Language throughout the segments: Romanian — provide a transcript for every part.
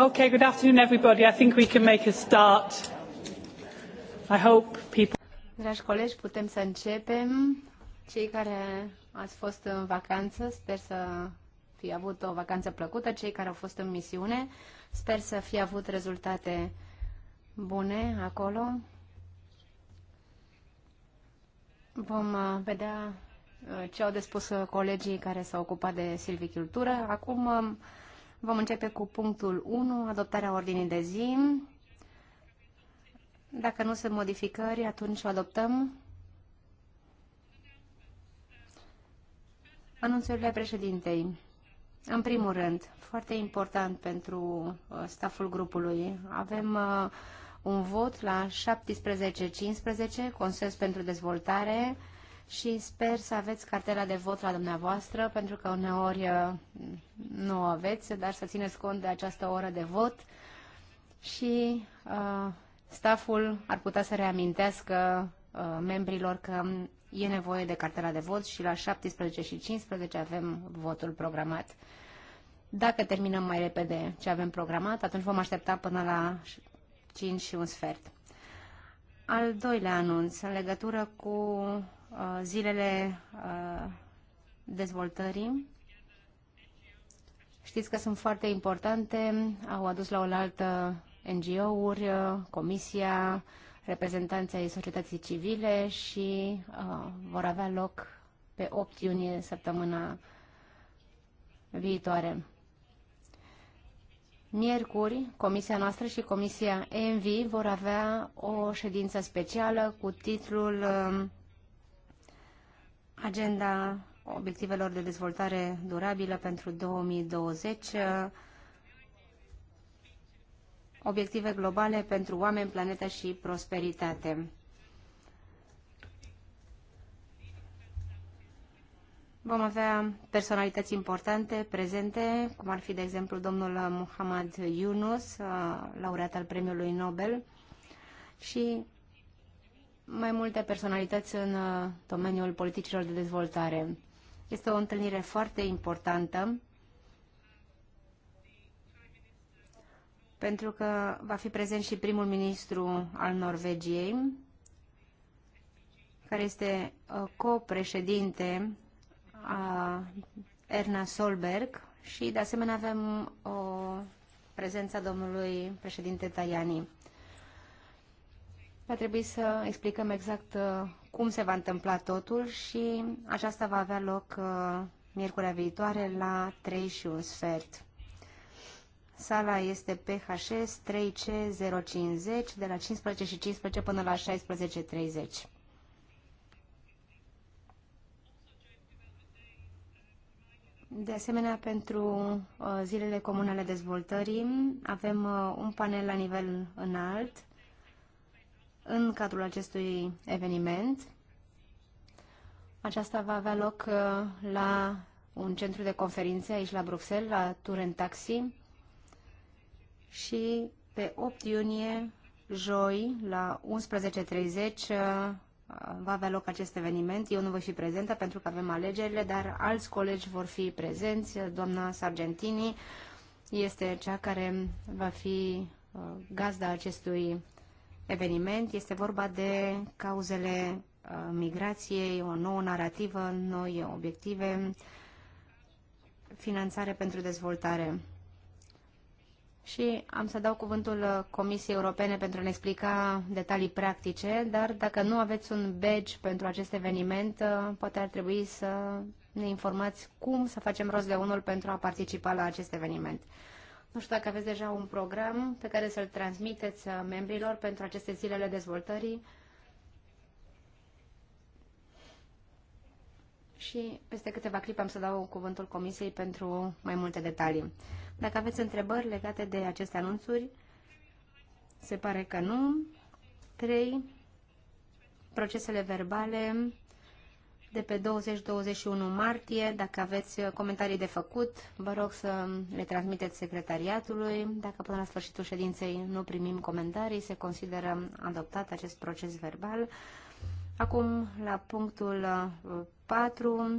Okay, good afternoon everybody. I think we can make a start. I hope people Dragi colegi, putem să începem. Cei care ați fost în vacanță, sper să fi avut o vacanță plăcută. Cei care au fost în misiune, sper să fi avut rezultate bune acolo. Vom uh, vedea uh, ce au de spus uh, colegii care s-au ocupat de silvicultură. Acum um, Vom începe cu punctul 1, adoptarea ordinii de zi. Dacă nu sunt modificări, atunci o adoptăm. Anunțurile președintei. În primul rând, foarte important pentru uh, staful grupului, avem uh, un vot la 17.15, consens pentru dezvoltare, și sper să aveți cartela de vot la dumneavoastră, pentru că uneori uh, nu o aveți, dar să țineți cont de această oră de vot și uh, staful ar putea să reamintească uh, membrilor că e nevoie de cartela de vot și la 17 și 15 avem votul programat. Dacă terminăm mai repede ce avem programat, atunci vom aștepta până la 5 și un sfert. Al doilea anunț, în legătură cu Uh, zilele uh, dezvoltării. Știți că sunt foarte importante, au adus la oaltă NGO-uri, uh, Comisia, reprezentanții societății civile și vor avea loc pe 8 iunie săptămâna viitoare. Miercuri, comisia noastră și comisia ENVI vor avea o ședință specială cu titlul uh, agenda obiectivelor de dezvoltare durabilă pentru 2020, obiective globale pentru oameni, planetă și prosperitate. Vom avea personalități importante prezente, cum ar fi, de exemplu, domnul Muhammad Yunus, laureat al premiului Nobel, și mai multe personalități în uh, domeniul politicilor de dezvoltare. Este o întâlnire foarte importantă pentru că va fi prezent și primul ministru al Norvegiei, care este uh, copreședinte a Erna Solberg și de asemenea avem o prezența domnului președinte Tajani. Va trebui să explicăm exact uh, cum se va întâmpla totul și aceasta va avea loc uh, miercurea viitoare la 3 și un sfert. Sala este PHS 3C050 de la 15 și 15 până la 16.30. De asemenea, pentru uh, zilele comune ale dezvoltării avem un panel la nivel înalt în cadrul acestui eveniment. Aceasta va avea loc uh, la un centru de conferințe aici la Bruxelles, la Turen Taxi și pe 8 iunie, joi, la 11.30 uh, va avea loc acest eveniment. Eu nu voi fi prezentă pentru că avem alegerile, dar alți colegi vor fi prezenți. Doamna Sargentini este cea care va fi uh, gazda acestui eveniment. Este vorba de cauzele uh, migrației, o nouă narrativă, noi obiective, finanțare pentru dezvoltare. Și am să dau cuvântul uh, Comisiei Europene pentru a ne explica detalii practice, dar dacă nu aveți un badge pentru acest eveniment, uh, poate ar trebui să ne informați cum să facem rost de unul pentru a participa la acest eveniment. Nu știu dacă aveți deja un program pe care să-l transmiteți uh, membrilor pentru aceste zilele dezvoltării. Și peste câteva clipe am să dau cuvântul Comisiei pentru mai multe detalii. Dacă aveți întrebări legate de aceste anunțuri, se pare că nu. 3. Procesele verbale de pe 20-21 martie. Dacă aveți uh, comentarii de făcut, vă rog să le transmiteți secretariatului. Dacă până la sfârșitul ședinței nu primim comentarii, se consideră adoptat acest proces verbal. Acum, la punctul 4, uh,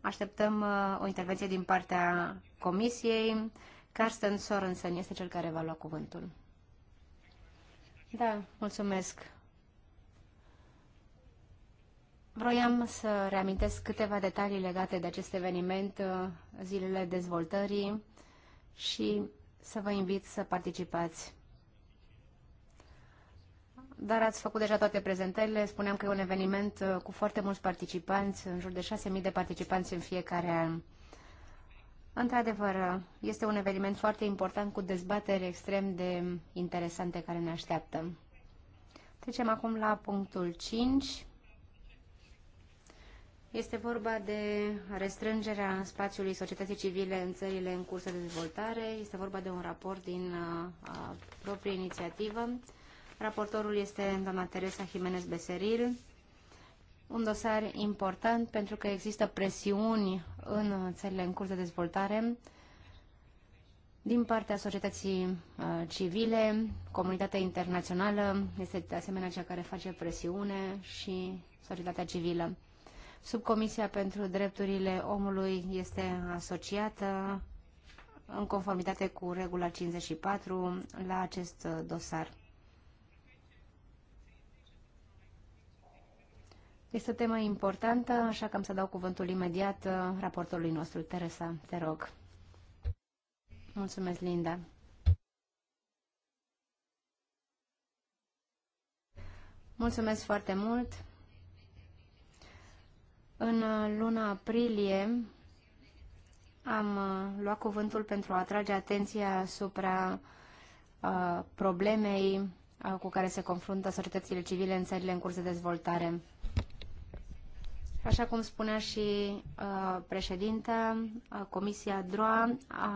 așteptăm uh, o intervenție din partea Comisiei. Carsten Sorensen este cel care va lua cuvântul. Da, mulțumesc, Vroiam să reamintesc câteva detalii legate de acest eveniment, uh, zilele dezvoltării și să vă invit să participați. Dar ați făcut deja toate prezentările. Spuneam că e un eveniment uh, cu foarte mulți participanți, în jur de 6.000 de participanți în fiecare an. Într-adevăr, uh, este un eveniment foarte important cu dezbateri extrem de interesante care ne așteaptă. Trecem acum la punctul 5 este vorba de restrângerea spațiului societății civile în țările în curs de dezvoltare. Este vorba de un raport din uh, proprie inițiativă. Raportorul este doamna Teresa Jimenez Beseril. Un dosar important pentru că există presiuni în țările în curs de dezvoltare din partea societății uh, civile, comunitatea internațională este de asemenea cea care face presiune și societatea civilă. Subcomisia pentru Drepturile Omului este asociată în conformitate cu regula 54 la acest dosar. Este o temă importantă, așa că am să dau cuvântul imediat raportului nostru. Teresa, te rog. Mulțumesc, Linda. Mulțumesc foarte mult. În uh, luna aprilie am uh, luat cuvântul pentru a atrage atenția asupra uh, problemei cu care se confruntă societățile civile în țările în curs de dezvoltare. Așa cum spunea și președinta, Comisia DROA a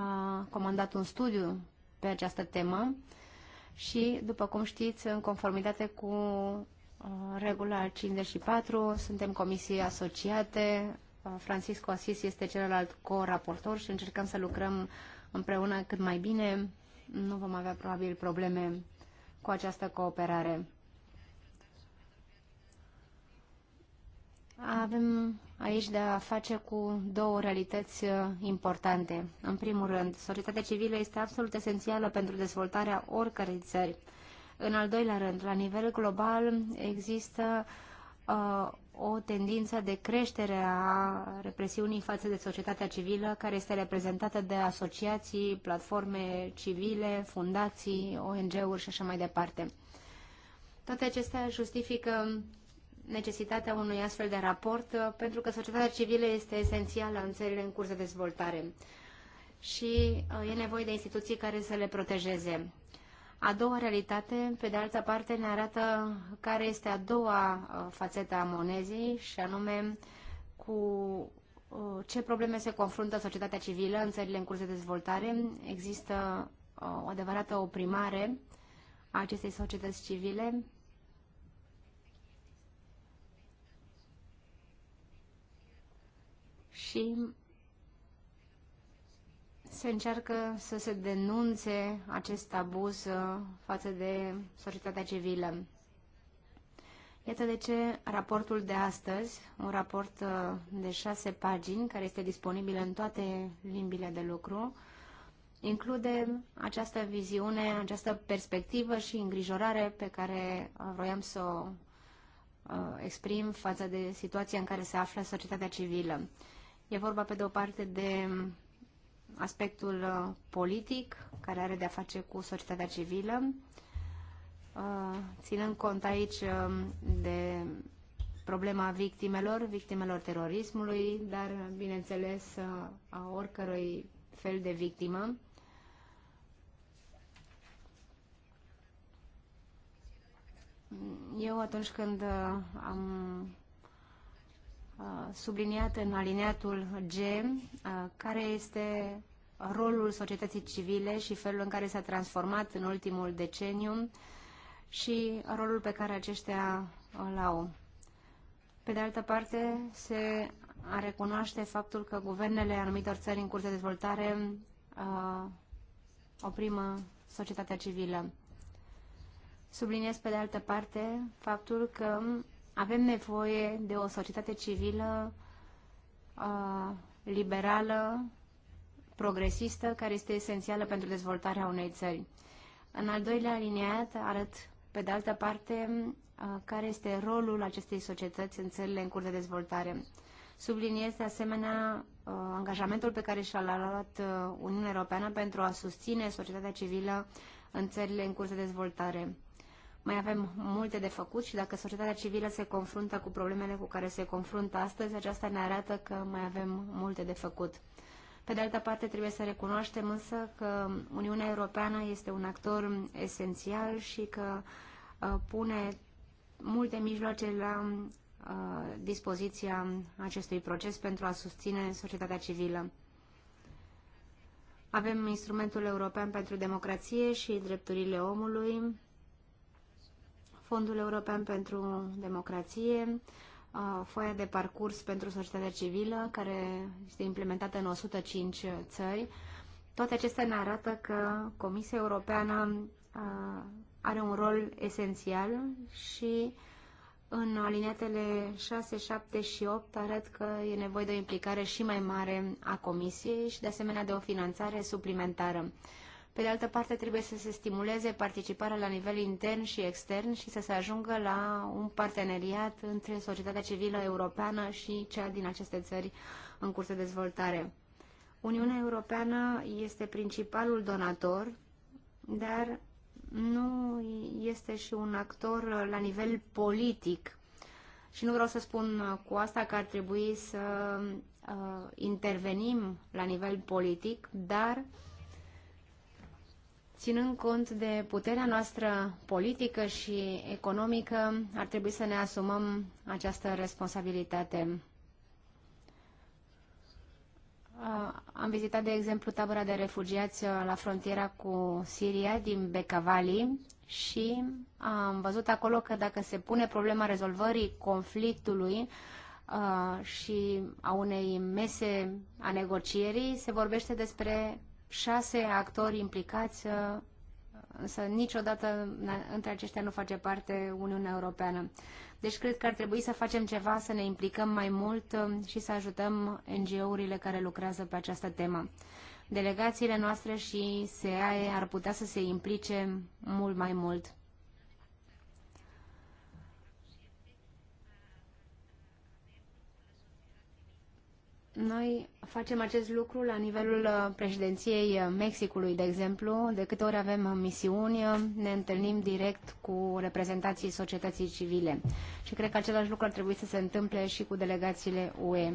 comandat un studiu pe această temă și, după cum știți, în conformitate cu Uh, regula 54, suntem comisii asociate, uh, Francisco Asis este celălalt co-raportor și încercăm să lucrăm împreună cât mai bine. Nu vom avea probabil probleme cu această cooperare. Avem aici de a face cu două realități uh, importante. În primul rând, societatea civilă este absolut esențială pentru dezvoltarea oricărei țări. În al doilea rând, la nivel global există uh, o tendință de creștere a represiunii față de societatea civilă, care este reprezentată de asociații, platforme civile, fundații, ONG-uri și așa mai departe. Toate acestea justifică necesitatea unui astfel de raport, uh, pentru că societatea civilă este esențială în țările în curs de dezvoltare și uh, e nevoie de instituții care să le protejeze. A doua realitate, pe de altă parte, ne arată care este a doua uh, fațetă a monezii și anume cu uh, ce probleme se confruntă societatea civilă în țările în curs de dezvoltare. Există uh, o adevărată oprimare a acestei societăți civile și se încearcă să se denunțe acest abuz uh, față de societatea civilă. Iată de ce raportul de astăzi, un raport uh, de șase pagini, care este disponibil în toate limbile de lucru, include această viziune, această perspectivă și îngrijorare pe care uh, vroiam să o exprim față de situația în care se află societatea civilă. E vorba, pe de o parte, de aspectul uh, politic care are de-a face cu societatea civilă, uh, ținând cont aici um, de problema victimelor, victimelor terorismului, dar, bineînțeles, uh, a oricărui fel de victimă. Eu, atunci când am subliniat în alineatul G, care este rolul societății civile și felul în care s-a transformat în ultimul deceniu și rolul pe care aceștia îl au. Pe de altă parte, se recunoaște faptul că guvernele anumitor țări în curs de dezvoltare oprimă societatea civilă. Subliniez pe de altă parte faptul că avem nevoie de o societate civilă liberală, progresistă, care este esențială pentru dezvoltarea unei țări. În al doilea aliniat arăt, pe de altă parte, care este rolul acestei societăți în țările în curs de dezvoltare. Subliniez de asemenea angajamentul pe care și-l a luat Uniunea Europeană pentru a susține societatea civilă în țările în curs de dezvoltare. Mai avem multe de făcut și dacă societatea civilă se confruntă cu problemele cu care se confruntă astăzi, aceasta ne arată că mai avem multe de făcut. Pe de altă parte, trebuie să recunoaștem însă că Uniunea Europeană este un actor esențial și că uh, pune multe mijloace la uh, dispoziția acestui proces pentru a susține societatea civilă. Avem instrumentul european pentru democrație și drepturile omului, Fondul European pentru Democrație, foaia de parcurs pentru societatea civilă, care este implementată în 105 țări. Toate acestea ne arată că Comisia Europeană are un rol esențial și în alinetele 6, 7 și 8 arăt că e nevoie de o implicare și mai mare a Comisiei și de asemenea de o finanțare suplimentară. Pe de altă parte, trebuie să se stimuleze participarea la nivel intern și extern și să se ajungă la un parteneriat între societatea civilă europeană și cea din aceste țări în curs de dezvoltare. Uniunea Europeană este principalul donator, dar nu este și un actor la nivel politic. Și nu vreau să spun cu asta că ar trebui să uh, intervenim la nivel politic, dar uh, ținând cont de puterea noastră politică și economică, ar trebui să ne asumăm această responsabilitate. Am vizitat, de exemplu, tabăra de refugiați la frontiera cu Siria din Becavali și am văzut acolo că dacă se pune problema rezolvării conflictului și a unei mese a negocierii, se vorbește despre șase actori implicați, uh, însă niciodată între aceștia nu face parte Uniunea Europeană. Deci cred că ar trebui să facem ceva, să ne implicăm mai mult uh, și să ajutăm NGO-urile care lucrează pe această temă. Delegațiile noastre și SEAE ar putea să se implice mult mai mult. Noi facem acest lucru la nivelul uh, președinției uh, Mexicului, de exemplu. De câte ori avem uh, misiuni, ne întâlnim direct cu reprezentații societății civile. Și cred că același lucru ar trebui să se întâmple și cu delegațiile UE.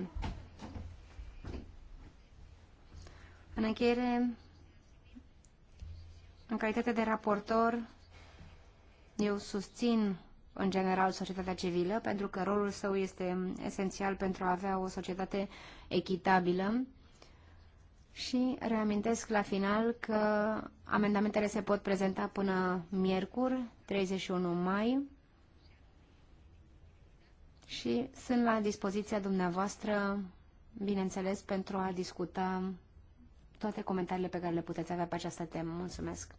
În încheiere, în calitate de raportor, eu susțin în general, societatea civilă, pentru că rolul său este esențial pentru a avea o societate echitabilă. Și reamintesc la final că amendamentele se pot prezenta până miercuri, 31 mai, și sunt la dispoziția dumneavoastră, bineînțeles, pentru a discuta toate comentariile pe care le puteți avea pe această temă. Mulțumesc!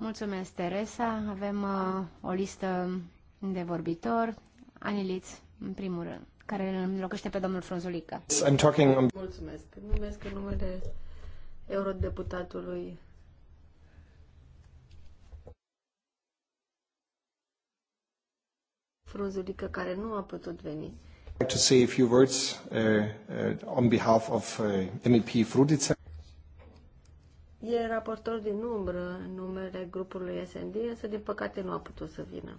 Mulțumesc, Teresa. Avem uh, o listă de vorbitori. Aniliț, în primul rând, care îl înlocuiește pe domnul Frunzulică. I'm talking... Mulțumesc. Numesc în numele eurodeputatului Frunzulică, care nu a putut veni. I'd like to say a few words uh, uh, on behalf of uh, MEP Frudice. E raportor din umbră în numele grupului SND, însă din păcate nu a putut să vină.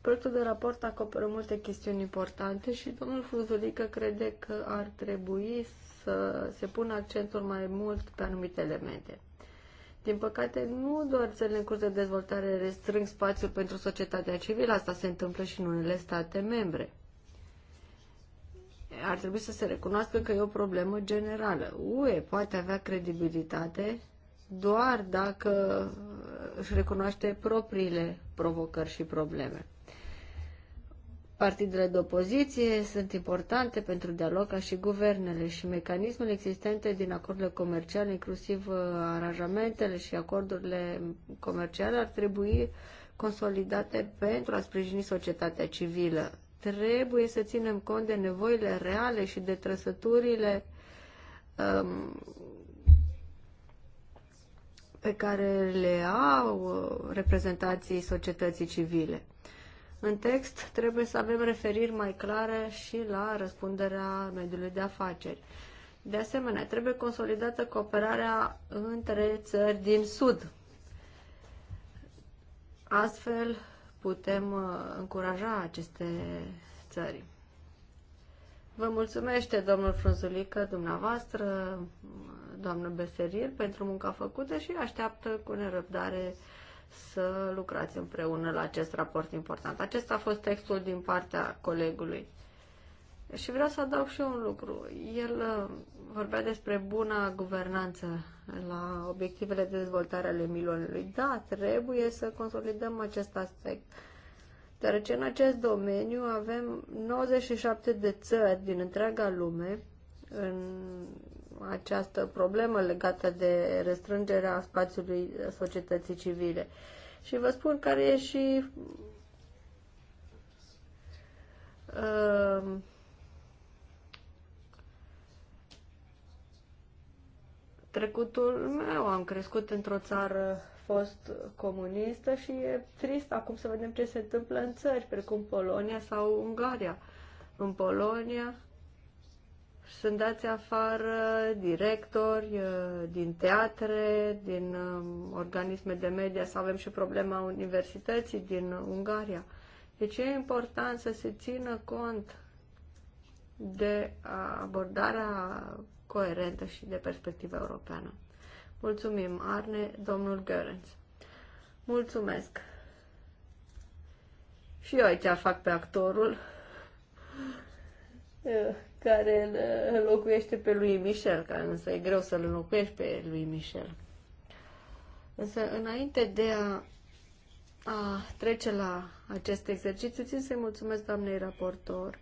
Proiectul de raport acoperă multe chestiuni importante și domnul Fuzulică crede că ar trebui să se pună accentul mai mult pe anumite elemente. Din păcate, nu doar țările în curs de dezvoltare restrâng spațiul pentru societatea civilă, asta se întâmplă și în unele state membre. Ar trebui să se recunoască că e o problemă generală. UE poate avea credibilitate doar dacă își recunoaște propriile provocări și probleme. Partidele de opoziție sunt importante pentru dialog ca și guvernele și mecanismele existente din acordurile comerciale, inclusiv uh, aranjamentele și acordurile comerciale, ar trebui consolidate pentru a sprijini societatea civilă. Trebuie să ținem cont de nevoile reale și de trăsăturile um, pe care le au uh, reprezentații societății civile. În text trebuie să avem referiri mai clare și la răspunderea mediului de afaceri. De asemenea, trebuie consolidată cooperarea între țări din Sud. Astfel putem uh, încuraja aceste țări. Vă mulțumește, domnul Frunzulică, dumneavoastră, doamnă Beserier, pentru munca făcută și așteaptă cu nerăbdare să lucrați împreună la acest raport important. Acesta a fost textul din partea colegului. Și vreau să adaug și eu un lucru. El uh, vorbea despre buna guvernanță la obiectivele de dezvoltare ale milionului. Da, trebuie să consolidăm acest aspect. Deoarece în acest domeniu avem 97 de țări din întreaga lume în această problemă legată de restrângerea spațiului societății civile. Și vă spun care e și uh, trecutul meu. Am crescut într-o țară fost comunistă și e trist acum să vedem ce se întâmplă în țări, precum Polonia sau Ungaria. În Polonia, sunt dați afară directori uh, din teatre, din um, organisme de media, sau avem și problema universității din Ungaria. Deci e important să se țină cont de abordarea coerentă și de perspectiva europeană. Mulțumim, Arne, domnul Görens. Mulțumesc. Și eu aici fac pe actorul. Eh, care îl eh, locuiește pe lui Michel, care însă e greu să-l înlocuiești pe lui Michel. Însă, înainte de a, a trece la acest exercițiu, țin să-i mulțumesc doamnei raportor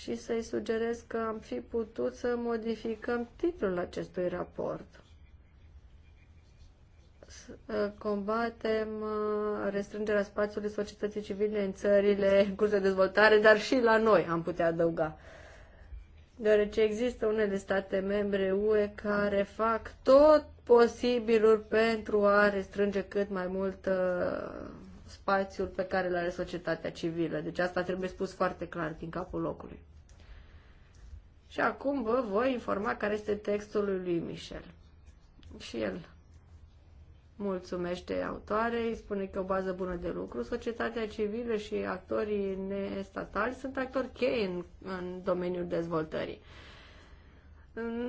și să-i sugerez că am fi putut să modificăm titlul acestui raport Uh, combatem uh, restrângerea spațiului societății civile în țările în curs de dezvoltare, dar și la noi am putea adăuga. Deoarece există unele state membre UE care fac tot posibilul pentru a restrânge cât mai mult uh, spațiul pe care îl are societatea civilă. Deci asta trebuie spus foarte clar din capul locului. Și acum vă voi informa care este textul lui Michel. Și el mulțumește autoarei, spune că o bază bună de lucru. Societatea civilă și actorii nestatali sunt actori cheie în, în domeniul dezvoltării.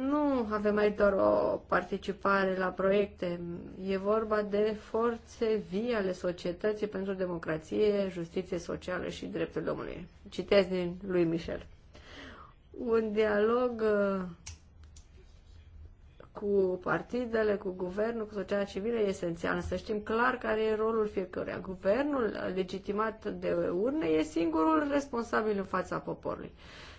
Nu avem mai doar o participare la proiecte, e vorba de forțe vii ale societății pentru democrație, justiție socială și drepturile omului. Citez din lui Michel. Un dialog uh, cu partidele, cu guvernul, cu societatea civilă e esențial. Să știm clar care e rolul fiecăruia. Guvernul legitimat de urne e singurul responsabil în fața poporului.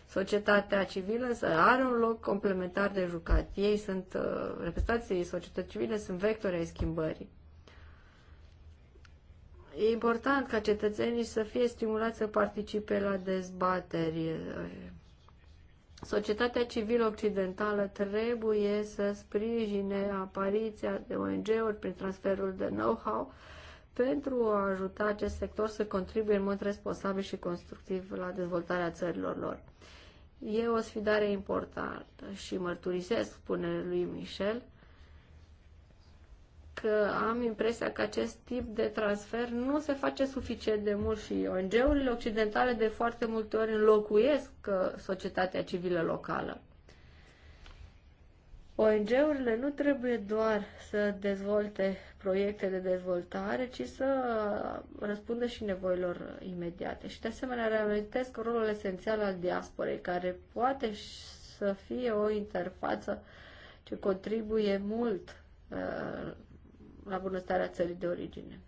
Societatea civilă însă are un loc complementar de jucat. Ei sunt, uh, reprezentanții societății civile sunt vectori ai schimbării. E important ca cetățenii să fie stimulați să participe la dezbateri, uh, Societatea civilă occidentală trebuie să sprijine apariția de ONG-uri prin transferul de know-how pentru a ajuta acest sector să contribuie în mod responsabil și constructiv la dezvoltarea țărilor lor. E o sfidare importantă și mărturisesc, spune lui Michel, că am impresia că acest tip de transfer nu se face suficient de mult și ONG-urile occidentale de foarte multe ori înlocuiesc uh, societatea civilă locală. ONG-urile nu trebuie doar să dezvolte proiecte de dezvoltare, ci să uh, răspundă și nevoilor imediate. Și de asemenea reamintesc rolul esențial al diasporei, care poate să fie o interfață ce contribuie mult uh, la bunăstarea țării de origine.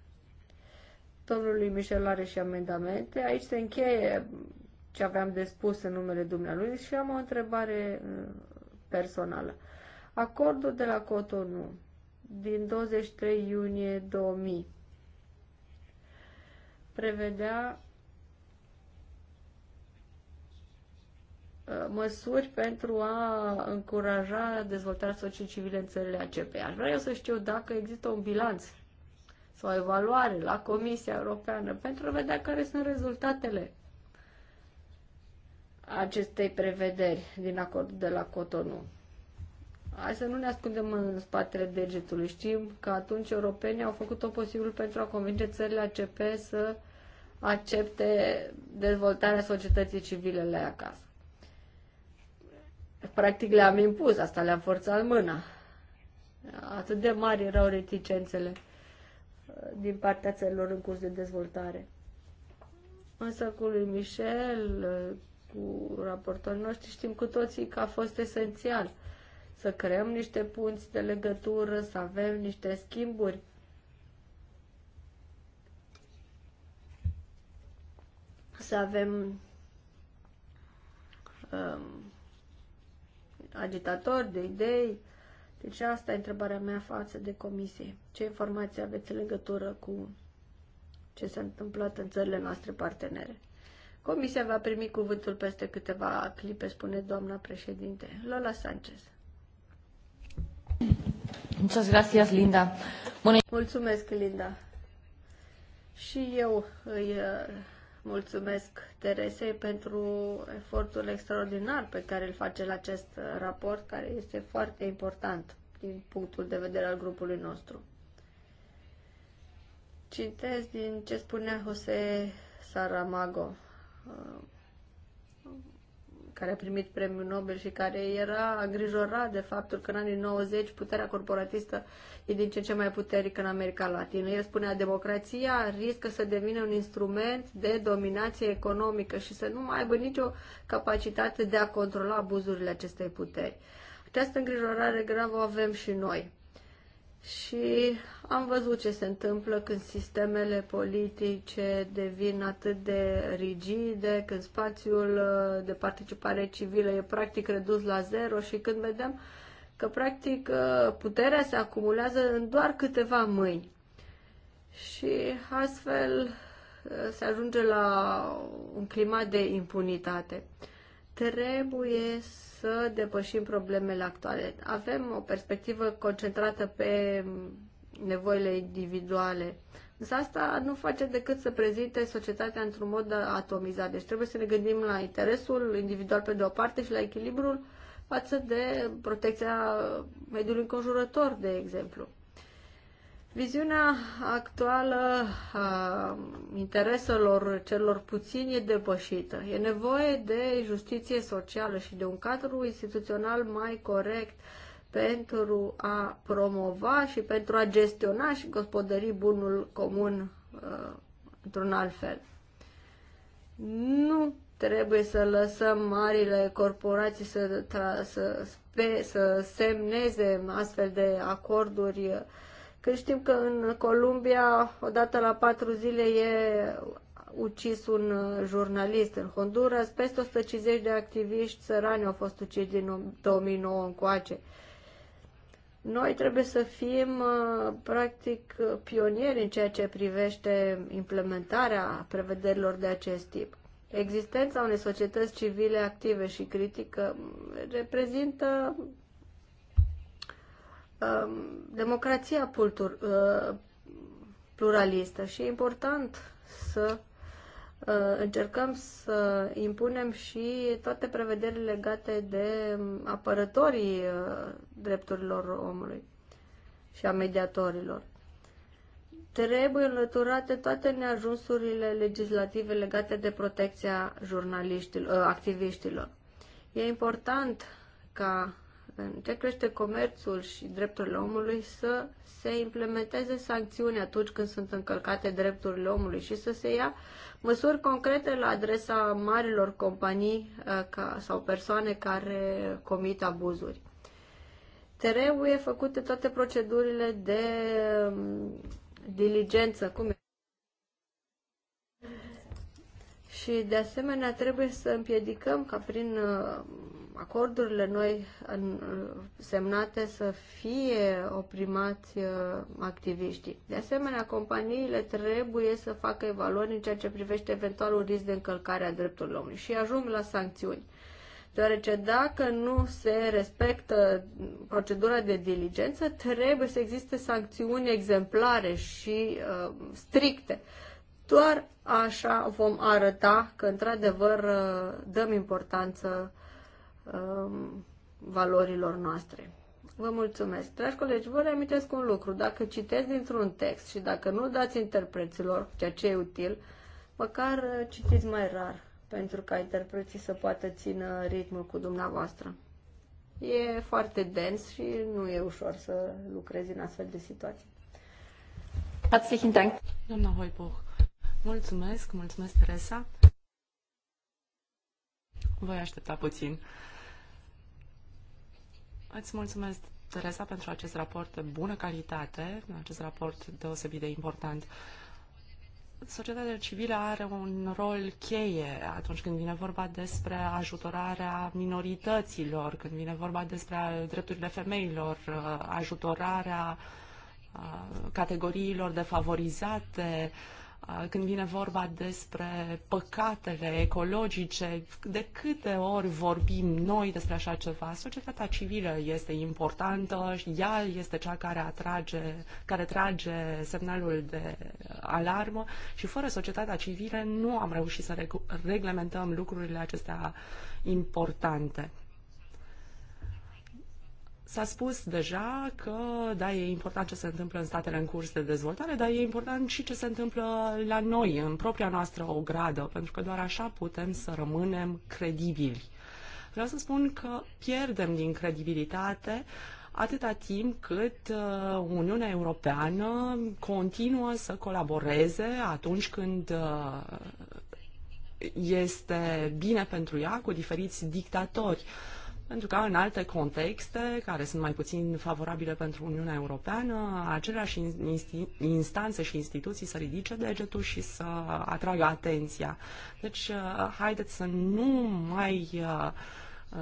lui Michel are și amendamente. Aici se încheie ce aveam de spus în numele dumnealui și am o întrebare uh, personală. Acordul de la Cotonou din 23 iunie 2000 prevedea Uh, măsuri pentru a încuraja dezvoltarea societății civile în țările ACP. Aș vrea eu să știu dacă există un bilanț sau o evaluare la Comisia Europeană pentru a vedea care sunt rezultatele acestei prevederi din acordul de la Cotonou. Hai să nu ne ascundem în spatele degetului. Știm că atunci europenii au făcut tot posibil pentru a convinge țările ACP să accepte dezvoltarea societății civile la acasă practic le-am impus, asta le-am forțat mâna. Atât de mari erau reticențele uh, din partea țărilor în curs de dezvoltare. Însă cu lui Michel, uh, cu raportorii noștri, știm cu toții că a fost esențial să creăm niște punți de legătură, să avem niște schimburi. Să avem um, agitator de idei. Deci asta e întrebarea mea față de comisie. Ce informații aveți în legătură cu ce s-a întâmplat în țările noastre partenere? Comisia va primi cuvântul peste câteva clipe, spune doamna președinte. Lola Sanchez. Muchas gracias, Linda. Bună... Mulțumesc, Linda. Și eu îi Mulțumesc Teresei pentru efortul extraordinar pe care îl face la acest raport, care este foarte important din punctul de vedere al grupului nostru. Citez din ce spunea Jose Saramago, care a primit premiul Nobel și care era îngrijorat de faptul că în anii 90 puterea corporatistă e din ce în ce mai puternică în America Latină. El spunea, democrația riscă să devină un instrument de dominație economică și să nu mai aibă nicio capacitate de a controla abuzurile acestei puteri. Această îngrijorare gravă o avem și noi. Și am văzut ce se întâmplă când sistemele politice devin atât de rigide, când spațiul uh, de participare civilă e practic redus la zero și când vedem că practic uh, puterea se acumulează în doar câteva mâini. Și astfel uh, se ajunge la un climat de impunitate trebuie să depășim problemele actuale. Avem o perspectivă concentrată pe nevoile individuale. Însă asta nu face decât să prezinte societatea într-un mod atomizat. Deci trebuie să ne gândim la interesul individual pe de o parte și la echilibrul față de protecția mediului înconjurător, de exemplu. Viziunea actuală a intereselor celor puțini e depășită. E nevoie de justiție socială și de un cadru instituțional mai corect pentru a promova și pentru a gestiona și gospodări bunul comun uh, într-un alt fel. Nu trebuie să lăsăm marile corporații să, tra- să, să semneze astfel de acorduri uh, când știm că în Columbia, odată la patru zile, e ucis un uh, jurnalist în Honduras, peste 150 de activiști sărani au fost uciși din 2009 încoace. Noi trebuie să fim, uh, practic, uh, pionieri în ceea ce privește implementarea prevederilor de acest tip. Existența unei societăți civile active și critică mm, reprezintă Um, democrația pultur, uh, pluralistă și e important să uh, încercăm să impunem și toate prevederile legate de um, apărătorii uh, drepturilor omului și a mediatorilor. Trebuie înlăturate toate neajunsurile legislative legate de protecția jurnaliștilor, activiștilor. E important ca ce crește comerțul și drepturile omului, să se implementeze sancțiuni atunci când sunt încălcate drepturile omului și să se ia măsuri concrete la adresa marilor companii uh, sau persoane care comit abuzuri. Trebuie făcute toate procedurile de um, diligență, cum e? Și de asemenea trebuie să împiedicăm ca prin uh, acordurile noi semnate să fie oprimați uh, activiștii. De asemenea, companiile trebuie să facă evaluări în ceea ce privește eventualul risc de încălcare a drepturilor omului și ajung la sancțiuni. Deoarece dacă nu se respectă procedura de diligență, trebuie să existe sancțiuni exemplare și uh, stricte. Doar așa vom arăta că, într-adevăr, uh, dăm importanță um, valorilor noastre. Vă mulțumesc. Dragi colegi, vă reamintesc un lucru. Dacă citeți dintr-un text și dacă nu dați interpreților, ceea ce e util, măcar uh, citiți mai rar, pentru ca interpreții să poată țină ritmul cu dumneavoastră. E foarte dens și nu e ușor să lucrezi în astfel de situații. Herzlichen Dank. Doamna Hoibuch, mulțumesc, mulțumesc, Teresa. Voi aștepta puțin. Îți mulțumesc, Teresa, pentru acest raport de bună calitate, acest raport deosebit de important. Societatea civilă are un rol cheie atunci când vine vorba despre ajutorarea minorităților, când vine vorba despre drepturile femeilor, ajutorarea categoriilor defavorizate, când vine vorba despre păcatele ecologice, de câte ori vorbim noi despre așa ceva, societatea civilă este importantă și ea este cea care atrage, care trage semnalul de alarmă și fără societatea civilă nu am reușit să reglementăm lucrurile acestea importante. S-a spus deja că, da, e important ce se întâmplă în statele în curs de dezvoltare, dar e important și ce se întâmplă la noi, în propria noastră ogradă, pentru că doar așa putem să rămânem credibili. Vreau să spun că pierdem din credibilitate atâta timp cât uh, Uniunea Europeană continuă să colaboreze atunci când uh, este bine pentru ea cu diferiți dictatori. Pentru că în alte contexte, care sunt mai puțin favorabile pentru Uniunea Europeană, aceleași instanțe și instituții să ridice degetul și să atragă atenția. Deci, uh, haideți să nu mai uh, uh,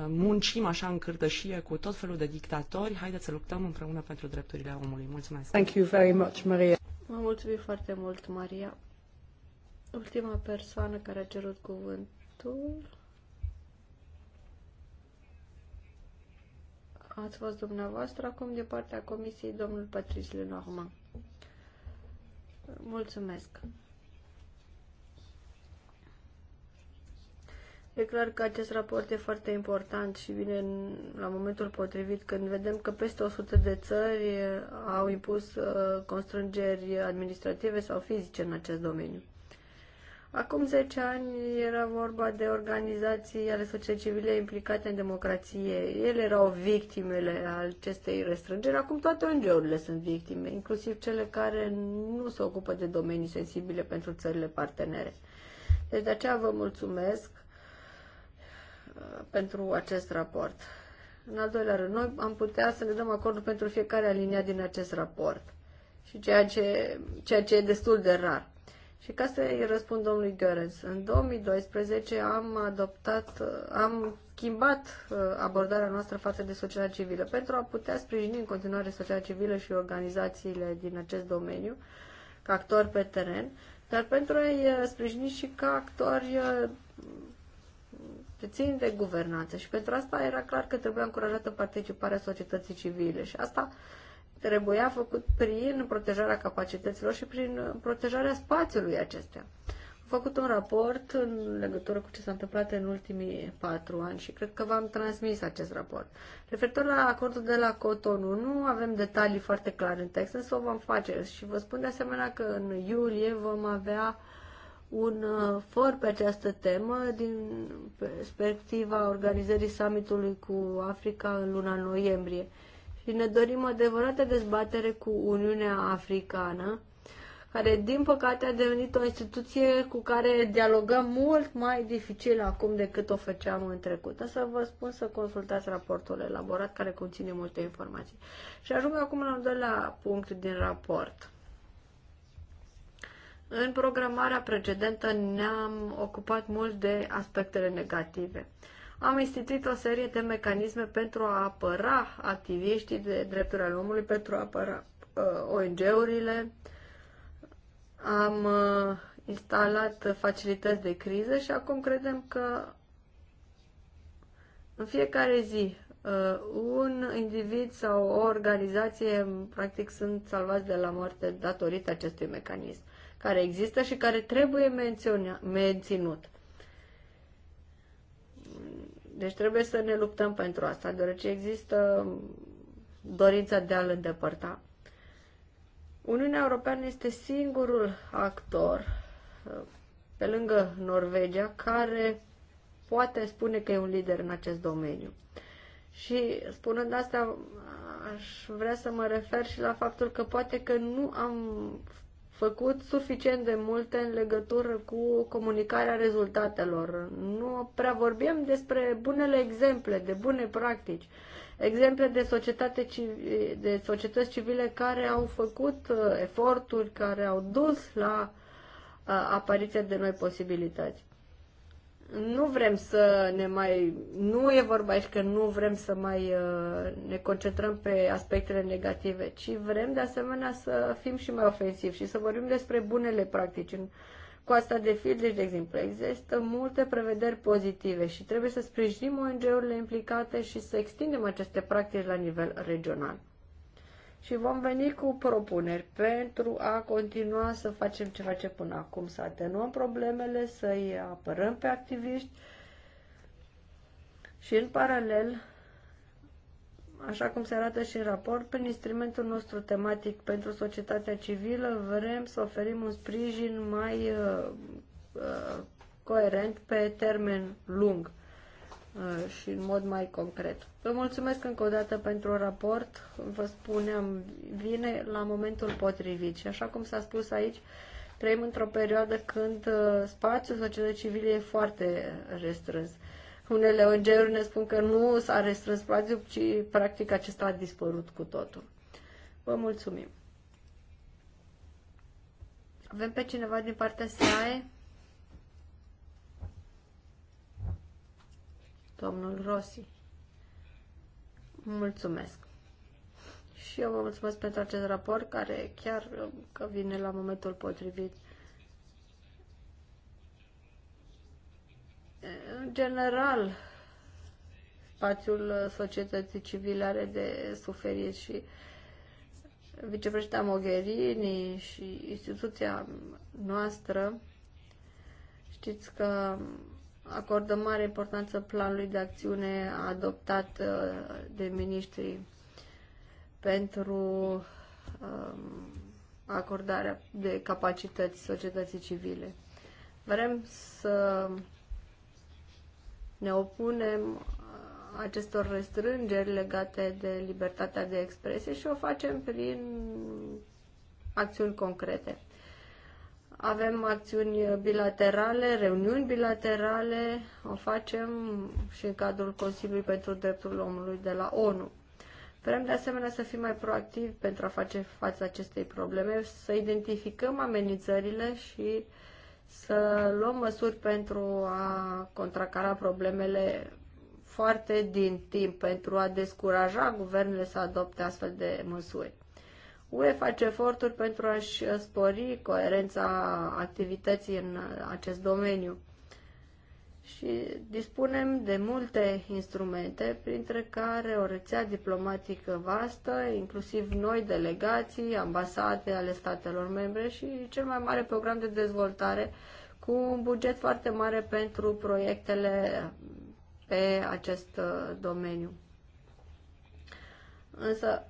muncim așa în cârtășie cu tot felul de dictatori, haideți să luptăm împreună pentru drepturile omului. Mulțumesc! Thank you very much, Maria! Mă mulțumim foarte mult, Maria! Ultima persoană care a cerut cuvântul... ați fost dumneavoastră. Acum, de partea Comisiei, domnul Patrice Lenormand. Mulțumesc. E clar că acest raport e foarte important și vine în, la momentul potrivit când vedem că peste 100 de țări au impus uh, constrângeri administrative sau fizice în acest domeniu. Acum 10 ani era vorba de organizații ale societății civile implicate în democrație. Ele erau victimele acestei restrângeri. Acum toate ONG-urile sunt victime, inclusiv cele care nu se ocupă de domenii sensibile pentru țările partenere. Deci de aceea vă mulțumesc uh, pentru acest raport. În al doilea rând, noi am putea să ne dăm acordul pentru fiecare alinea din acest raport. Și ceea ce, ceea ce e destul de rar. Și ca să-i răspund domnului Görens, în 2012 am adoptat, am schimbat uh, abordarea noastră față de societatea civilă pentru a putea sprijini în continuare societatea civilă și organizațiile din acest domeniu ca actori pe teren, dar pentru a-i uh, sprijini și ca actori uh, ce țin de guvernanță. Și pentru asta era clar că trebuia încurajată participarea societății civile. Și asta uh, trebuia făcut prin protejarea capacităților și prin uh, protejarea spațiului acestea. Am făcut un raport în legătură cu ce s-a întâmplat în ultimii patru ani și cred că v-am transmis acest raport. Referitor la acordul de la Cotonou, nu avem detalii foarte clare în text, însă o vom face și vă spun de asemenea că în iulie vom avea un uh, for pe această temă din perspectiva organizării summitului cu Africa în luna noiembrie și ne dorim o adevărată dezbatere cu Uniunea Africană, care din păcate a devenit o instituție cu care dialogăm mult mai dificil acum decât o făceam în trecut. să vă spun să consultați raportul elaborat care conține multe informații. Și ajung acum la un doilea punct din raport. În programarea precedentă ne-am ocupat mult de aspectele negative. Uh, am instituit o serie de mecanisme pentru a apăra activiștii de drepturi ale omului, pentru a apăra uh, ONG-urile. Am uh, instalat facilități de criză și acum credem că în fiecare zi uh, un individ sau o organizație practic sunt salvați de la moarte datorită acestui mecanism care există și care trebuie menționa, menținut. Deci trebuie să ne luptăm pentru asta, deoarece există dorința de a-l îndepărta. Uniunea Europeană este singurul actor, pe lângă Norvegia, care poate spune că e un lider în acest domeniu. Și spunând asta, aș vrea să mă refer și la faptul că poate că nu am făcut suficient de multe în legătură cu comunicarea rezultatelor. Nu prea vorbim despre bunele exemple, de bune practici, exemple de, societate, de societăți civile care au făcut uh, eforturi, care au dus la uh, apariția de noi posibilități nu vrem să ne mai. Nu e vorba aici că nu vrem să mai uh, ne concentrăm pe aspectele negative, ci vrem de asemenea să fim și mai ofensivi și să vorbim despre bunele practici. În coasta de Fildeș, deci, de exemplu, există multe prevederi pozitive și trebuie să sprijinim ONG-urile implicate și să extindem aceste practici la nivel regional și vom veni cu propuneri pentru a continua să facem ce facem până acum, să atenuăm problemele, să-i apărăm pe activiști și în paralel, așa cum se arată și în raport, prin instrumentul nostru tematic pentru societatea civilă, vrem să oferim un sprijin mai uh, uh, coerent pe termen lung Uh, și în mod mai concret. Vă mulțumesc încă o dată pentru raport. Vă spuneam, vine la momentul potrivit și așa cum s-a spus aici, trăim într-o perioadă când uh, spațiul societății civile e foarte restrâns. Unele ONG-uri ne spun că nu s-a restrâns spațiul, ci practic acesta a dispărut cu totul. Vă mulțumim. Avem pe cineva din partea SAE? domnul Rossi. Mulțumesc! Și eu vă mulțumesc pentru acest raport care chiar um, că vine la momentul potrivit. În general, spațiul societății civile are de suferit și vicepreședinta Mogherini și instituția noastră știți că um, acordă mare importanță planului de acțiune adoptat uh, de ministrii pentru um, acordarea de capacități societății civile. Vrem să ne opunem uh, acestor restrângeri legate de libertatea de expresie și o facem prin acțiuni concrete. Avem acțiuni bilaterale, reuniuni bilaterale, o facem și în cadrul Consiliului pentru Dreptul Omului de la ONU. Vrem de asemenea să fim mai proactivi pentru a face față acestei probleme, să identificăm amenințările și să luăm măsuri pentru a contracara problemele foarte din timp, pentru a descuraja guvernele să adopte astfel de măsuri. UE face eforturi pentru a-și uh, spori coerența activității în uh, acest domeniu și dispunem de multe instrumente, printre care o rețea diplomatică vastă, inclusiv noi delegații, ambasade ale statelor membre și cel mai mare program de dezvoltare cu un buget foarte mare pentru proiectele pe acest uh, domeniu. Însă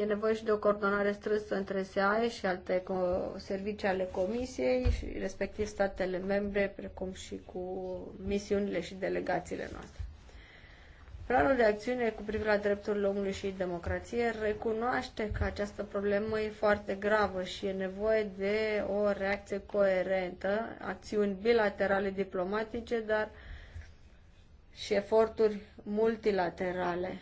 e nevoie și de o coordonare strânsă între SAE și alte servicii ale Comisiei, și respectiv statele membre, precum și cu misiunile și delegațiile noastre. Planul de acțiune cu privire la drepturile omului și democrație recunoaște că această problemă e foarte gravă și e nevoie de o reacție coerentă, acțiuni bilaterale diplomatice, dar și eforturi multilaterale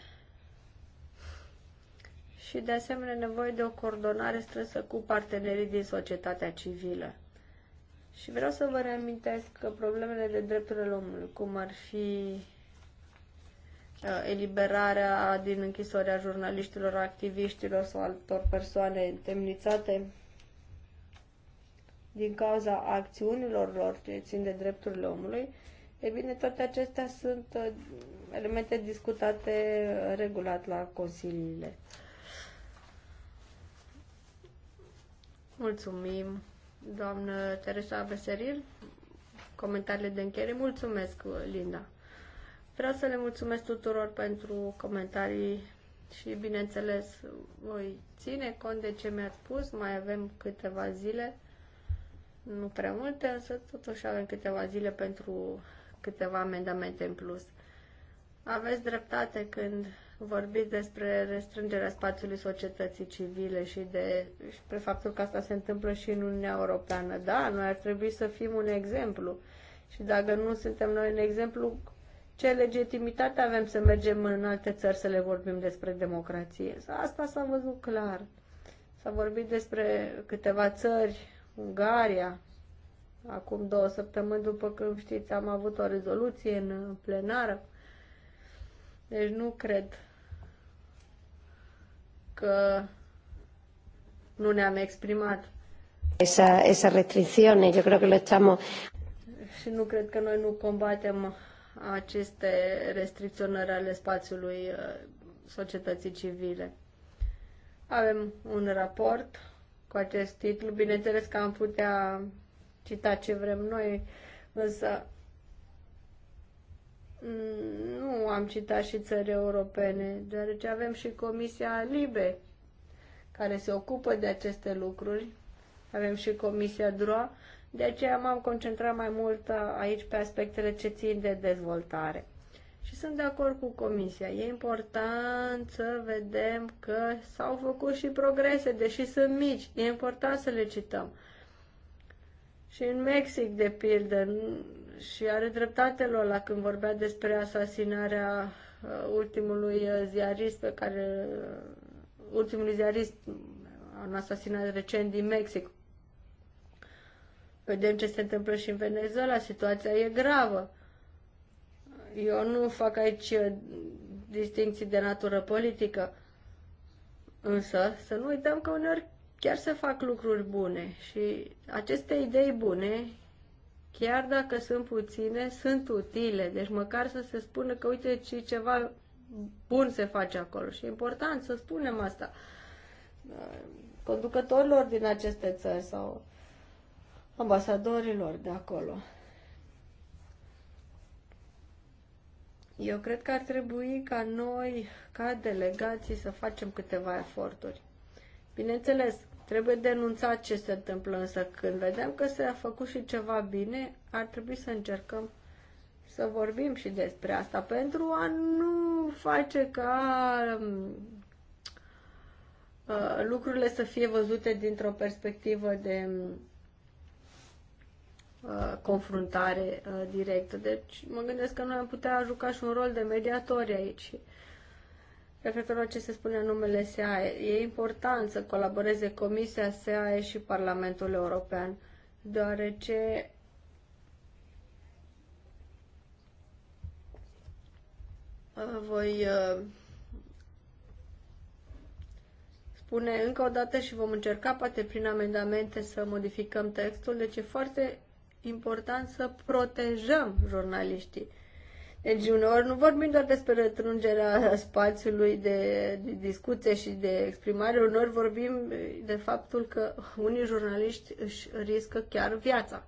și de asemenea nevoie de o coordonare strânsă cu partenerii din societatea civilă. Și vreau să vă reamintesc că problemele de drepturile omului, cum ar fi uh, eliberarea din închisoare a jurnaliștilor, activiștilor sau altor persoane întemnițate din cauza acțiunilor lor ce țin de drepturile omului, e bine, toate acestea sunt uh, elemente discutate regulat la consiliile Mulțumim, doamnă Teresa Veseril. Comentariile de încheiere. Mulțumesc, Linda. Vreau să le mulțumesc tuturor pentru comentarii și, bineînțeles, voi ține cont de ce mi-ați spus. Mai avem câteva zile, nu prea multe, însă totuși avem câteva zile pentru câteva amendamente în plus. Aveți dreptate când vorbit despre restrângerea spațiului societății civile și de și pe faptul că asta se întâmplă și în Uniunea Europeană. Da, noi ar trebui să fim un exemplu. Și dacă nu suntem noi un exemplu, ce legitimitate avem să mergem în alte țări să le vorbim despre democrație? Asta s-a văzut clar. S-a vorbit despre câteva țări, Ungaria, acum două săptămâni, după când știți, am avut o rezoluție în plenară. Deci nu cred că nu ne-am exprimat. Esa, esa restricțiune, eu cred că lo estamos... Și nu cred că noi nu combatem aceste restricționări ale spațiului uh, societății civile. Avem un raport cu acest titlu. Bineînțeles că am putea cita ce vrem noi, însă Mm, nu am citat și țări europene, deoarece avem și Comisia Libe care se ocupă de aceste lucruri. Avem și Comisia DROA, de aceea m-am concentrat mai mult aici pe aspectele ce țin de dezvoltare. Și sunt de acord cu Comisia. E important să vedem că s-au făcut și progrese, deși sunt mici. E important să le cităm. Și în Mexic, de pildă, și are dreptate Lola când vorbea despre asasinarea uh, ultimului uh, ziarist pe care uh, ultimului ziarist un asasinat recent din Mexic. Vedem ce se întâmplă și în Venezuela, situația e gravă. Eu nu fac aici distinții de natură politică, însă să nu uităm că uneori chiar se fac lucruri bune și aceste idei bune chiar dacă sunt puține, sunt utile. Deci măcar să se spună că uite ce ceva bun se face acolo. Și e important să spunem asta uh, conducătorilor din aceste țări sau ambasadorilor de acolo. Eu cred că ar trebui ca noi, ca delegații, să facem câteva eforturi. Bineînțeles, Trebuie denunțat ce se întâmplă, însă când vedem că se a făcut și ceva bine, ar trebui să încercăm să vorbim și despre asta, pentru a nu face ca um, uh, lucrurile să fie văzute dintr-o perspectivă de uh, confruntare uh, directă. Deci mă gândesc că noi am putea juca și un rol de mediatori aici referitor la ce se spune în numele SAE. E important să colaboreze Comisia SAE și Parlamentul European, deoarece voi uh, spune încă o dată și vom încerca poate prin amendamente să modificăm textul, deci e foarte important să protejăm jurnaliștii. Deci uneori nu vorbim doar despre retrângerea spațiului de, de discuție și de exprimare, uneori vorbim de faptul că unii jurnaliști își riscă chiar viața.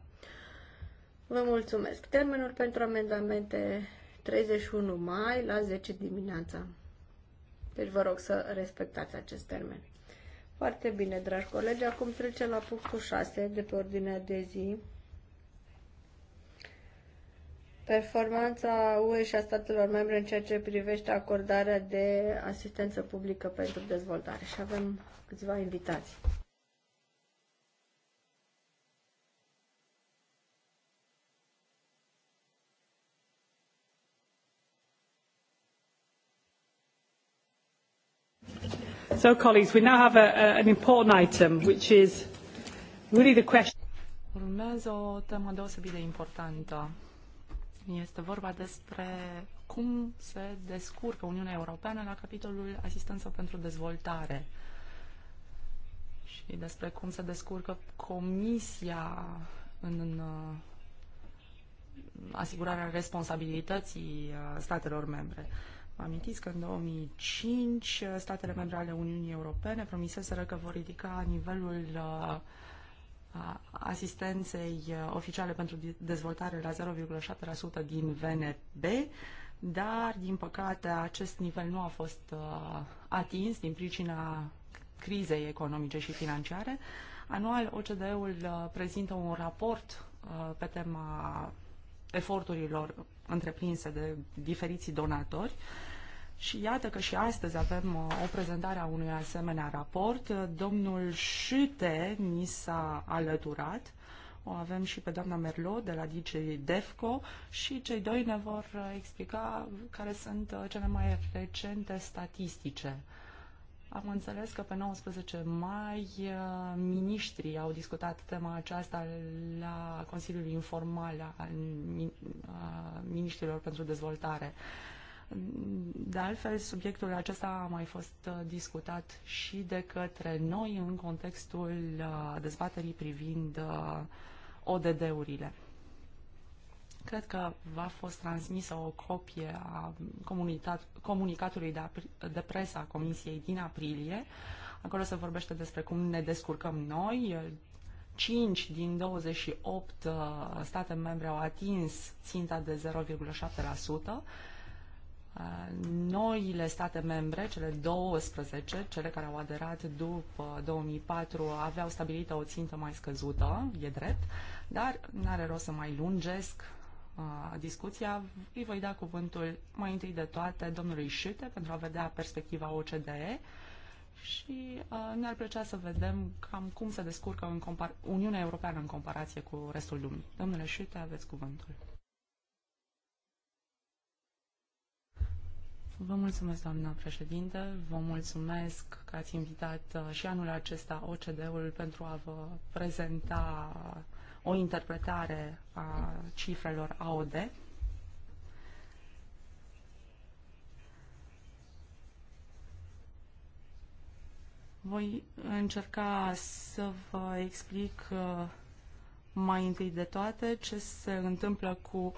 Vă mulțumesc. Termenul pentru amendamente 31 mai la 10 dimineața. Deci vă rog să respectați acest termen. Foarte bine, dragi colegi. Acum trecem la punctul 6 de pe ordinea de zi. Performanța UE și a statelor membre în ceea ce privește acordarea de asistență publică pentru dezvoltare. Și avem câțiva invitați. So, colleagues, we now have a, a, an important item, which is really the question. Urmează o temă deosebit de importantă. Este vorba despre cum se descurcă Uniunea Europeană la capitolul asistență pentru dezvoltare și despre cum se descurcă Comisia în uh, asigurarea responsabilității uh, statelor membre. Mă amintiți că în 2005 uh, statele membre ale Uniunii Europene promiseseră că vor ridica nivelul uh, asistenței uh, oficiale pentru dezvoltare la 0,7% din VNB, dar, din păcate, acest nivel nu a fost uh, atins din pricina crizei economice și financiare. Anual, OCDE-ul uh, prezintă un raport pe tema eforturilor întreprinse de diferiții donatori uh, și iată că și astăzi avem uh, o prezentare a unui asemenea raport. Uh, domnul Șute ni s-a alăturat. O avem și pe doamna Merlo de la DJ DEFCO și cei doi ne vor uh, explica care sunt cele mai recente statistice. Am înțeles că pe 19 mai miniștrii au discutat tema aceasta la Consiliul Informal al Miniștrilor pentru Dezvoltare. De altfel, subiectul acesta a mai fost uh, discutat și de către noi în contextul uh, dezbaterii privind uh, ODD-urile. Cred că v-a fost transmisă o copie a comunicatului de, de presă a Comisiei din aprilie. Acolo se vorbește despre cum ne descurcăm noi. 5 din 28 state membre au atins ținta de 0,7% noile state membre, cele 12, cele care au aderat după 2004, aveau stabilită o țintă mai scăzută, e drept, dar nu are rost să mai lungesc discuția. Îi voi da cuvântul mai întâi de toate domnului Șute pentru a vedea perspectiva OCDE și uh, ne-ar plăcea să vedem cam cum se descurcă în Uniunea Europeană în comparație cu restul lumii. Domnule Șute, aveți cuvântul. Vă mulțumesc, doamna președinte, vă mulțumesc că ați invitat uh, și anul acesta OCD-ul pentru a vă prezenta o interpretare a cifrelor AOD. Voi încerca să vă explic uh, mai întâi de toate ce se întâmplă cu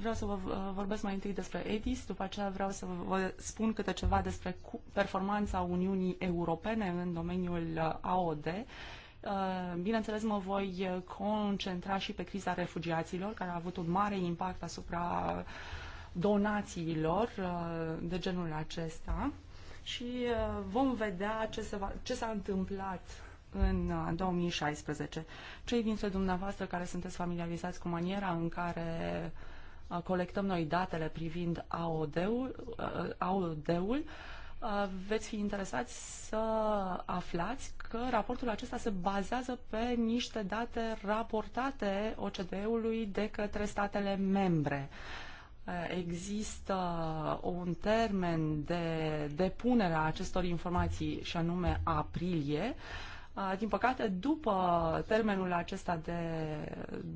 Vreau să vă vorbesc mai întâi despre EDIS, după aceea vreau să vă spun câte ceva despre performanța Uniunii Europene în domeniul uh, AOD. Uh, bineînțeles, mă voi uh, concentra și pe criza refugiaților, care a avut un mare impact asupra donațiilor de genul acesta și vom vedea ce, se va, ce s-a întâmplat în 2016. Uh, Cei dintre dumneavoastră care sunteți familiarizați cu maniera în care uh, colectăm noi datele privind AOD-ul, uh, AOD-ul veți fi interesați să aflați că raportul acesta se bazează pe niște date raportate OCDE-ului de către statele membre. Există un termen de depunere a acestor informații și anume aprilie. Din păcate, după termenul acesta de,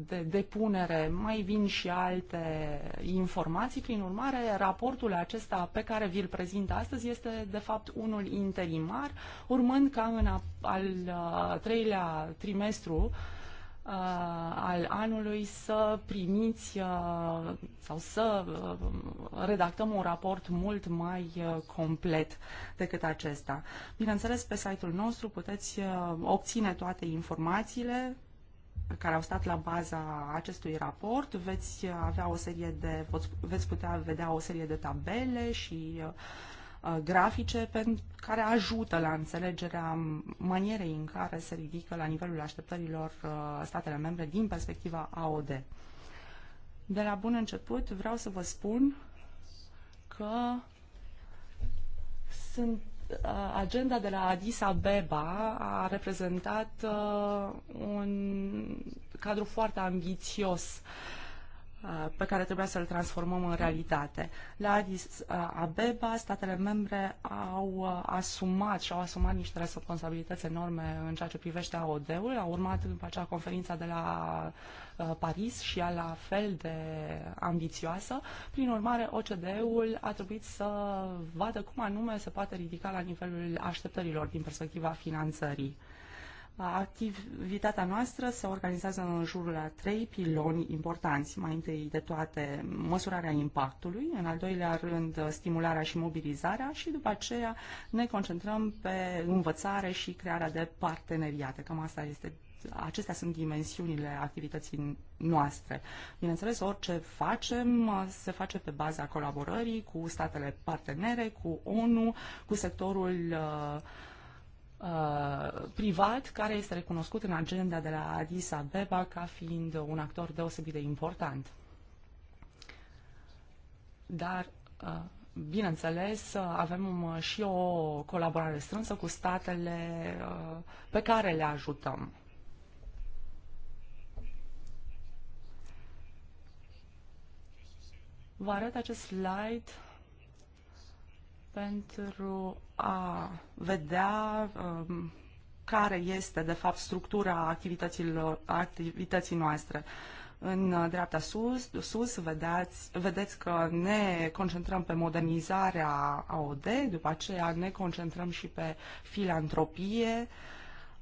de depunere, mai vin și alte informații. Prin urmare, raportul acesta pe care vi-l prezint astăzi este, de fapt, unul interimar, urmând ca în al treilea trimestru uh, Uh, al anului să primiți uh, sau să uh, redactăm un raport mult mai complet decât acesta. Bineînțeles, pe site-ul nostru puteți obține toate informațiile care au stat la baza acestui raport. Veți avea o serie de, veți putea vedea o serie de tabele și Uh, grafice care ajută la înțelegerea manierei în care se ridică la nivelul așteptărilor uh, statele membre din perspectiva AOD. De la bun început vreau să vă spun că sunt uh, agenda de la Addis Abeba a reprezentat un cadru foarte ambițios uh, pe care trebuia să-l transformăm în realitate. La Addis Abeba, statele membre au asumat și au asumat niște responsabilități enorme în ceea ce privește AOD-ul. Au urmat după aceea conferința de la Paris și ea la fel de ambițioasă. Prin urmare, OCDE-ul a trebuit să vadă cum anume se poate ridica la nivelul așteptărilor din perspectiva finanțării. Activitatea noastră se organizează în jurul a trei piloni importanți. Mai întâi de toate, măsurarea impactului, în al doilea rând, stimularea și mobilizarea și după aceea ne concentrăm pe învățare și crearea de parteneriate. Cam asta este acestea sunt dimensiunile activității noastre. Bineînțeles, orice facem se face pe baza colaborării cu statele partenere, cu ONU, cu sectorul uh, uh, privat care este recunoscut în agenda de la Addis Abeba ca fiind un actor deosebit de important. Dar uh, bineînțeles, uh, avem uh, și o colaborare strânsă cu statele uh, pe care le ajutăm. Vă arăt acest slide pentru a vedea um, care este, de fapt, structura activităților, activității noastre. În uh, dreapta sus, sus vedeți, vedeți că ne concentrăm pe modernizarea AOD, după aceea ne concentrăm și pe filantropie,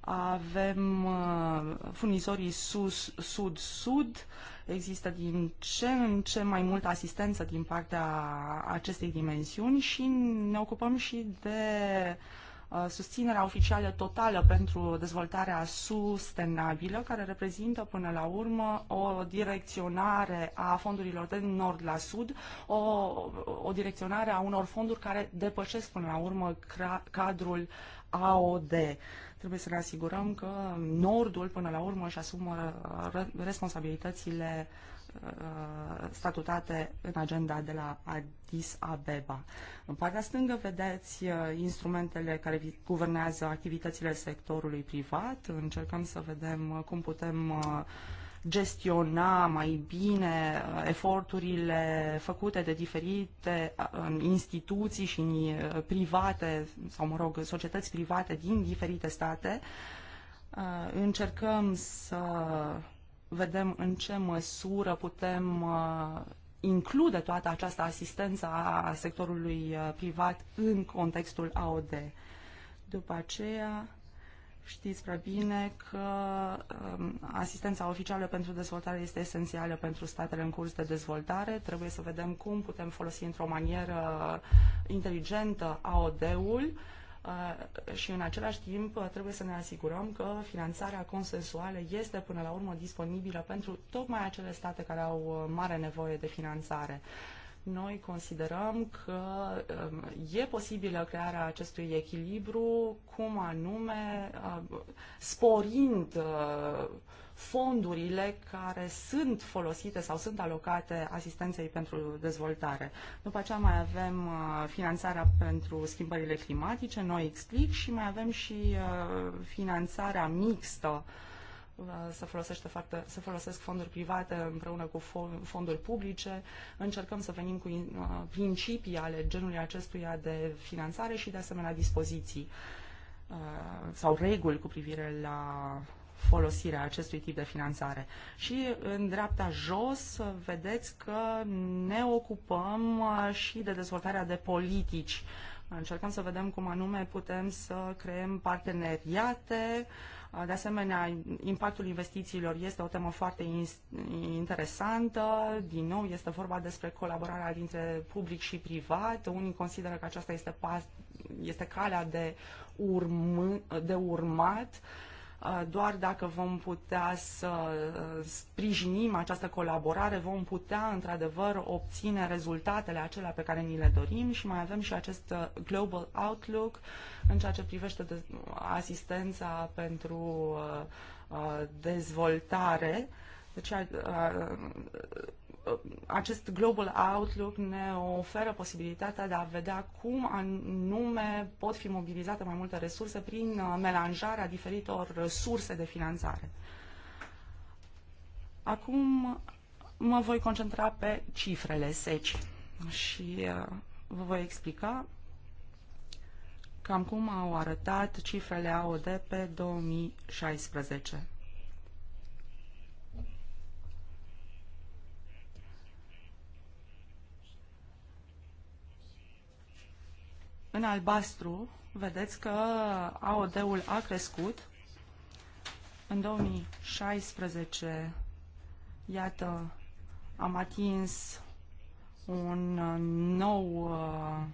avem uh, furnizorii sus, sud, sud, uh, Există din ce în ce mai multă asistență din partea acestei dimensiuni și ne ocupăm și de uh, susținerea oficială totală pentru dezvoltarea sustenabilă, care reprezintă până la urmă o direcționare a fondurilor de nord la sud, o, o direcționare a unor fonduri care depășesc până la urmă cadrul AOD. Trebuie să ne asigurăm că Nordul, până la urmă, își asumă uh, responsabilitățile uh, statutate în agenda de la Addis Abeba. În partea stângă vedeți uh, instrumentele care guvernează activitățile sectorului privat. Încercăm să vedem cum putem uh, gestiona mai bine uh, eforturile făcute de diferite uh, um, instituții și uh, private, sau mă rog, societăți private din diferite state, încercăm să vedem în ce măsură putem include toată această asistență a sectorului privat în contextul AOD. După aceea, Știți prea bine că um, asistența oficială pentru dezvoltare este esențială pentru statele în curs de dezvoltare. Trebuie să vedem cum putem folosi într-o manieră inteligentă AOD-ul uh, și în același timp uh, trebuie să ne asigurăm că finanțarea consensuală este până la urmă disponibilă pentru tocmai acele state care au uh, mare nevoie de finanțare. Noi considerăm că um, e posibilă crearea acestui echilibru, cum anume uh, sporind uh, fondurile care sunt folosite sau sunt alocate asistenței pentru dezvoltare. După aceea mai avem uh, finanțarea pentru schimbările climatice, noi explic, și mai avem și finanțarea mixtă să folosește foarte, să folosesc fonduri private împreună cu fonduri publice. Încercăm să venim cu uh, principii ale genului acestuia de finanțare și de asemenea dispoziții uh, sau reguli cu privire la folosirea acestui tip de finanțare. Și în dreapta jos vedeți că ne ocupăm uh, și de dezvoltarea de politici. Încercăm să vedem cum anume putem să creăm parteneriate uh, de asemenea, impactul investițiilor este o temă foarte interesantă. Din nou, este vorba despre colaborarea dintre public și privat. Unii consideră că aceasta este, pas, este calea de, urm, de urmat. Uh, Uh, doar dacă vom putea să uh, sprijinim această colaborare, vom putea într-adevăr obține rezultatele acelea pe care ni le dorim și mai avem și acest uh, Global Outlook în ceea ce privește asistența pentru dezvoltare. Deci acest Global Outlook ne oferă posibilitatea de a vedea cum anume pot fi mobilizate mai multe resurse prin uh, melanjarea diferitor surse de finanțare. Acum mă voi concentra pe cifrele seci și uh, vă voi explica cam cum au arătat cifrele AOD pe 2016. În albastru, vedeți că AOD-ul a crescut. În 2016, iată, am atins un nou, uh,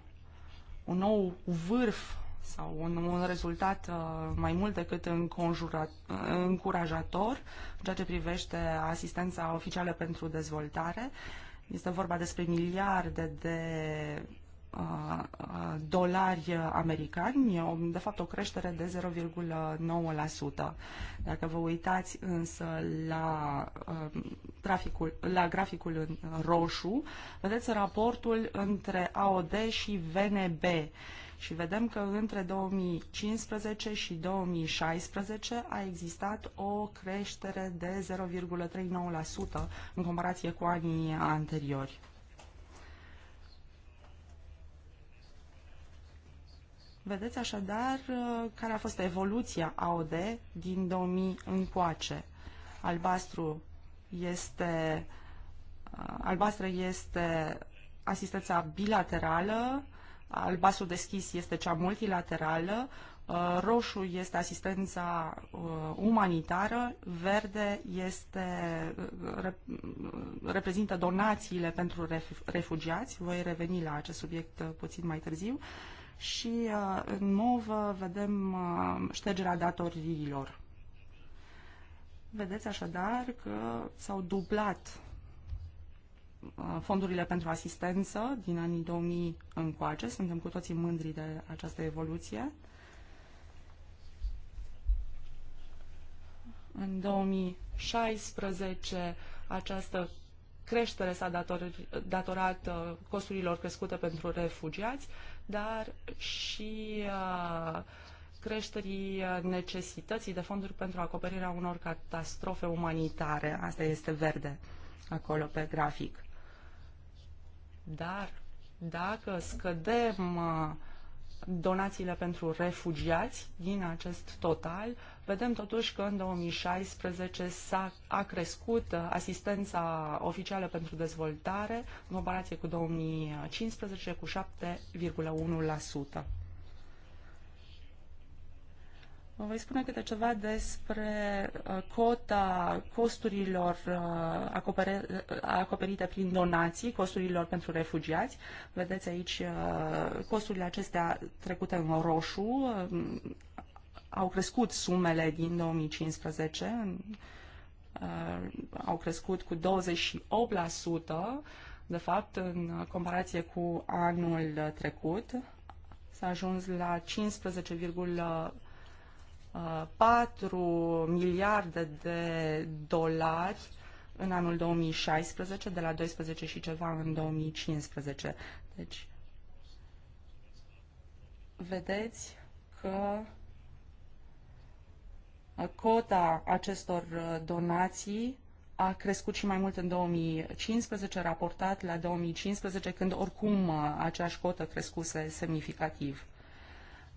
un nou vârf sau un, un rezultat uh, mai mult decât încurajator în ceea ce privește asistența oficială pentru dezvoltare. Este vorba despre miliarde de dolari americani, de fapt o creștere de 0,9%. Dacă vă uitați însă la, traficul, la graficul în roșu, vedeți raportul între AOD și VNB și vedem că între 2015 și 2016 a existat o creștere de 0,39% în comparație cu anii anteriori. Vedeți așadar uh, care a fost evoluția AOD din 2000 încoace. Albastru este, uh, albastră este asistența bilaterală, albastru deschis este cea multilaterală, uh, roșu este asistența umanitară, verde este, reprezintă donațiile pentru refugiați, voi reveni la acest subiect puțin mai târziu, și uh, în movă vedem uh, ștergerea datoriilor. Vedeți așadar că s-au dublat uh, fondurile pentru asistență din anii 2000 încoace. Suntem cu toții mândri de această evoluție. În 2016 această creștere s-a datorat costurilor crescute pentru refugiați dar și uh, creșterii uh, necesității de fonduri pentru acoperirea unor catastrofe umanitare. Asta este verde acolo pe grafic. Dar dacă scădem uh, donațiile pentru refugiați din acest total, Vedem totuși că în 2016 s-a a crescut uh, asistența oficială pentru dezvoltare în comparație cu 2015 cu 7,1%. Vă voi spune câte ceva despre uh, cota costurilor uh, acoperite prin donații, costurilor pentru refugiați. Vedeți aici costurile acestea trecute în roșu, au crescut sumele din 2015, uh, au crescut cu 28%, de fapt, în comparație cu anul trecut. S-a ajuns la 15,4 miliarde de dolari în anul 2016, de la 12 și ceva în 2015. Deci, vedeți că Cota acestor uh, donații a crescut și mai mult în 2015, raportat la 2015, când oricum uh, aceeași cotă crescuse semnificativ.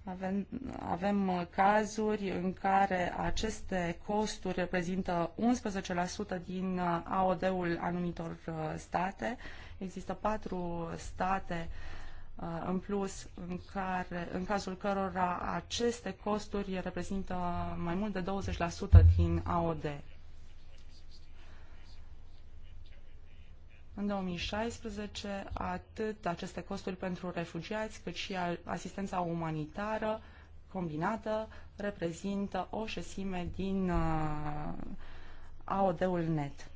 Avem, avem uh, cazuri în care aceste costuri reprezintă 11% din AOD-ul anumitor state. Există patru state uh, Uh, în plus în, care, în cazul cărora aceste costuri reprezintă mai mult de 20% din AOD. În 2016, atât aceste costuri pentru refugiați, cât și asistența umanitară combinată reprezintă o șesime din uh, AOD-ul net.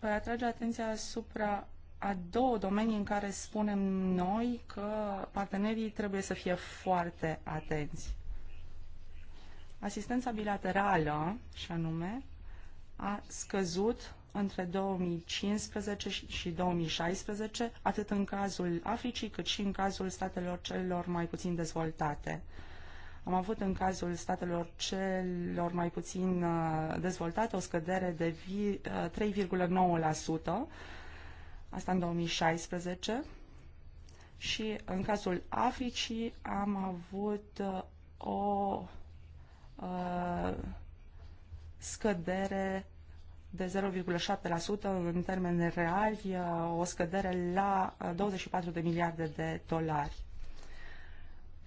Vă atrage atenția asupra a două domenii în care spunem noi că partenerii trebuie să fie foarte atenți. Asistența bilaterală, și anume, a scăzut între 2015 și 2016, atât în cazul Africii, cât și în cazul statelor celor mai puțin dezvoltate. Am avut în cazul statelor celor mai puțin uh, dezvoltate o scădere de 3,9%, asta în 2016 și în cazul Africii am avut uh, o uh, scădere de 0,7% în termeni reali, uh, o scădere la 24 de miliarde de dolari.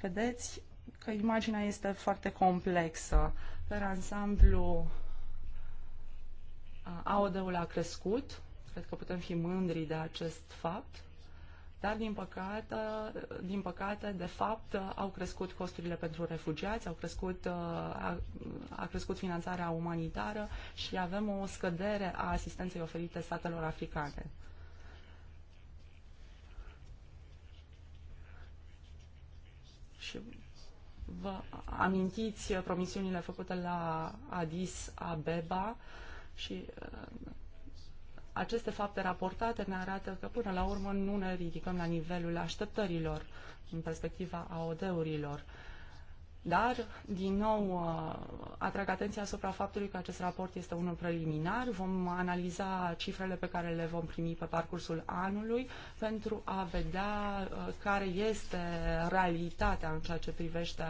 Vedeți că imaginea este foarte complexă. Per ansamblu, AOD-ul a crescut Cred că putem fi mândri de acest fapt. Dar, din păcate, din păcate, de fapt, au crescut costurile pentru refugiați, au crescut, a, a crescut finanțarea umanitară și avem o scădere a asistenței oferite statelor africane. Și vă amintiți promisiunile făcute la Addis Abeba și uh, aceste fapte raportate ne arată că până la urmă nu ne ridicăm la nivelul așteptărilor în perspectiva AOD-urilor. Dar, din nou, uh, atrag atenția asupra faptului că acest raport este unul preliminar. Vom analiza cifrele pe care le vom primi pe parcursul anului pentru a vedea uh, care este realitatea în ceea ce privește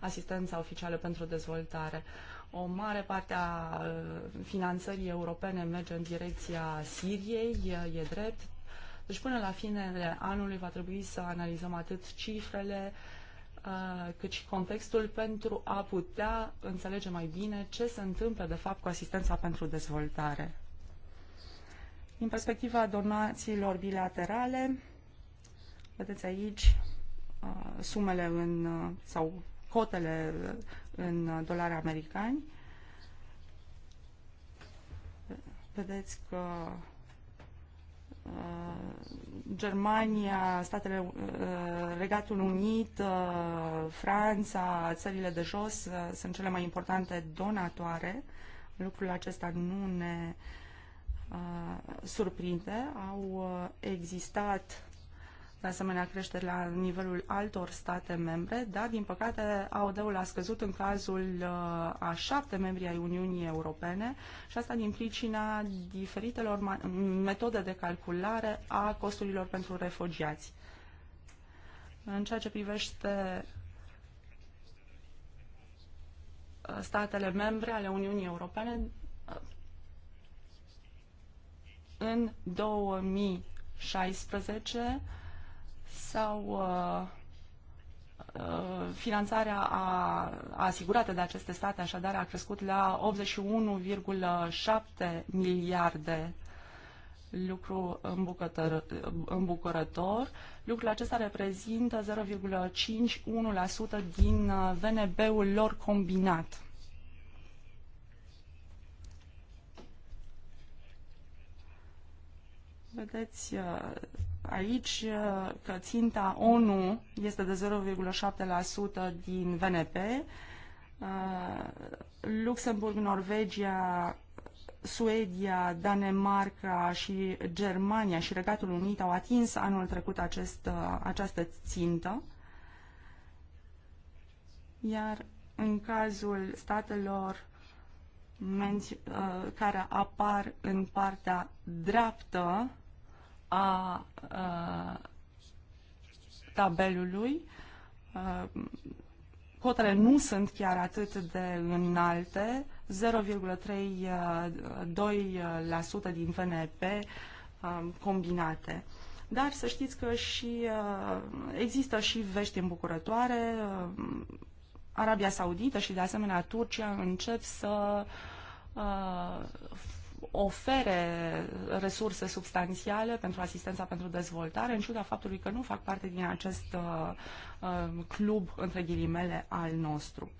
asistența oficială pentru dezvoltare. O mare parte a uh, finanțării europene merge în direcția Siriei, e drept. Deci până la finele anului va trebui să analizăm atât cifrele, uh, cât și contextul pentru a putea înțelege mai bine ce se întâmplă de fapt cu asistența pentru dezvoltare. Din perspectiva donațiilor bilaterale, vedeți aici uh, sumele în, sau cotele în dolari americani. Vedeți că uh, Germania, Statele uh, Regatul Unit, uh, Franța, țările de jos sunt cele mai importante donatoare. Lucrul acesta nu ne surprinde. Au existat de asemenea creșteri la nivelul altor state membre, dar, din păcate, AOD-ul a scăzut în cazul uh, a șapte membri ai Uniunii Europene și asta din pricina diferitelor metode de calculare a costurilor pentru refugiați. În ceea ce privește uh, statele membre ale Uniunii Europene, uh, în 2016 sau uh, uh, finanțarea a, asigurată de aceste state așadar a crescut la 81,7 miliarde lucru îmbucurător. Lucrul acesta reprezintă 0,51% din uh, VNB-ul lor combinat. Vedeți, aici uh, că ținta ONU este de 0,7% din VNP. Uh, Luxemburg, Norvegia, Suedia, Danemarca și Germania și Regatul Unit au atins anul trecut acest, uh, această țintă. Iar în cazul statelor care apar în partea dreaptă a tabelului. Cotele nu sunt chiar atât de înalte, 0,32% din VNP combinate. Dar să știți că și există și vești îmbucurătoare. Arabia Saudită și de asemenea Turcia încep să ofere resurse substanțiale pentru asistența pentru dezvoltare, în ciuda faptului că nu fac parte din acest uh, uh, club, între ghilimele, al nostru.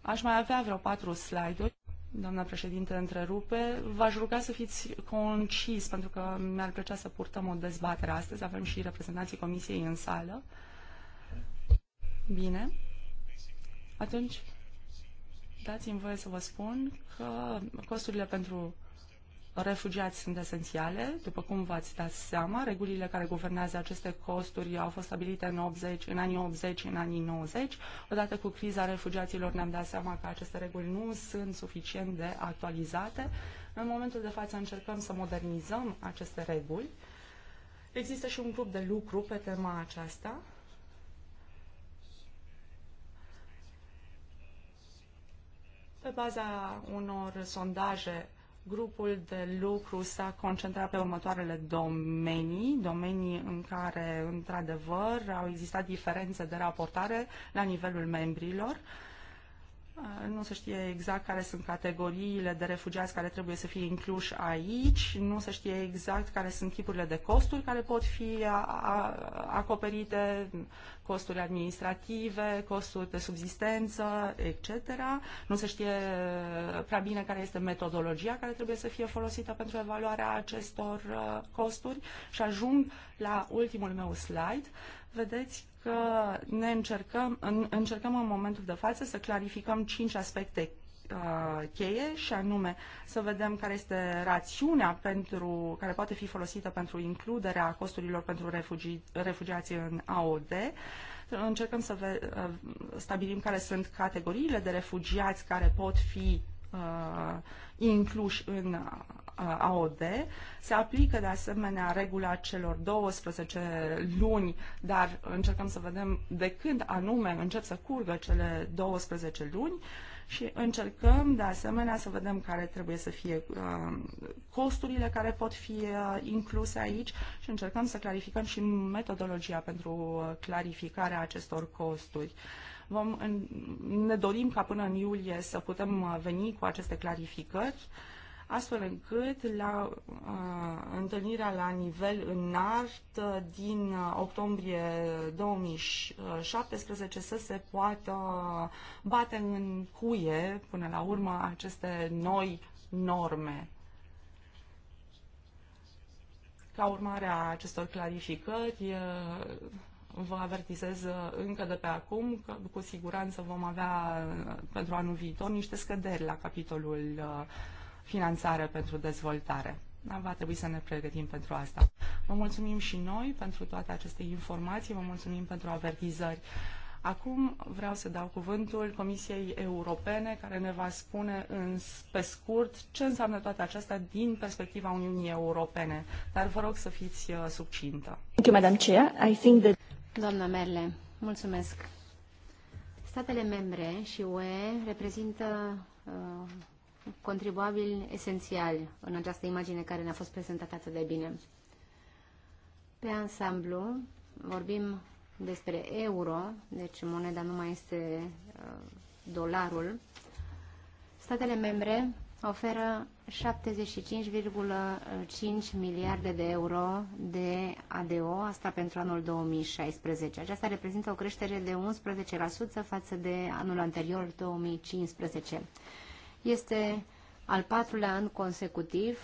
Aș mai avea vreo patru slide-uri. Doamna președinte, întrerupe. V-aș ruga să fiți concis, pentru că mi-ar plăcea să purtăm o dezbatere astăzi. Avem și reprezentanții comisiei în sală. Bine. Atunci, dați-mi voie să vă spun că costurile pentru refugiați sunt esențiale. După cum v-ați dat seama, regulile care guvernează aceste costuri au fost stabilite în, 80, în anii 80, în anii 90. Odată cu criza refugiaților ne-am dat seama că aceste reguli nu sunt suficient de actualizate. În momentul de față încercăm să modernizăm aceste reguli. Există și un grup de lucru pe tema aceasta Pe baza unor sondaje, grupul de lucru s-a concentrat pe următoarele domenii, domenii în care, într-adevăr, au existat diferențe de raportare la nivelul membrilor. Uh, Uh, nu se știe exact care sunt categoriile de refugiați care trebuie să fie incluși aici, nu se știe exact care sunt tipurile de costuri care pot fi acoperite, costuri administrative, costuri de subzistență, etc. Nu se știe prea bine care este metodologia care trebuie să fie folosită pentru evaluarea acestor uh, costuri și ajung la ultimul meu slide vedeți că ne încercăm, încercăm în momentul de față să clarificăm cinci aspecte uh, cheie și anume să vedem care este rațiunea pentru, care poate fi folosită pentru includerea costurilor pentru refugi, refugiații în AOD. Încercăm să ve, uh, stabilim care sunt categoriile de refugiați care pot fi uh, incluși în Uh, AOD. Se aplică de asemenea regula celor 12 luni, dar încercăm să vedem de când anume încep să curgă cele 12 luni și încercăm de asemenea să vedem care trebuie să fie uh, costurile care pot fi uh, incluse aici și încercăm să clarificăm și metodologia pentru clarificarea acestor costuri. Vom, ne dorim ca până în iulie să putem veni cu aceste clarificări astfel încât la uh, întâlnirea la nivel înalt din octombrie 2017 să se poată bate în cuie până la urmă aceste noi norme. Ca urmare a acestor clarificări, vă avertizez încă de pe acum că cu siguranță vom avea pentru anul viitor niște scăderi la capitolul uh, finanțare pentru dezvoltare. Da, va trebui să ne pregătim pentru asta. Vă mulțumim și noi pentru toate aceste informații, vă mulțumim pentru avertizări. Acum vreau să dau cuvântul Comisiei Europene, care ne va spune în, pe scurt ce înseamnă toate acestea din perspectiva Uniunii Europene. Dar vă rog să fiți uh, subcintă. Thank you, Madam Chair. I think that... Doamna Merle, mulțumesc. Statele membre și UE reprezintă uh, contribuabili esențiali în această imagine care ne-a fost prezentată atât de bine. Pe ansamblu vorbim despre euro, deci moneda nu mai este uh, dolarul. Statele membre oferă 75,5 miliarde de euro de ADO, asta pentru anul 2016. Aceasta reprezintă o creștere de 11% față de anul anterior, 2015. Este al patrulea an consecutiv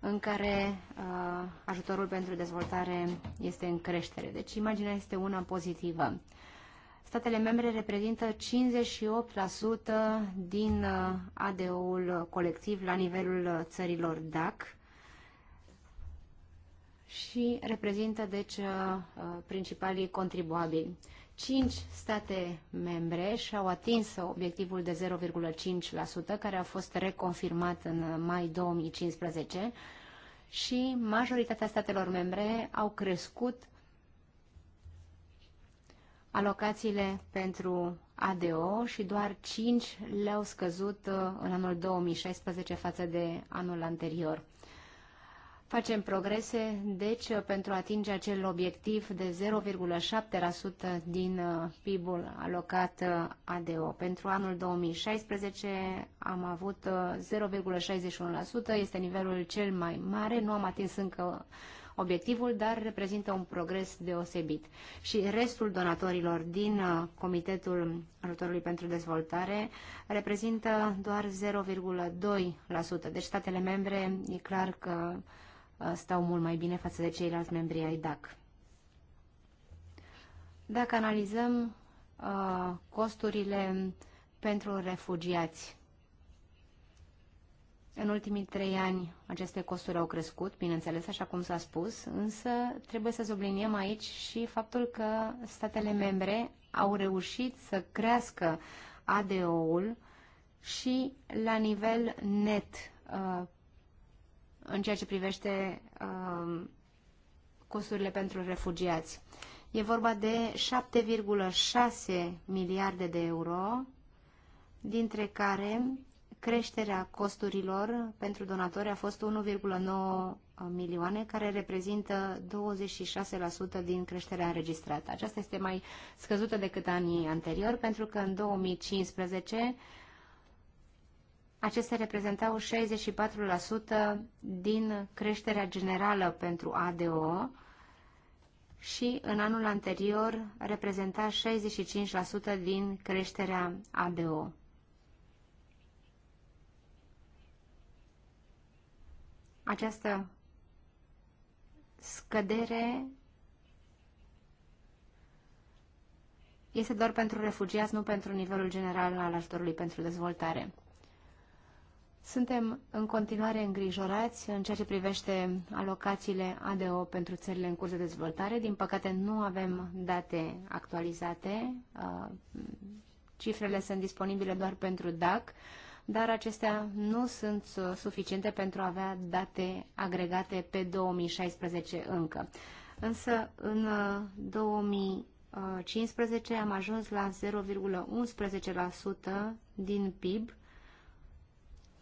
în care uh, ajutorul pentru dezvoltare este în creștere. Deci imaginea este una pozitivă. Statele membre reprezintă 58% din uh, ADO-ul colectiv la nivelul uh, țărilor DAC și reprezintă, deci, uh, principalii contribuabili. Cinci state membre și-au atins obiectivul de 0,5%, care a fost reconfirmat în mai 2015 și majoritatea statelor membre au crescut alocațiile pentru ADO și doar 5 le-au scăzut uh, în anul 2016 față de anul anterior. Facem progrese, deci, pentru a atinge acel obiectiv de 0,7% din uh, PIB-ul alocat uh, ADO. Pentru anul 2016 am avut 0,61%, uh, este nivelul cel mai mare, nu am atins încă obiectivul, dar reprezintă un progres deosebit. Și restul donatorilor din Comitetul Ajutorului pentru Dezvoltare reprezintă doar 0,2%. Deci statele membre e clar că Uh, stau mult mai bine față de ceilalți membri ai DAC. Dacă analizăm uh, costurile pentru refugiați, în ultimii trei ani aceste costuri au crescut, bineînțeles, așa cum s-a spus, însă trebuie să subliniem aici și faptul că statele membre au reușit să crească ADO-ul și la nivel net uh, în ceea ce privește um, costurile pentru refugiați. E vorba de 7,6 miliarde de euro, dintre care creșterea costurilor pentru donatori a fost 1,9 milioane, care reprezintă 26% din creșterea înregistrată. Aceasta este mai scăzută decât anii anteriori, pentru că în 2015 Acestea reprezentau 64% din creșterea generală pentru ADO și în anul anterior reprezenta 65% din creșterea ADO. Această scădere este doar pentru refugiați, nu pentru nivelul general al ajutorului pentru dezvoltare. Suntem în continuare îngrijorați în ceea ce privește alocațiile ADO pentru țările în curs de dezvoltare. Din păcate nu avem date actualizate. Uh, cifrele sunt disponibile doar pentru DAC, dar acestea nu sunt suficiente pentru a avea date agregate pe 2016 încă. Însă în 2015 uh, am ajuns la 0,11% din PIB,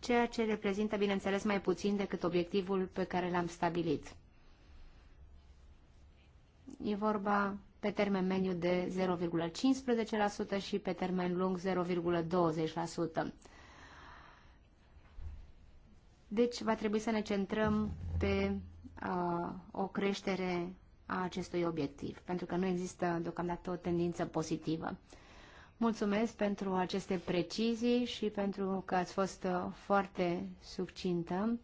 ceea ce reprezintă, bineînțeles, mai puțin decât obiectivul pe care l-am stabilit. E vorba pe termen mediu de 0,15% și pe termen lung 0,20%. Deci va trebui să ne centrăm pe uh, o creștere a acestui obiectiv, pentru că nu există deocamdată o tendință pozitivă. Mulțumesc pentru aceste precizii și pentru că ați fost uh, foarte succintă.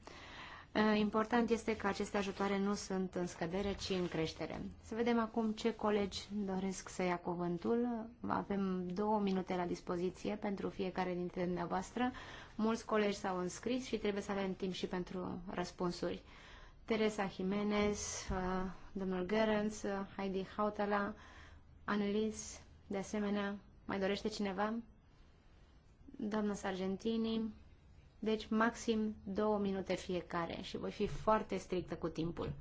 Uh, important este că aceste ajutoare nu sunt în scădere, ci în creștere. Să vedem acum ce colegi doresc să ia cuvântul. Avem două minute la dispoziție pentru fiecare dintre dumneavoastră. Mulți colegi s-au înscris și trebuie să avem timp și pentru răspunsuri. Teresa Jimenez, uh, domnul Gerens, Heidi Hautala, Annelies, de asemenea, mai dorește cineva? Doamna Sargentini. Deci maxim două minute fiecare și voi fi foarte strictă cu timpul.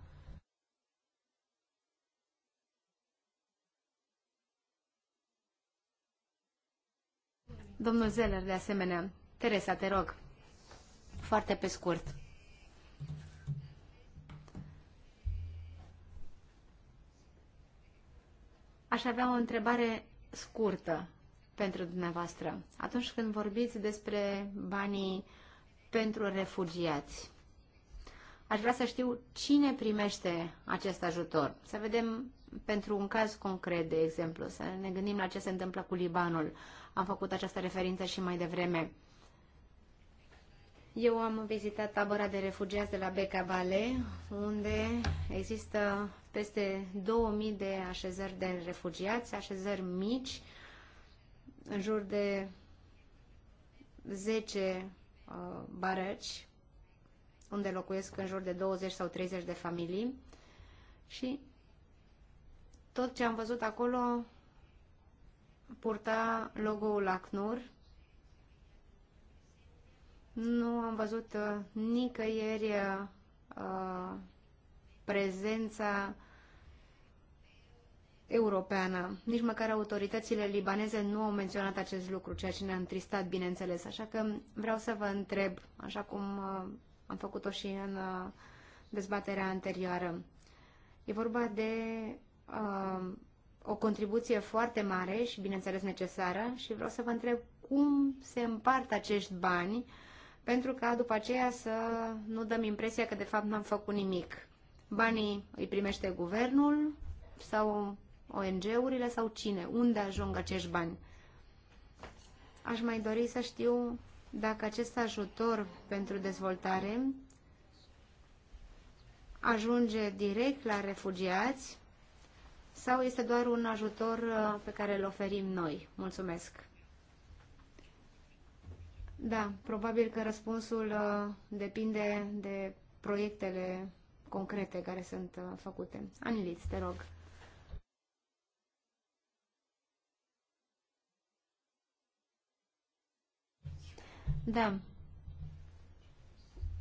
Domnul Zeller, de asemenea. Teresa, te rog. Foarte pe scurt. Aș avea o întrebare scurtă pentru dumneavoastră. Atunci când vorbiți despre banii pentru refugiați, aș vrea să știu cine primește acest ajutor. Să vedem pentru un caz concret, de exemplu, să ne gândim la ce se întâmplă cu Libanul. Am făcut această referință și mai devreme. Eu am vizitat tabăra de refugiați de la Beca Vale, unde există peste 2000 de așezări de refugiați, așezări mici, uh, în jur de 10 uh, barăci, unde locuiesc în jur de 20 sau 30 de familii și tot ce am văzut acolo purta logo-ul ACNUR. Nu am văzut uh, nicăieri uh, prezența europeană. Nici măcar autoritățile libaneze nu au menționat acest lucru, ceea ce ne-a întristat, bineînțeles. Așa că vreau să vă întreb, așa cum uh, am făcut-o și în uh, dezbaterea anterioară. E vorba de uh, o contribuție foarte mare și, bineînțeles, necesară și vreau să vă întreb cum se împart acești bani pentru ca după aceea să nu dăm impresia că, de fapt, n-am făcut nimic. Banii îi primește guvernul sau ONG-urile sau cine? Unde ajung acești bani? Aș mai dori să știu dacă acest ajutor pentru dezvoltare ajunge direct la refugiați sau este doar un ajutor uh, pe care îl oferim noi. Mulțumesc! Da, probabil că răspunsul uh, depinde de proiectele concrete care sunt uh, făcute. Anilit, te rog. Da.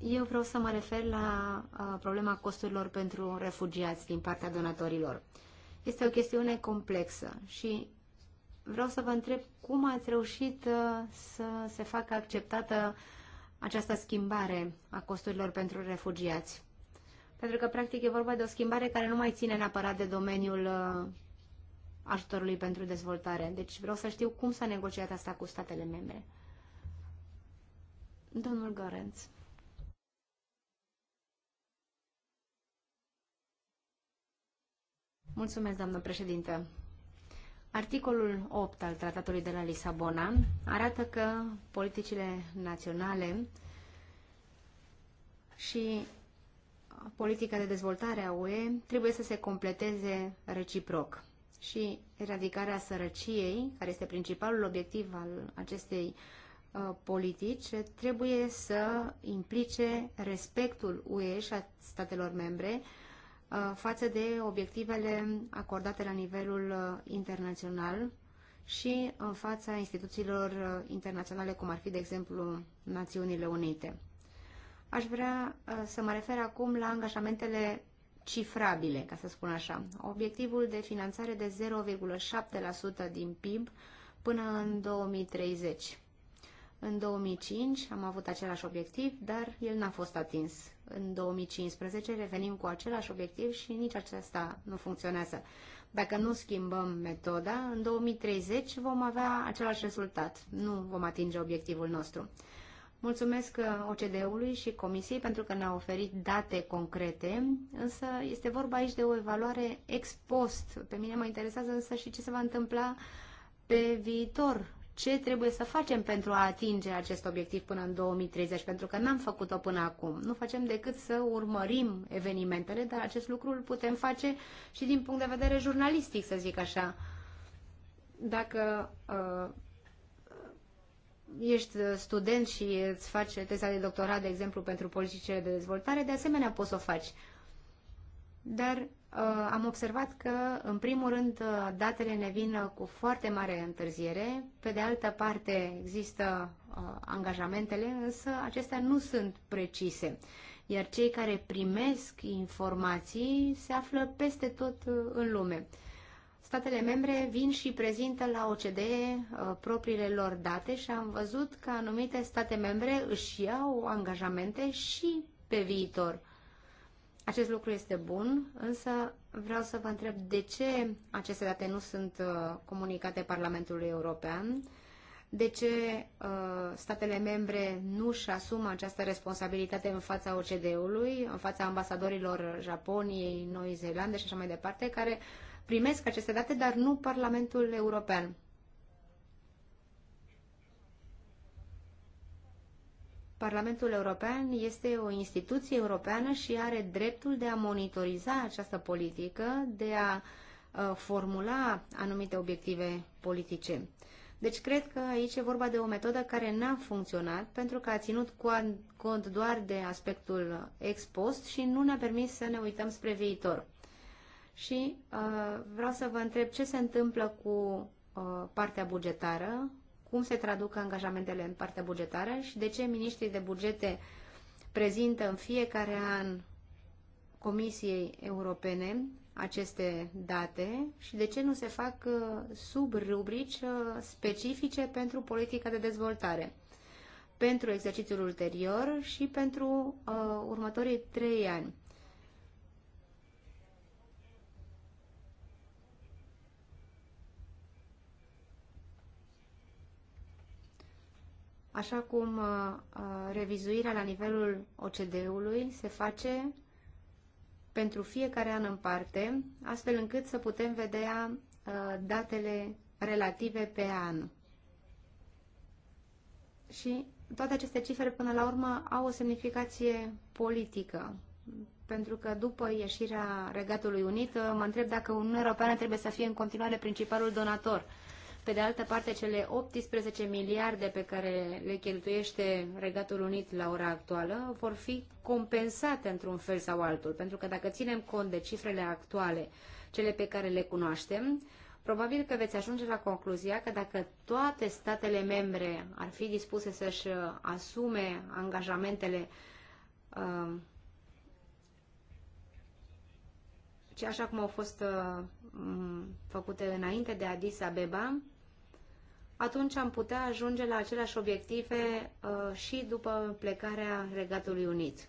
Eu vreau să mă refer la uh, problema costurilor pentru refugiați din partea donatorilor. Este o chestiune complexă și vreau să vă întreb cum ați reușit uh, să se facă acceptată această schimbare a costurilor pentru refugiați. Pentru că, practic, e vorba de o schimbare care nu mai ține neapărat de domeniul uh, ajutorului pentru dezvoltare. Deci vreau să știu cum s-a negociat asta cu statele membre. Domnul Gorenț. Mulțumesc, doamnă președinte. Articolul 8 al Tratatului de la Lisabona arată că politicile naționale și politica de dezvoltare a UE trebuie să se completeze reciproc și eradicarea sărăciei, care este principalul obiectiv al acestei uh, Uh, politici trebuie să implice respectul UE și a statelor membre uh, față de obiectivele acordate la nivelul uh, internațional și în fața instituțiilor internaționale, cum ar fi, de exemplu, Națiunile Unite. Aș vrea să mă refer acum la angajamentele cifrabile, ca să spun așa. Obiectivul de finanțare de 0,7% din PIB până în 2030. În 2005 am avut același obiectiv, dar el n-a fost atins. În 2015 revenim cu același obiectiv și nici acesta nu funcționează. Dacă nu schimbăm metoda, în 2030 vom avea același rezultat. Nu vom atinge obiectivul nostru. Mulțumesc uh, OCDE-ului și Comisiei pentru că ne au oferit date concrete, însă este vorba aici de o evaluare ex post. Pe mine mă interesează însă și ce se va întâmpla pe viitor ce trebuie să facem pentru a atinge acest obiectiv până în 2030, pentru că n-am făcut-o până acum. Nu facem decât să urmărim evenimentele, dar acest lucru îl putem face și din punct de vedere jurnalistic, să zic așa. Dacă uh, ești student și îți faci teza de doctorat, de exemplu, pentru politicile de dezvoltare, de asemenea poți să o faci. Dar Uh, am observat că, în primul rând, uh, datele ne vin uh, cu foarte mare întârziere, pe de altă parte există angajamentele, însă acestea nu sunt precise, iar cei care primesc informații se află peste tot în lume. Statele membre vin și prezintă la OCDE propriile lor date și am văzut că anumite state membre își iau angajamente și pe viitor. Acest lucru este bun, însă vreau să vă întreb de ce aceste date nu sunt uh, comunicate Parlamentului European, de ce uh, statele membre nu își asumă această responsabilitate în fața OCDE-ului, în fața ambasadorilor Japoniei, Noii Zeelande și așa mai departe, care primesc aceste date, dar nu Parlamentul European. Parlamentul European este o instituție europeană și are dreptul de a monitoriza această politică, de a ă, formula anumite obiective politice. Deci cred că aici e vorba de o metodă care n-a funcționat pentru că a ținut cont doar de aspectul ex post și nu ne-a permis să ne uităm spre viitor. Și uh, vreau să vă întreb ce se întâmplă cu uh, partea bugetară, cum se traduc angajamentele în partea bugetară și de ce miniștrii de bugete prezintă în fiecare an Comisiei Europene aceste date și de ce nu se fac uh, sub rubrici uh, specifice pentru politica de dezvoltare, pentru exercițiul ulterior și pentru uh, următorii trei ani. așa cum uh, uh, revizuirea la nivelul OCD-ului se face pentru fiecare an în parte, astfel încât să putem vedea uh, datele relative pe an. Și toate aceste cifre, până la urmă, au o semnificație politică. Pentru că după ieșirea Regatului Unit, mă întreb dacă Uniunea Europeană trebuie să fie în continuare principalul donator pe de altă parte, cele 18 miliarde pe care le cheltuiește Regatul Unit la ora actuală vor fi compensate într-un fel sau altul, pentru că dacă ținem cont de cifrele actuale, cele pe care le cunoaștem, probabil că veți ajunge la concluzia că dacă toate statele membre ar fi dispuse să-și uh, asume angajamentele uh, așa cum au fost uh, făcute înainte de Addis Abeba, atunci am putea ajunge la aceleași obiective uh, și după plecarea Regatului Unit.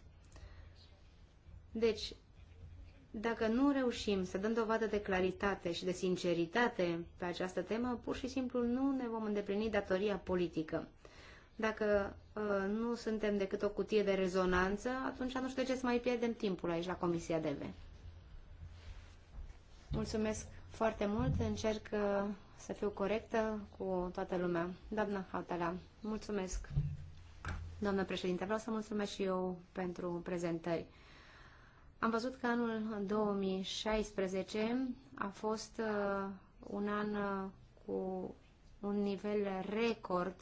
Deci, dacă nu reușim să dăm dovadă de claritate și de sinceritate pe această temă, pur și simplu nu ne vom îndeplini datoria politică. Dacă uh, nu suntem decât o cutie de rezonanță, atunci nu știu de ce să mai pierdem timpul aici la Comisia DV. Mulțumesc foarte mult. Încerc uh, să fiu corectă cu toată lumea. Doamna Hautala, mulțumesc. Doamna președinte, vreau să mulțumesc și eu pentru prezentări. Am văzut că anul 2016 a fost uh, un an uh, cu un nivel record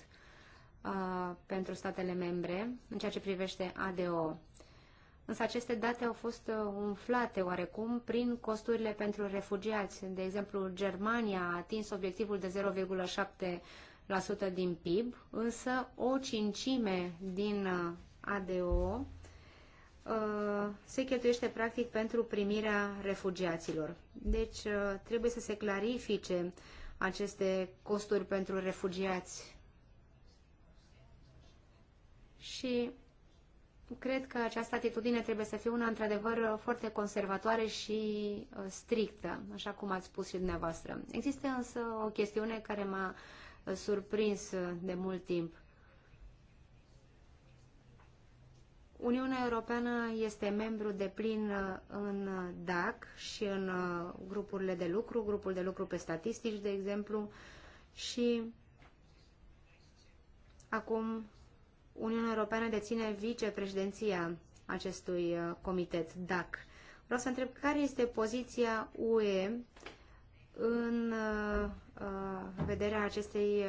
uh, pentru statele membre în ceea ce privește ADO însă aceste date au fost uh, umflate oarecum prin costurile pentru refugiați. De exemplu, Germania a atins obiectivul de 0,7% din PIB, însă o cincime din uh, ADO uh, se cheltuiește practic pentru primirea refugiaților. Deci trebuie să se clarifice aceste costuri pentru refugiați. Și cred că această atitudine trebuie să fie una într-adevăr foarte conservatoare și uh, strictă, așa cum ați spus și dumneavoastră. Există însă o chestiune care m-a uh, surprins uh, de mult timp. Uniunea Europeană este membru de plin în DAC și în grupurile de lucru, grupul de lucru pe statistici, de exemplu, și acum Uniunea Europeană deține vicepreședinția acestui uh, comitet, DAC. Vreau să întreb care este poziția UE în uh, uh, vederea acestei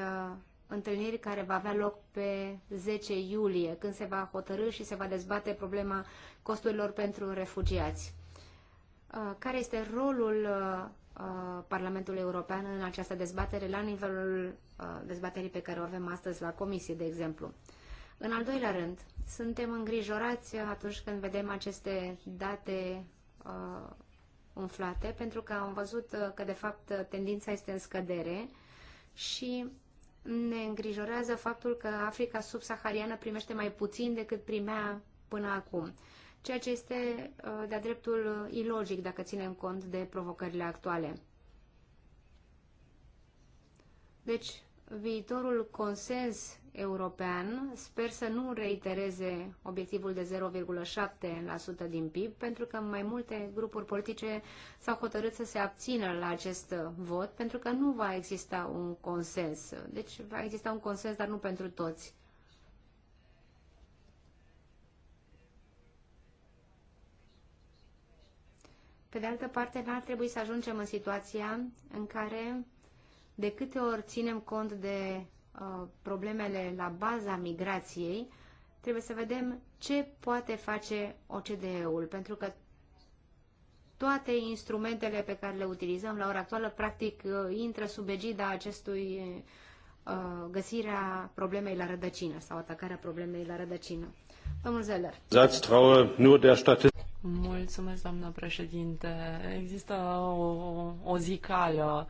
întâlniri care va avea loc pe 10 iulie, când se va hotărâ și se va dezbate problema costurilor pentru refugiați. Care este rolul Parlamentului European în această dezbatere la nivelul dezbaterii pe care o avem astăzi la comisie, de exemplu? În al doilea rând, suntem îngrijorați atunci când vedem aceste date uh, umflate, pentru că am văzut uh, că, de fapt, tendința este în scădere și ne îngrijorează faptul că Africa subsahariană primește mai puțin decât primea până acum, ceea ce este uh, de-a dreptul ilogic dacă ținem cont de provocările actuale. Deci, viitorul consens european sper să nu reitereze obiectivul de 0,7% din PIB, pentru că mai multe grupuri politice s-au hotărât să se abțină la acest vot, pentru că nu va exista un consens. Deci va exista un consens, dar nu pentru toți. Pe de altă parte, n-ar trebui să ajungem în situația în care de câte ori ținem cont de uh, problemele la baza migrației, trebuie să vedem ce poate face OCDE-ul, pentru că toate instrumentele pe care le utilizăm la ora actuală, practic, uh, intră sub egida acestui uh, găsirea problemei la rădăcină sau atacarea problemei la rădăcină. Domnul Zeller. Mulțumesc, doamnă președinte. Există o, o zicală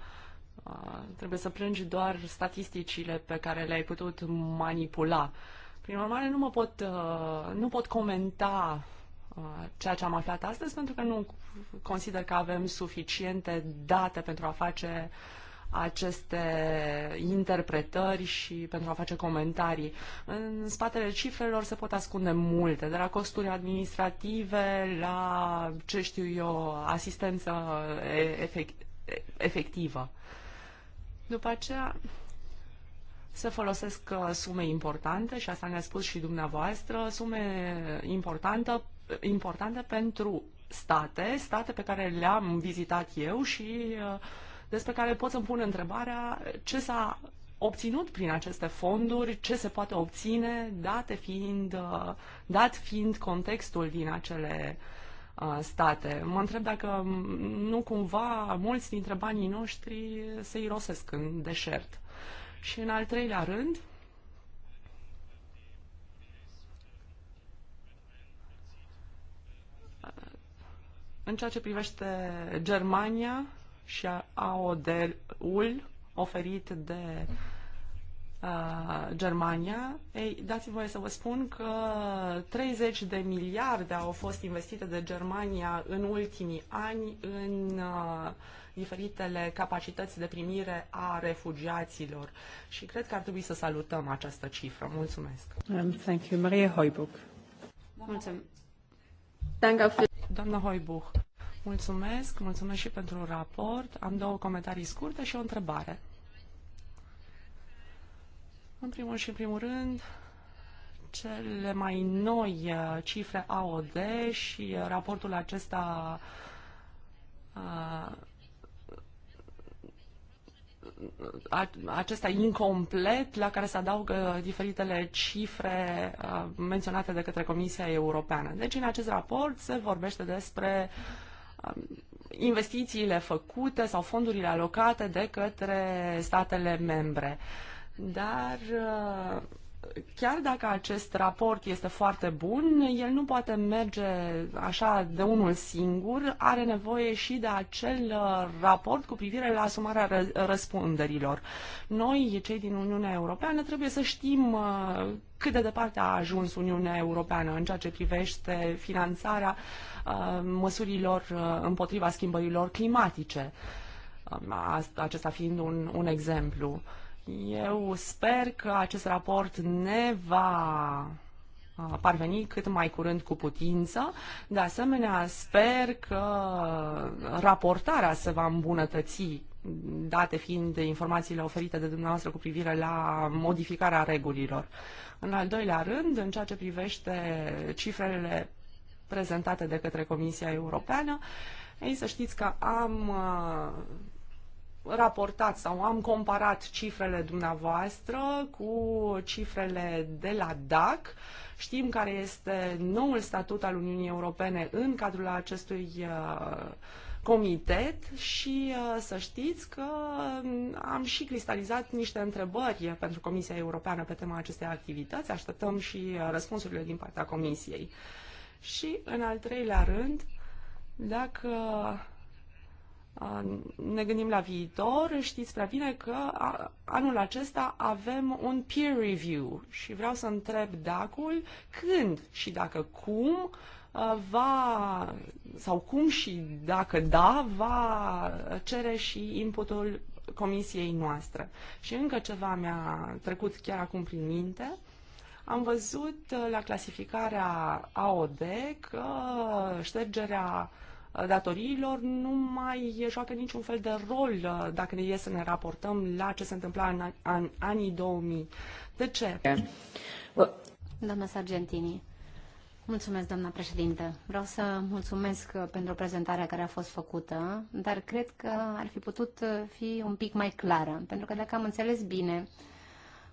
trebuie să plângi doar statisticile pe care le-ai putut manipula. Prin urmare, nu, mă pot, uh, nu pot comenta uh, ceea ce am aflat astăzi, pentru că nu consider că avem suficiente date pentru a face aceste interpretări și pentru a face comentarii. În spatele cifrelor se pot ascunde multe, de la costuri administrative la, ce știu eu, asistență efect, efectivă. După aceea se folosesc uh, sume importante și asta ne-a spus și dumneavoastră, sume importante, importante pentru state, state pe care le-am vizitat eu și uh, despre care pot să-mi pun întrebarea ce s-a obținut prin aceste fonduri, ce se poate obține, date fiind, uh, dat fiind contextul din acele uh, Uh, state. Mă întreb dacă nu cumva mulți dintre banii noștri se irosesc în deșert. Și în al treilea rând, uh, în ceea ce privește Germania și AOD-ul oferit de uh, Germania, ei, dați-mi voie să vă spun că 30 de miliarde au fost investite de Germania în ultimii ani în diferitele capacități de primire a refugiaților și cred că ar trebui să salutăm această cifră. Mulțumesc! Um, thank you, Maria Hoibuch. Mulțumesc! Doamna Hoibuch, mulțumesc, mulțumesc și pentru raport. Am două comentarii scurte și o întrebare. În primul și în primul rând, cele mai noi uh, cifre AOD și uh, raportul acesta uh, acesta incomplet la care se adaugă diferitele cifre menționate de către Comisia Europeană. Deci în acest raport se vorbește despre um, investițiile făcute sau fondurile alocate de către statele membre. Uh, dar uh, chiar dacă acest raport este foarte bun, el nu poate merge așa de unul singur, are nevoie și de acel uh, raport cu privire la asumarea răspunderilor. Noi, cei din Uniunea Europeană, trebuie să știm uh, cât de departe a ajuns Uniunea Europeană în ceea ce privește finanțarea măsurilor împotriva schimbărilor climatice. Um, acesta fiind un, un exemplu. Uh, eu sper că acest raport ne va parveni cât mai curând cu putință. De asemenea, sper că raportarea se va îmbunătăți date fiind informațiile oferite de dumneavoastră cu privire la modificarea regulilor. În al doilea rând, în ceea ce privește cifrele prezentate de către Comisia Europeană, ei să știți că am raportat sau am comparat cifrele dumneavoastră cu cifrele de la DAC. Știm care este noul statut al Uniunii Europene în cadrul acestui uh, comitet și uh, să știți că um, am și cristalizat niște întrebări pentru Comisia Europeană pe tema acestei activități. Așteptăm și uh, răspunsurile din partea Comisiei. Și, în al treilea rând, dacă Uh, ne gândim la viitor, știți prea bine că anul acesta avem un peer review și vreau să întreb dacul când și dacă cum uh, va, sau cum și dacă da, va cere și inputul comisiei noastre. Și încă ceva mi-a trecut chiar acum prin minte. Am văzut uh, la clasificarea AOD că ștergerea uh, datoriilor nu mai joacă niciun fel de rol uh, dacă ne e să ne raportăm la ce se întâmpla în, în anii 2000. De ce? Doamna Sargentini, mulțumesc, doamna președinte. Vreau să mulțumesc uh, pentru prezentarea care a fost făcută, dar cred că ar fi putut uh, fi un pic mai clară, pentru că dacă am înțeles bine,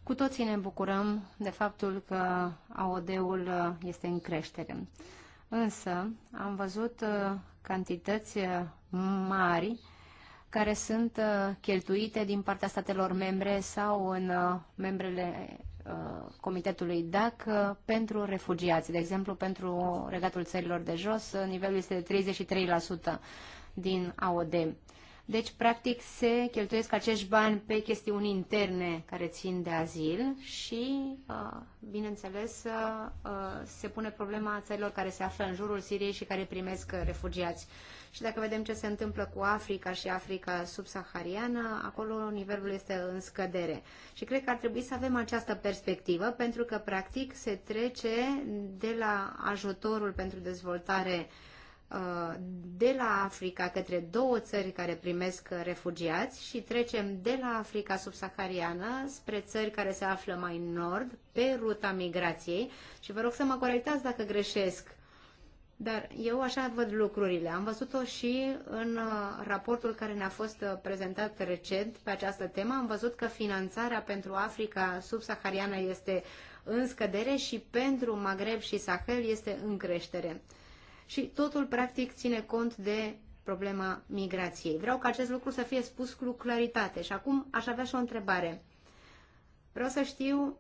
cu toții ne bucurăm de faptul că AOD-ul este în creștere. Însă am văzut uh, cantități uh, mari care sunt uh, cheltuite din partea statelor membre sau în membrele comitetului DAC pentru refugiați. De exemplu, pentru regatul țărilor de jos, nivelul este de 33% din AOD. Deci, practic, se cheltuiesc acești bani pe chestiuni interne care țin de azil și, uh, bineînțeles, uh, se pune problema țărilor care se află în jurul Siriei și care primesc refugiați. Și dacă vedem ce se întâmplă cu Africa și Africa subsahariană, acolo nivelul este în scădere. Și cred că ar trebui să avem această perspectivă, pentru că, practic, se trece de la ajutorul pentru dezvoltare uh, Uh, de la Africa către două țări care primesc refugiați și trecem de la Africa subsahariană spre țări care se află mai în nord, pe ruta migrației. Și vă rog să mă corectați dacă greșesc. Dar eu așa văd lucrurile. Am văzut-o și în uh, raportul care ne-a fost uh, prezentat recent pe această temă. Am văzut că finanțarea pentru Africa subsahariană este în scădere și pentru Maghreb și Sahel este în creștere și totul practic ține cont de problema migrației. Vreau ca acest lucru să fie spus cu claritate și acum aș avea și o întrebare. Vreau să știu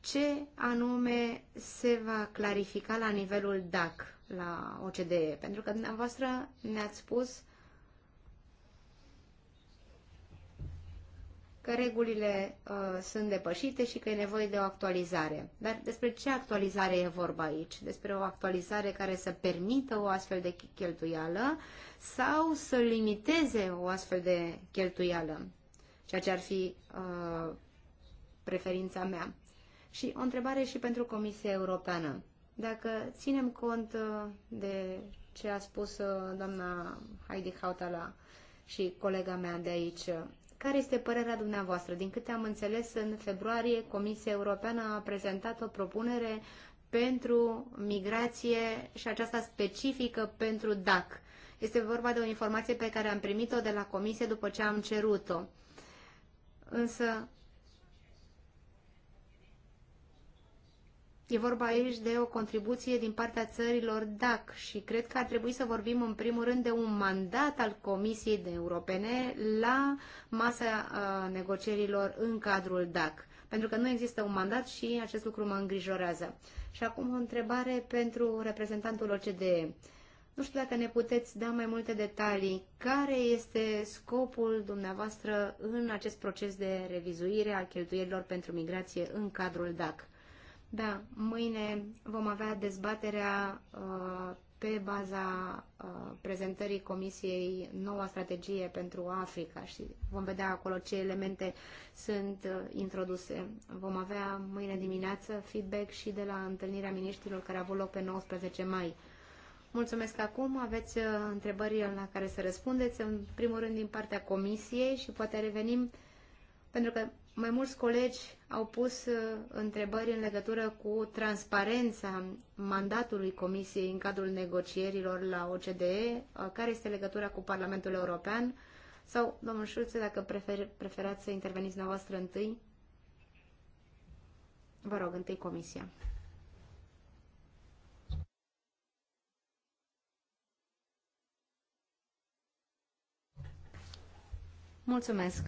ce anume se va clarifica la nivelul DAC, la OCDE, pentru că dumneavoastră ne-ați spus că regulile uh, sunt depășite și că e nevoie de o actualizare. Dar despre ce actualizare e vorba aici? Despre o actualizare care să permită o astfel de cheltuială sau să limiteze o astfel de cheltuială? Ceea ce ar fi uh, preferința mea. Și o întrebare și pentru Comisia Europeană. Dacă ținem cont uh, de ce a spus uh, doamna Heidi Hautala și colega mea de aici, care este părerea dumneavoastră? Din câte am înțeles, în februarie Comisia Europeană a prezentat o propunere pentru migrație și aceasta specifică pentru DAC. Este vorba de o informație pe care am primit-o de la Comisie după ce am cerut-o. Însă, E vorba aici de o contribuție din partea țărilor DAC și cred că ar trebui să vorbim în primul rând de un mandat al Comisiei de Europene la masa negocierilor în cadrul DAC. Pentru că nu există un mandat și acest lucru mă îngrijorează. Și acum o întrebare pentru reprezentantul OCDE. Nu știu dacă ne puteți da mai multe detalii. Care este scopul dumneavoastră în acest proces de revizuire a cheltuielilor pentru migrație în cadrul DAC? Da, mâine vom avea dezbaterea uh, pe baza uh, prezentării Comisiei noua strategie pentru Africa și vom vedea acolo ce elemente sunt uh, introduse. Vom avea mâine dimineață feedback și de la întâlnirea miniștrilor care a avut loc pe 19 mai. Mulțumesc acum, aveți întrebări la care să răspundeți, în primul rând din partea Comisiei și poate revenim, pentru că mai mulți colegi au pus uh, întrebări în legătură cu transparența mandatului Comisiei în cadrul negocierilor la OCDE, uh, care este legătura cu Parlamentul European, sau, domnul Șulțe, dacă prefer, preferați să interveniți dumneavoastră întâi, vă rog, întâi Comisia. Mulțumesc!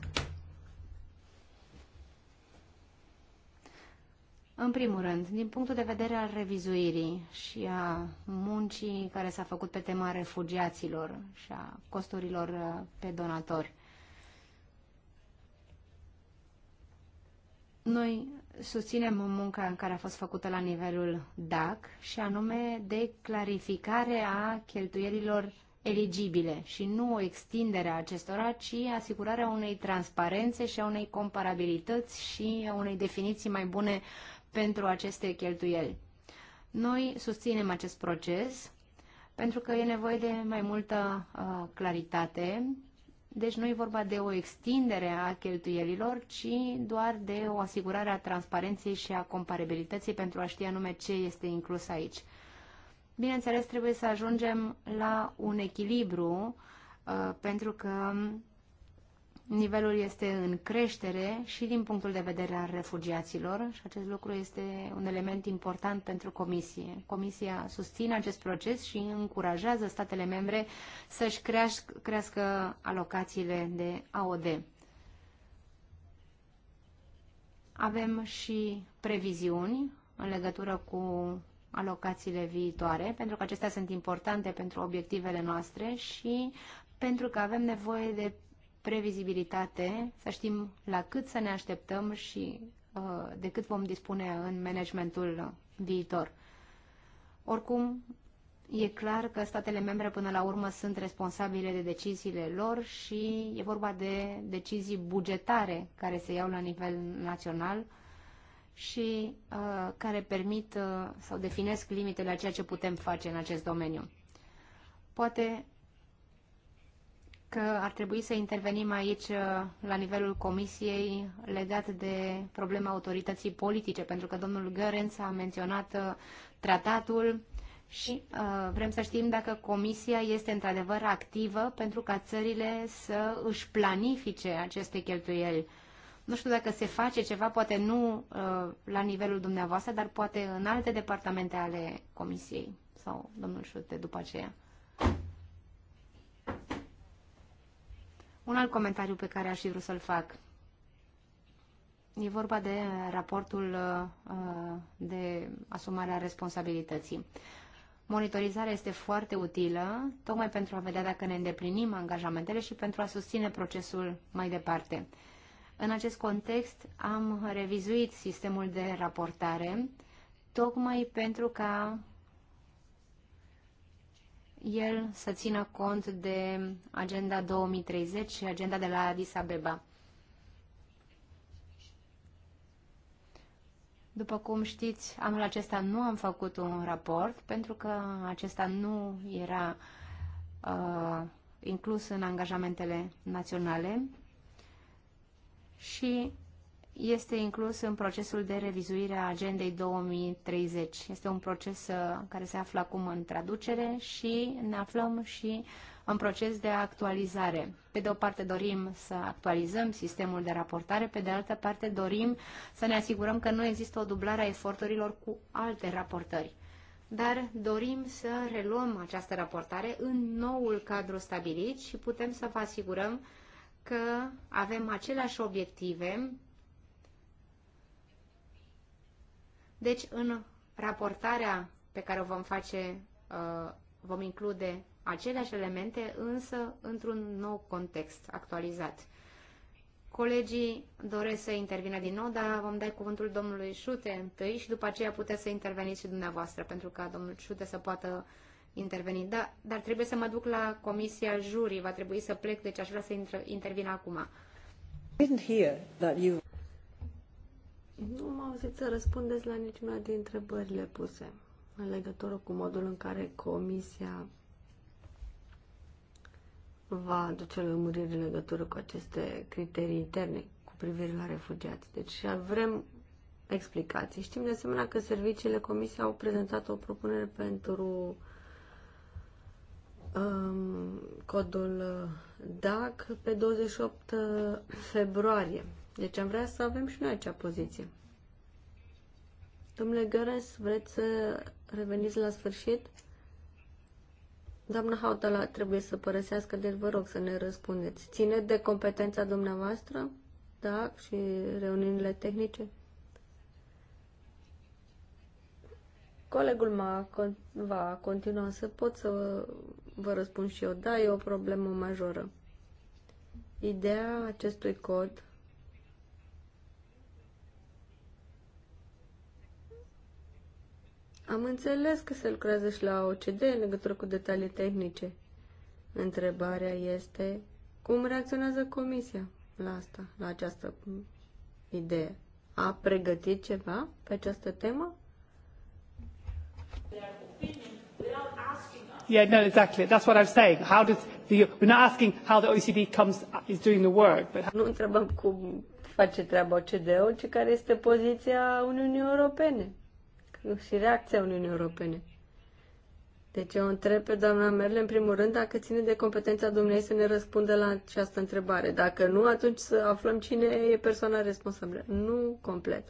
În primul rând, din punctul de vedere al revizuirii și a muncii care s-a făcut pe tema refugiaților și a costurilor uh, pe donatori, noi susținem munca în care a fost făcută la nivelul DAC și anume de clarificare a cheltuielilor eligibile și nu o extindere a acestora, ci asigurarea unei transparențe și a unei comparabilități și a unei definiții mai bune pentru aceste cheltuieli. Noi susținem acest proces pentru că e nevoie de mai multă uh, claritate. Deci nu e vorba de o extindere a cheltuielilor, ci doar de o asigurare a transparenței și a comparabilității pentru a ști anume ce este inclus aici. Bineînțeles, trebuie să ajungem la un echilibru, uh, pentru că Nivelul este în creștere și din punctul de vedere al refugiaților și acest lucru este un element important pentru Comisie. Comisia susține acest proces și încurajează statele membre să-și crească, crească alocațiile de AOD. Avem și previziuni în legătură cu alocațiile viitoare, pentru că acestea sunt importante pentru obiectivele noastre și pentru că avem nevoie de previzibilitate, să știm la cât să ne așteptăm și uh, de cât vom dispune în managementul viitor. Oricum, e clar că statele membre până la urmă sunt responsabile de deciziile lor și e vorba de decizii bugetare care se iau la nivel național și uh, care permit uh, sau definesc limitele a ceea ce putem face în acest domeniu. Poate că ar trebui să intervenim aici uh, la nivelul comisiei legat de problema autorității politice, pentru că domnul Gărenț a menționat uh, tratatul și uh, vrem să știm dacă comisia este într-adevăr activă pentru ca țările să își planifice aceste cheltuieli. Nu știu dacă se face ceva, poate nu uh, la nivelul dumneavoastră, dar poate în alte departamente ale comisiei sau domnul Șute după aceea. Un alt comentariu pe care aș fi vrut să-l fac. E vorba de raportul uh, uh, de asumare a responsabilității. Monitorizarea este foarte utilă, tocmai pentru a vedea dacă ne îndeplinim angajamentele și pentru a susține procesul mai departe. În acest context am revizuit sistemul de raportare, tocmai pentru ca el să țină cont de Agenda 2030 și Agenda de la Addis Abeba. După cum știți, anul acesta nu am făcut un raport pentru că acesta nu era uh, inclus în angajamentele naționale și este inclus în procesul de revizuire a Agendei 2030. Este un proces uh, care se află acum în traducere și ne aflăm și în proces de actualizare. Pe de o parte dorim să actualizăm sistemul de raportare, pe de altă parte dorim să ne asigurăm că nu există o dublare a eforturilor cu alte raportări. Dar dorim să reluăm această raportare în noul cadru stabilit și putem să vă asigurăm că avem aceleași obiective Deci, în raportarea pe care o vom face, uh, vom include aceleași elemente, însă într-un nou context actualizat. Colegii doresc să intervină din nou, dar vom da cuvântul domnului Șute întâi și după aceea puteți să interveniți și dumneavoastră, pentru ca domnul Șute să poată interveni. Da, dar trebuie să mă duc la comisia jurii, va trebui să plec, deci aș vrea să intervin acum. Nu m-am auzit să răspundeți la niciuna din întrebările puse în legătură cu modul în care Comisia va aduce lămuriri în legătură cu aceste criterii interne cu privire la refugiați. Deci vrem explicații. Știm de asemenea că serviciile Comisiei au prezentat o propunere pentru um, codul DAC pe 28 februarie. Deci am vrea să avem și noi acea poziție. Domnule Gărăs, vreți să reveniți la sfârșit? Doamna Hautala trebuie să părăsească, deci vă rog să ne răspundeți. Ține de competența dumneavoastră? Da? Și reuniunile tehnice? Colegul meu va continua să pot să vă, vă răspund și eu. Da, e o problemă majoră. Ideea acestui cod Am înțeles că se lucrează și la OCD în legătură cu detalii tehnice. Întrebarea este cum reacționează Comisia la asta, la această idee. A pregătit ceva pe această temă? Yeah, no, exactly. That's what I'm saying. How does the, we're not asking how the OECD comes is doing the work, but nu întrebăm cum face treaba OCDE, ci care este poziția Uniunii Europene și reacția Uniunii Europene. Deci eu întreb pe doamna Merle, în primul rând, dacă ține de competența dumneavoastră să ne răspundă la această întrebare. Dacă nu, atunci să aflăm cine e persoana responsabilă. Nu complet.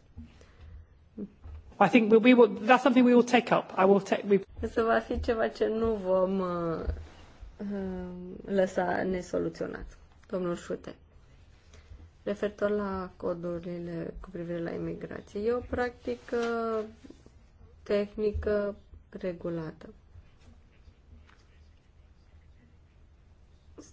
I think we will, that's something we will take up. I will take, we... Să va fi ceva ce nu vom uh, uh, lăsa nesoluționat. Domnul Șute. Referitor la codurile cu privire la imigrație, eu practic uh, tehnică regulată.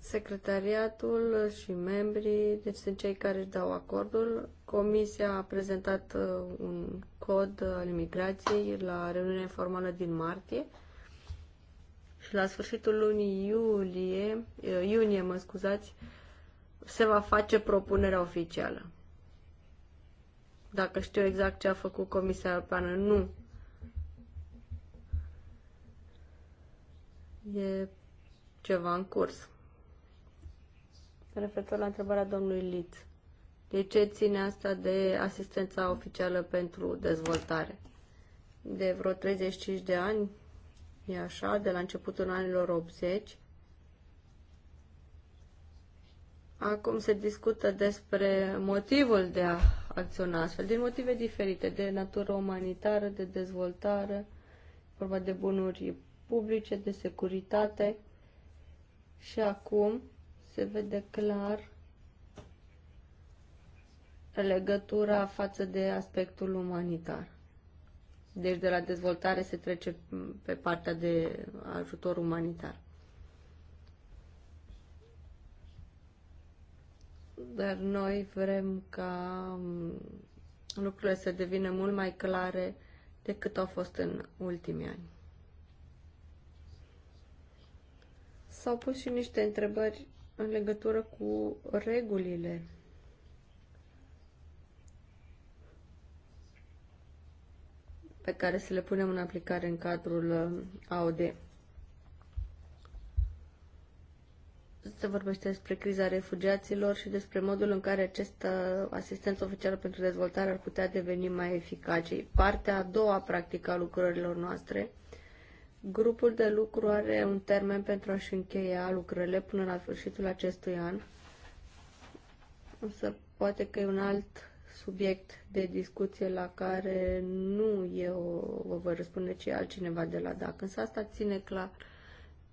Secretariatul și membrii, deci sunt cei care își dau acordul. Comisia a prezentat uh, un cod al imigrației la reuniunea informală din martie și la sfârșitul lunii iulie, uh, iunie, mă scuzați, se va face propunerea oficială. Dacă știu exact ce a făcut Comisia Europeană, nu e ceva în curs. Referitor la întrebarea domnului Liț, de ce ține asta de asistența oficială pentru dezvoltare? De vreo 35 de ani, e așa, de la începutul anilor 80, Acum se discută despre motivul de a acționa astfel, din motive diferite, de natură umanitară, de dezvoltare, vorba de bunuri publice, de securitate și acum se vede clar legătura față de aspectul umanitar. Deci de la dezvoltare se trece pe partea de ajutor umanitar. Dar noi vrem ca lucrurile să devină mult mai clare decât au fost în ultimii ani. S-au pus și niște întrebări în legătură cu regulile pe care să le punem în aplicare în cadrul uh, AOD. Se vorbește despre criza refugiaților și despre modul în care această uh, asistență oficială pentru dezvoltare ar putea deveni mai eficace. Partea a doua, practică, a lucrărilor noastre – Grupul de lucru are un termen pentru a-și încheia lucrările până la sfârșitul acestui an, însă poate că e un alt subiect de discuție la care nu eu vă voi răspunde, ci altcineva de la DAC. Însă asta ține clar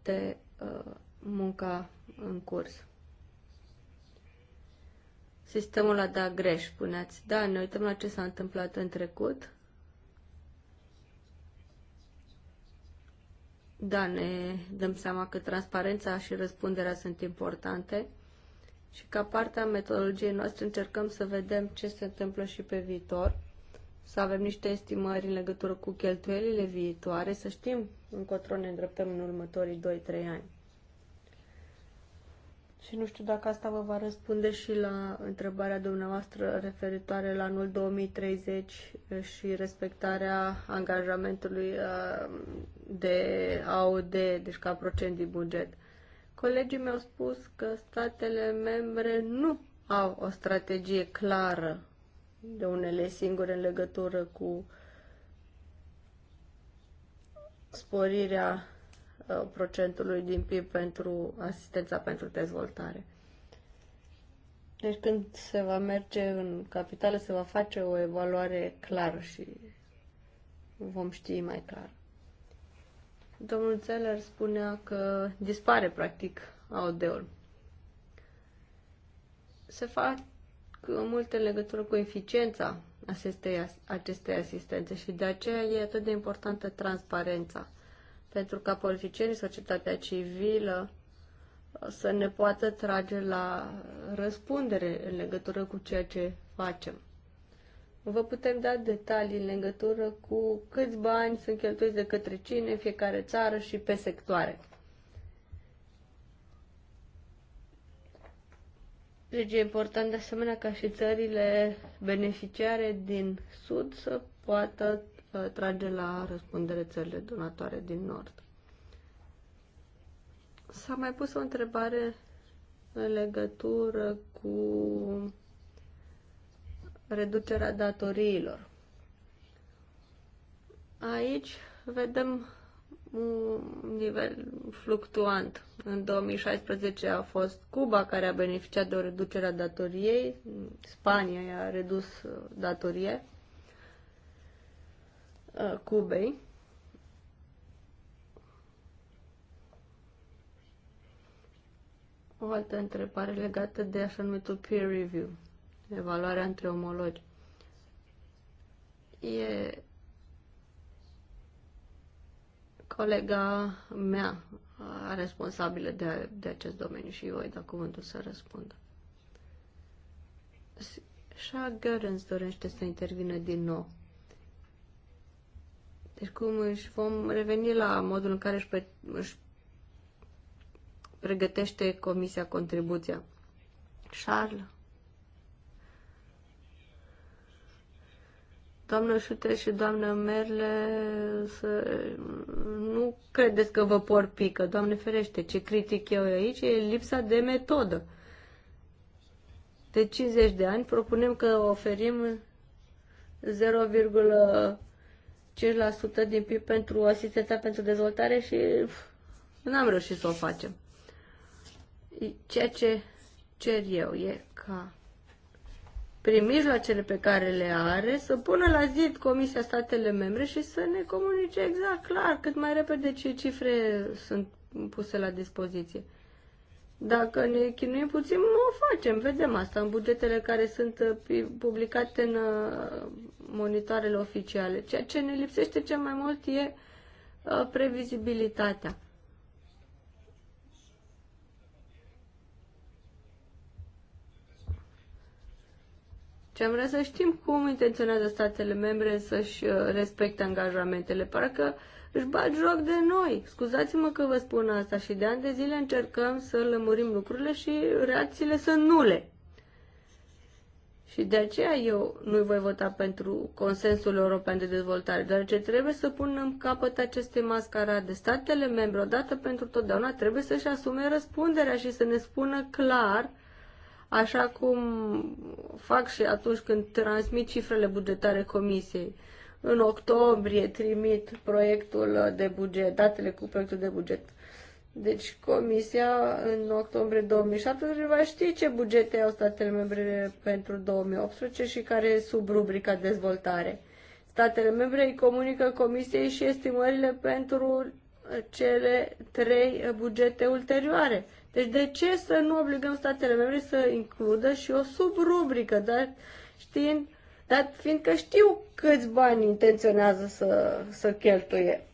de uh, munca în curs. Sistemul a dat greș, spuneați. Da, ne uităm la ce s-a întâmplat în trecut Da, ne dăm seama că transparența și răspunderea sunt importante și ca parte a metodologiei noastre încercăm să vedem ce se întâmplă și pe viitor, să avem niște estimări în legătură cu cheltuielile viitoare, să știm încotro ne îndreptăm în următorii 2-3 ani. Și nu știu dacă asta vă va răspunde și la întrebarea dumneavoastră referitoare la anul 2030 și respectarea angajamentului uh, de AOD, deci ca procent din buget. Colegii mi-au spus că statele membre nu au o strategie clară de unele singure în legătură cu sporirea Uh, procentului din PIB pentru asistența pentru dezvoltare. Deci când se va merge în capitală, se va face o evaluare clară și vom ști mai clar. Domnul Zeller spunea că dispare practic AOD-ul. Se fac multe legături cu eficiența acestei, acestei asistențe și de aceea e atât de importantă transparența pentru ca politicienii, societatea civilă uh, să ne poată trage la răspundere în legătură cu ceea ce facem. Vă putem da detalii în legătură cu câți bani sunt cheltuiți de către cine în fiecare țară și pe sectoare. Deci e important de asemenea ca și țările beneficiare din Sud să poată trage la răspundere țările donatoare din Nord. S-a mai pus o întrebare în legătură cu reducerea datoriilor. Aici vedem un nivel fluctuant. În 2016 a fost Cuba care a beneficiat de o reducere a datoriei, Spania i-a redus datorie, Uh, Cubei. O altă întrebare legată de așa numitul peer review, evaluarea între omologi. E colega mea uh, responsabilă de, de acest domeniu și eu îi dau cuvântul să răspundă. Și Görens dorește să intervină din nou. Deci cum își vom reveni la modul în care își, pre- își pregătește comisia contribuția. Charles. Doamnă Șute și doamnă Merle, să nu credeți că vă por pică, doamne ferește, ce critic eu aici e lipsa de metodă. De 50 de ani propunem că oferim 5% din PIB pentru asistența pentru dezvoltare și n-am reușit să o facem. Ceea ce cer eu e ca prin mijloacele pe care le are, să pună la zi Comisia Statele Membre și să ne comunice exact, clar, cât mai repede ce cifre sunt puse la dispoziție. Dacă ne chinuim puțin, o facem. Vedem asta în bugetele care sunt uh, publicate în uh, monitoarele oficiale. Ceea ce ne lipsește cel mai mult e uh, previzibilitatea. Ce am vrea să știm cum intenționează statele membre să-și respecte angajamentele. Parcă își bat joc de noi. Scuzați-mă că vă spun asta și de ani de zile încercăm să lămurim lucrurile și reacțiile sunt nule. Și de aceea eu nu voi vota pentru consensul european de dezvoltare, deoarece trebuie să punem capăt aceste mascarade. Statele membre, odată pentru totdeauna, trebuie să-și asume răspunderea și să ne spună clar, așa cum fac și atunci când transmit cifrele bugetare comisiei. În octombrie trimit proiectul de buget, datele cu proiectul de buget. Deci Comisia în octombrie 2017 va ști ce bugete au statele membre pentru 2018 și care e sub rubrica dezvoltare. Statele membre îi comunică Comisiei și estimările pentru cele trei bugete ulterioare. Deci de ce să nu obligăm statele membre să includă și o subrubrică, dar știind dar fiindcă știu câți bani intenționează să, să cheltuie.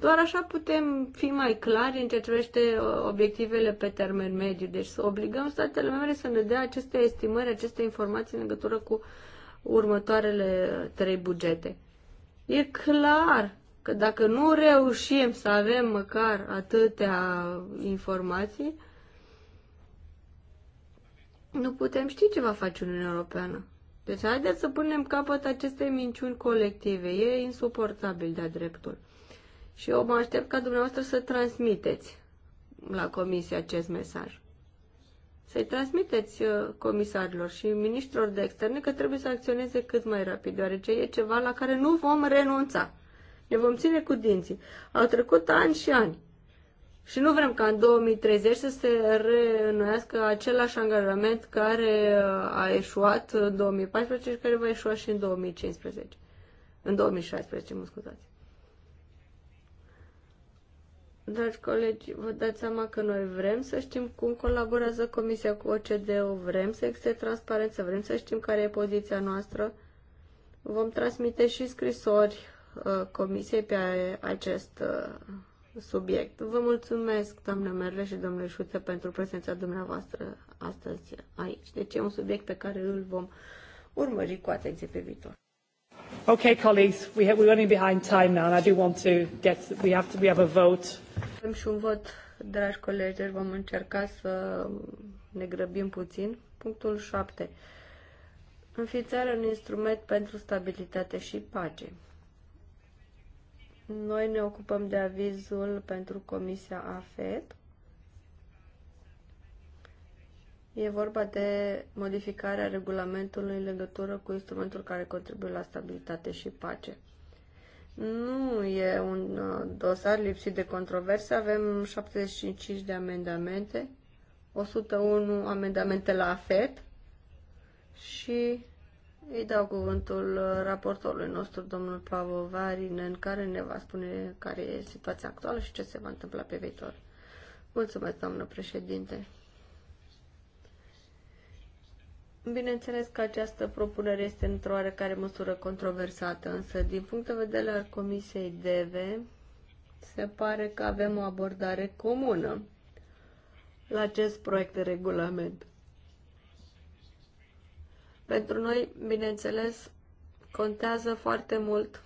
Doar așa putem fi mai clari în ce privește uh, obiectivele pe termen mediu. Deci să obligăm statele membre să ne dea aceste estimări, aceste informații în legătură cu următoarele trei bugete. E clar că dacă nu reușim să avem măcar atâtea informații, nu putem ști ce va face Uniunea Europeană. Deci haideți să punem capăt acestei minciuni colective. E insuportabil de-a dreptul. Și eu mă aștept ca dumneavoastră să transmiteți la comisie acest mesaj. Să-i transmiteți uh, comisarilor și ministrilor de externe că trebuie să acționeze cât mai rapid, deoarece e ceva la care nu vom renunța. Ne vom ține cu dinții. Au trecut ani și ani. Și nu vrem ca în 2030 să se reînnoiască același angajament care uh, a eșuat în 2014 și care va eșua și în 2015. În 2016, mă scuzați. Dragi colegi, vă dați seama că noi vrem să știm cum colaborează Comisia cu OCDE, vrem să existe transparență, vrem să știm care e poziția noastră. Vom transmite și scrisori uh, Comisiei pe acest uh, subiect. Vă mulțumesc, doamne Merle și domnule Șuță, pentru prezența dumneavoastră astăzi aici. Deci e un subiect pe care îl vom urmări cu atenție pe viitor. Okay, colleagues, we have, we're running behind time now, and I do want to get. We have to. We have a vote. Avem și un vot, dragi colegi, deci vom încerca să ne grăbim puțin. Punctul 7. Înființarea un instrument pentru stabilitate și pace. Noi ne ocupăm de avizul pentru Comisia AFET. E vorba de modificarea regulamentului în legătură cu instrumentul care contribuie la stabilitate și pace. Nu e un uh, dosar lipsit de controverse, avem 75 de amendamente, 101 amendamente la AFET și îi dau cuvântul raportorului nostru, domnul Pavo în care ne va spune care e situația actuală și ce se va întâmpla pe viitor. Mulțumesc, doamnă președinte. Bineînțeles că această propunere este într-o oarecare măsură controversată, însă din punct de vedere al Comisiei DEVE, se pare că avem o abordare comună la acest proiect de regulament. Pentru noi, bineînțeles, contează foarte mult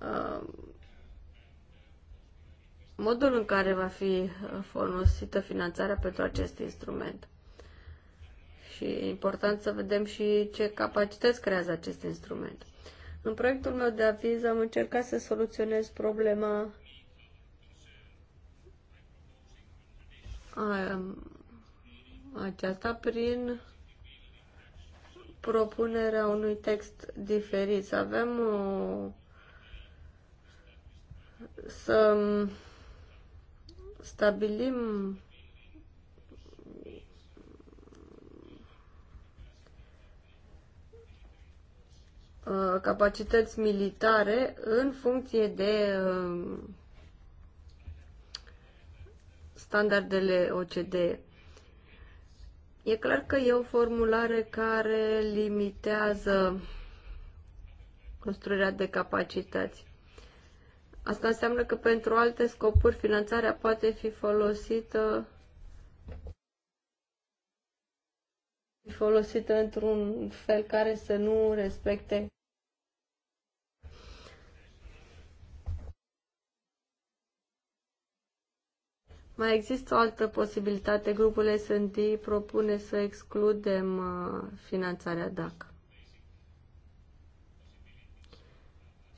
uh, modul în care va fi folosită finanțarea pentru acest instrument. Și e important să vedem și ce capacități creează acest instrument. În proiectul meu de aviz am încercat să soluționez problema uh, aceasta prin propunerea unui text diferit. Să avem o... să stabilim capacități militare în funcție de um, standardele OCDE. E clar că e o formulare care limitează construirea de capacități. Asta înseamnă că pentru alte scopuri finanțarea poate fi folosită folosită într-un fel care să nu respecte Mai există o altă posibilitate. Grupul S&D propune să excludem uh, finanțarea DAC.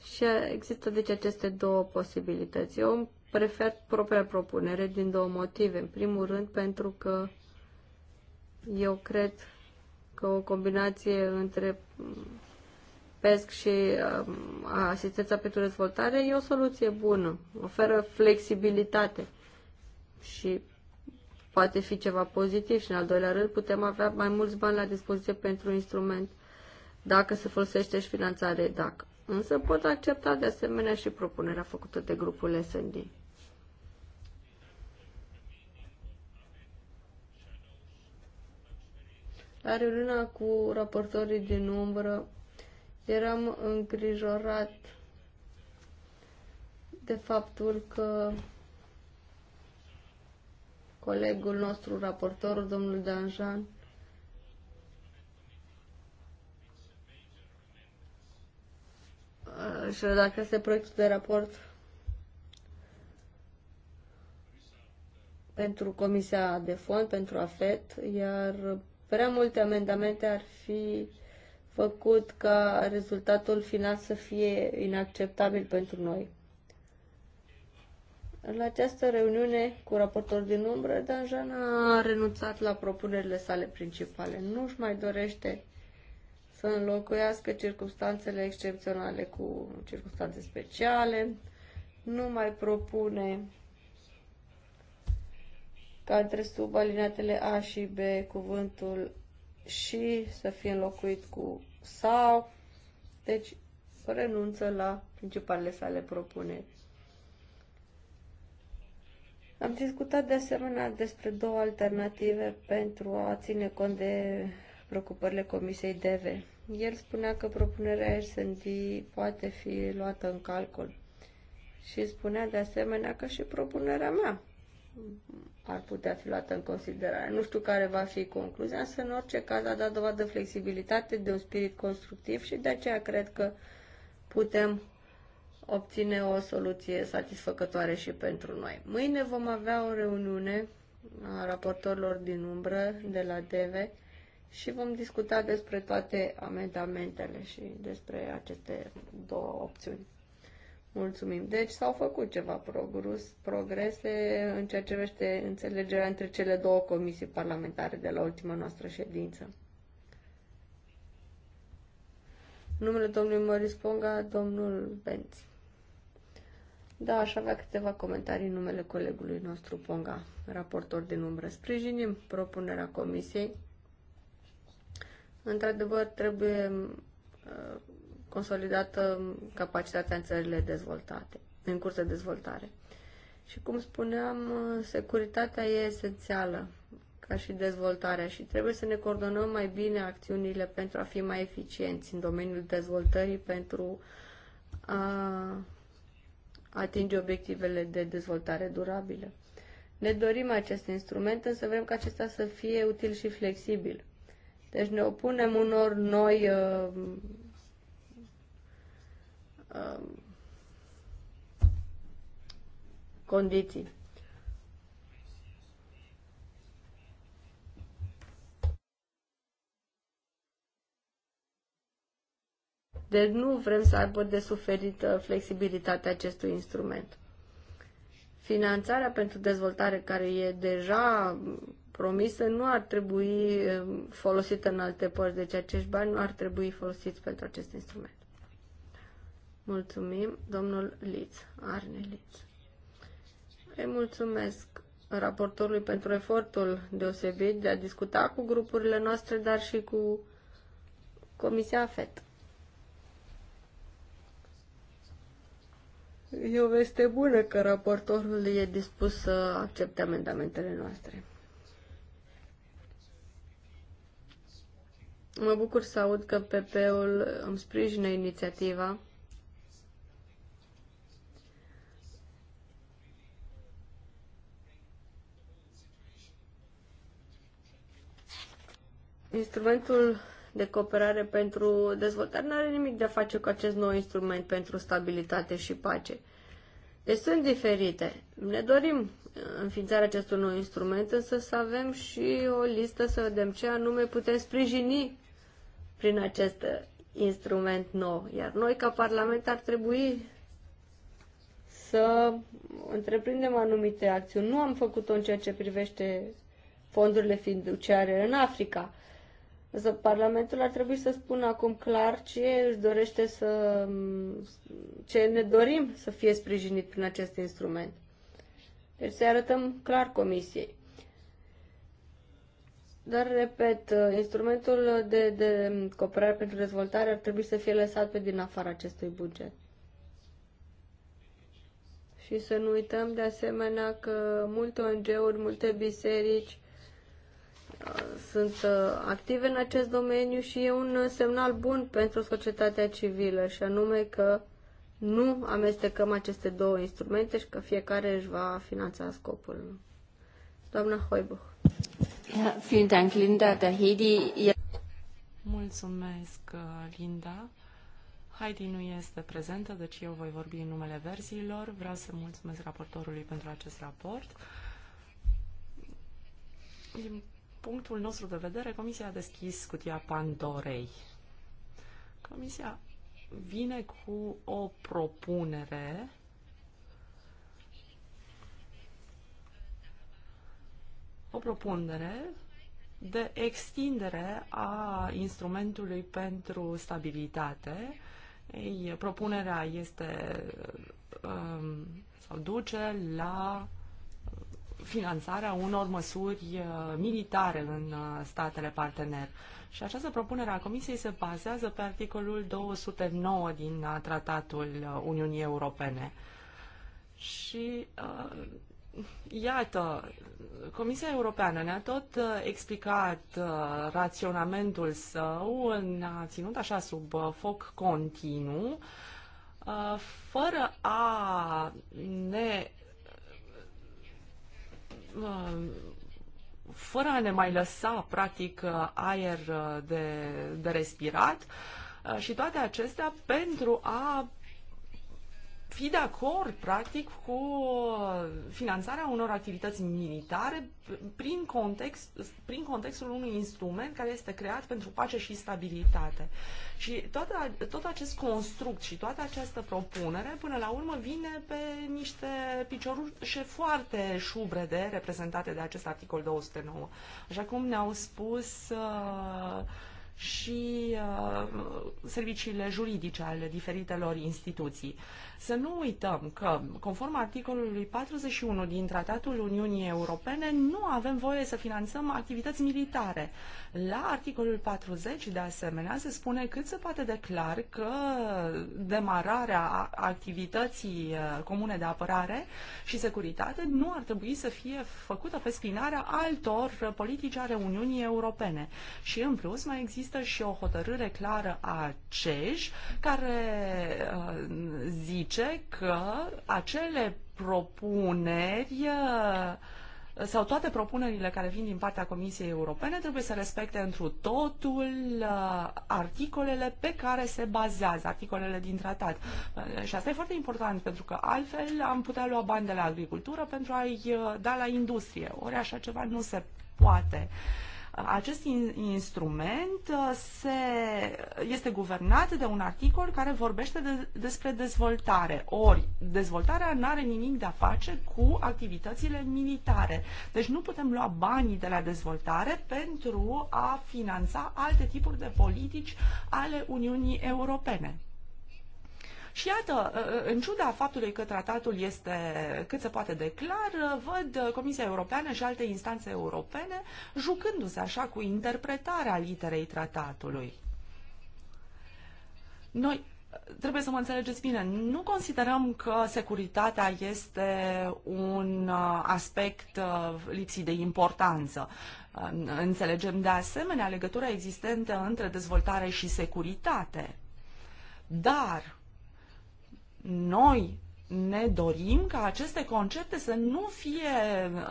Și există deci aceste două posibilități. Eu prefer propria propunere din două motive. În primul rând pentru că eu cred că o combinație între PESC și um, asistența pentru dezvoltare e o soluție bună. Oferă flexibilitate și poate fi ceva pozitiv și în al doilea rând putem avea mai mulți bani la dispoziție pentru instrument dacă se folosește și finanțare DAC. Însă pot accepta de asemenea și propunerea făcută de grupul SND. La reuniunea cu raportorii din umbră eram îngrijorat de faptul că colegul nostru, raportorul, domnul Danjan, și dacă este proiectul de raport pentru Comisia de Fond, pentru AFET, iar prea multe amendamente ar fi făcut ca rezultatul final să fie inacceptabil pentru noi. La această reuniune cu raportor din umbră, Danjan a renunțat la propunerile sale principale. Nu își mai dorește să înlocuiască circunstanțele excepționale cu circunstanțe speciale, nu mai propune ca între subalineatele A și B cuvântul și să fie înlocuit cu sau, deci renunță la principalele sale propuneri. Am discutat de asemenea despre două alternative pentru a ține cont de preocupările Comisiei DEVE. El spunea că propunerea SND poate fi luată în calcul și spunea de asemenea că și propunerea mea ar putea fi luată în considerare. Nu știu care va fi concluzia, însă în orice caz a dat dovadă de flexibilitate, de un spirit constructiv și de aceea cred că putem obține o soluție satisfăcătoare și pentru noi. Mâine vom avea o reuniune a raportorilor din umbră de la DEVE și vom discuta despre toate amendamentele și despre aceste două opțiuni. Mulțumim. Deci s-au făcut ceva progres, progrese în ceea ce vește înțelegerea între cele două comisii parlamentare de la ultima noastră ședință. Numele domnului Măris Ponga, domnul Benz. Da, aș avea câteva comentarii în numele colegului nostru Ponga, raportor din umbră. Sprijinim propunerea comisiei. Într-adevăr, trebuie uh, consolidată capacitatea în țările dezvoltate, în curs de dezvoltare. Și cum spuneam, uh, securitatea e esențială ca și dezvoltarea și trebuie să ne coordonăm mai bine acțiunile pentru a fi mai eficienți în domeniul dezvoltării, pentru a atinge obiectivele de dezvoltare durabilă. Ne dorim acest instrument, însă vrem ca acesta să fie util și flexibil. Deci ne opunem unor noi uh, uh, condiții. Deci nu vrem să aibă de suferit uh, flexibilitatea acestui instrument. Finanțarea pentru dezvoltare care e deja promisă nu ar trebui uh, folosită în alte părți, deci acești bani nu ar trebui folosiți pentru acest instrument. Mulțumim, domnul Liț, Arne Liț. Îi mulțumesc raportorului pentru efortul deosebit de a discuta cu grupurile noastre, dar și cu Comisia FET. E o veste bună că raportorul e dispus să accepte amendamentele noastre. Mă bucur să aud că PP-ul îmi sprijină inițiativa. Instrumentul de cooperare pentru dezvoltare nu are nimic de a face cu acest nou instrument pentru stabilitate și pace. Deci sunt diferite. Ne dorim uh, înființarea acestui nou instrument, însă să avem și o listă să vedem ce anume putem sprijini prin acest instrument nou. Iar noi, ca Parlament, ar trebui să întreprindem anumite acțiuni. Nu am făcut-o în ceea ce privește fondurile fiduciare în Africa. Însă Parlamentul ar trebui să spună acum clar ce își dorește să... ce ne dorim să fie sprijinit prin acest instrument. Deci să arătăm clar Comisiei. Dar, repet, instrumentul de, de cooperare pentru dezvoltare ar trebui să fie lăsat pe din afara acestui buget. Și să nu uităm, de asemenea, că multe ONG-uri, multe biserici sunt uh, active în acest domeniu și e un uh, semnal bun pentru societatea civilă, și anume că nu amestecăm aceste două instrumente și că fiecare își va finanța scopul. Doamna Hoibuch. Linda. Mulțumesc, uh, Linda. Heidi nu este prezentă, deci eu voi vorbi în numele versiilor. Vreau să mulțumesc raportorului pentru acest raport punctul nostru de vedere, Comisia a deschis cutia Pandorei. Comisia vine cu o propunere o propunere de extindere a instrumentului pentru stabilitate. Ei, propunerea este um, sau duce la finanțarea unor măsuri uh, militare în uh, statele partener. Și această propunere a Comisiei se bazează pe articolul 209 din uh, Tratatul Uniunii Europene. Și uh, iată, Comisia Europeană ne-a tot explicat uh, raționamentul său, ne-a ținut așa sub foc continuu, fără a ne Uh, fără a ne mai lăsa, practic, uh, aer uh, de, de respirat și toate acestea pentru a fi de acord, practic, cu uh, finanțarea unor activități militare prin, context, prin contextul unui instrument care este creat pentru pace și stabilitate. Și toată, tot acest construct și toată această propunere, până la urmă, vine pe niște piciorușe foarte șubrede reprezentate de acest articol 209. Așa cum ne-au spus uh, și uh, serviciile juridice ale diferitelor instituții. Uh, să nu uităm că, conform articolului 41 din Tratatul Uniunii Europene, nu avem voie să finanțăm activități militare. La articolul 40, de asemenea, se spune cât se poate de clar că demararea activității uh, comune de apărare și securitate nu ar trebui să fie făcută pe spinarea altor politici ale Uniunii Europene. Și, în plus, mai există și o hotărâre clară a CEJ, care uh, zice zice că acele propuneri uh, sau toate propunerile care vin din partea Comisiei Europene trebuie să respecte întru totul uh, articolele pe care se bazează, articolele din tratat. Uh, și asta e foarte important, pentru că altfel am putea lua bani de la agricultură pentru a-i da la industrie. Ori așa ceva nu se poate. Uh, acest instrument uh, se, este guvernat de un articol care vorbește de, despre dezvoltare. Ori, dezvoltarea nu are nimic de a face cu activitățile militare. Deci nu putem lua banii de la dezvoltare pentru a finanța alte tipuri de politici ale Uniunii Europene. Și iată, ă, ă, în ciuda faptului că tratatul este cât se poate de clar, ă, văd Comisia Europeană și alte instanțe europene jucându-se așa cu interpretarea literei tratatului. Noi trebuie să mă înțelegeți bine, nu considerăm că securitatea este un aspect lipsit de importanță. Înțelegem de asemenea legătura existentă între dezvoltare și securitate. Dar noi ne dorim ca aceste concepte să nu fie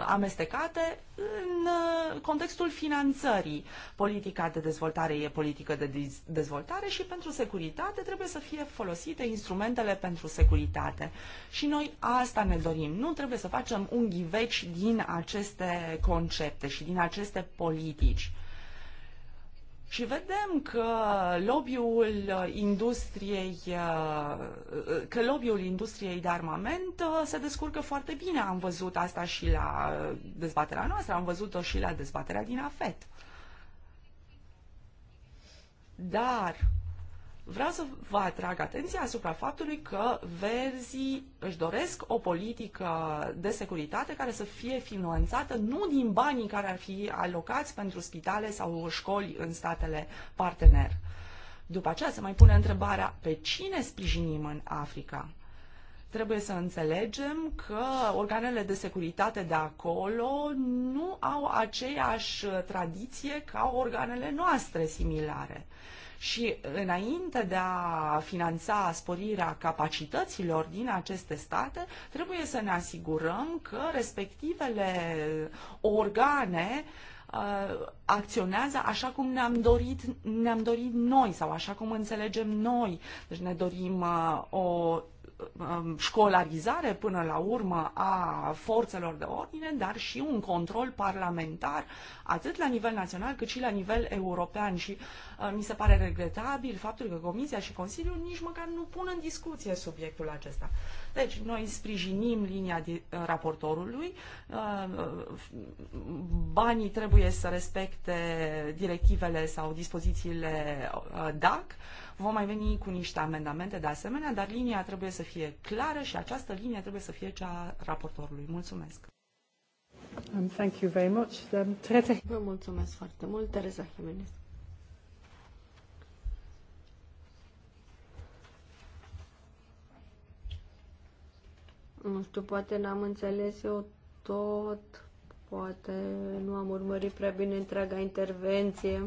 amestecate în uh, contextul finanțării. Politica de dezvoltare e politică de dezvoltare și pentru securitate trebuie să fie folosite instrumentele pentru securitate. Și noi asta ne dorim. Nu trebuie să facem un ghiveci din aceste concepte și din aceste politici. Și vedem că lobby-ul industriei, uh, că lobby-ul industriei de armament uh, se descurcă foarte bine. Am văzut asta și la dezbaterea noastră, am văzut-o și la dezbaterea din AFET. Dar Vreau să vă atrag atenția asupra faptului că verzii își doresc o politică de securitate care să fie finanțată nu din banii care ar fi alocați pentru spitale sau școli în statele partener. După aceea se mai pune întrebarea pe cine sprijinim în Africa? trebuie să înțelegem că organele de securitate de acolo nu au aceeași tradiție ca organele noastre similare. Și înainte de a finanța sporirea capacităților din aceste state, trebuie să ne asigurăm că respectivele organe uh, acționează așa cum ne-am dorit, ne-am dorit noi sau așa cum înțelegem noi. Deci ne dorim uh, o Um, școlarizare până la urmă a forțelor de ordine, dar și un control parlamentar, atât la nivel național cât și la nivel european. Și uh, mi se pare regretabil faptul că Comisia și Consiliul nici măcar nu pun în discuție subiectul acesta. Deci, noi sprijinim linia uh, raportorului, uh, banii trebuie să respecte directivele sau dispozițiile DAC, Vom mai veni cu niște amendamente de asemenea, dar linia trebuie să fie clară și această linie trebuie să fie cea a raportorului. Mulțumesc! And um, thank you very much. Um, Tereza. Vă mulțumesc foarte mult, Teresa Jimenez. Nu știu, poate n-am înțeles eu tot, poate nu am urmărit prea bine întreaga intervenție.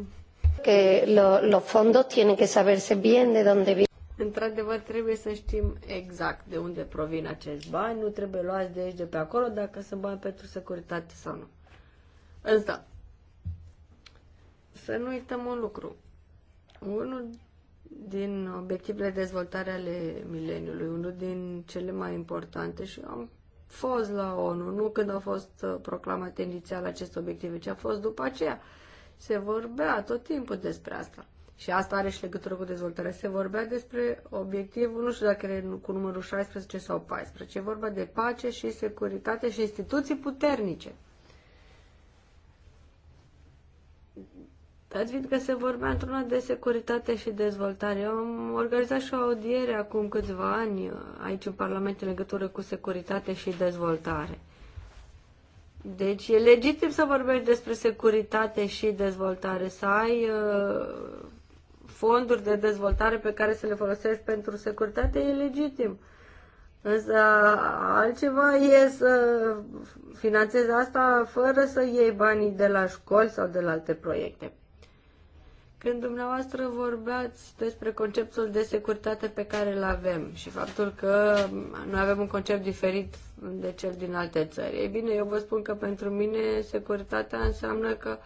Că lo, los fondos tienen que saberse bien de dónde vienen. Într-adevăr, trebuie să știm exact de unde provin acești bani, nu trebuie luați de aici, de pe acolo, dacă sunt bani pentru securitate sau nu. Însă, să nu uităm un lucru. Unul din obiectivele de dezvoltare ale mileniului, unul din cele mai importante și am fost la ONU, nu când au fost uh, proclamate inițial aceste obiective, ci a fost după aceea se vorbea tot timpul despre asta. Și asta are și legătură cu dezvoltarea. Se vorbea despre obiectivul, nu știu dacă e cu numărul 16 sau 14, e vorba de pace și securitate și instituții puternice. Dați fiind că se vorbea într-una de securitate și dezvoltare. Eu am organizat și o audiere acum câțiva ani uh, aici în Parlament în legătură cu securitate și dezvoltare. Deci e legitim să vorbești despre securitate și dezvoltare, să ai uh, fonduri de dezvoltare pe care să le folosești pentru securitate, e legitim. Însă altceva e să finanțezi asta fără să iei banii de la școli sau de la alte proiecte. Când dumneavoastră vorbeați despre conceptul de securitate pe care îl avem și faptul că noi avem un concept diferit de cel din alte țări, E bine, eu vă spun că pentru mine securitatea înseamnă că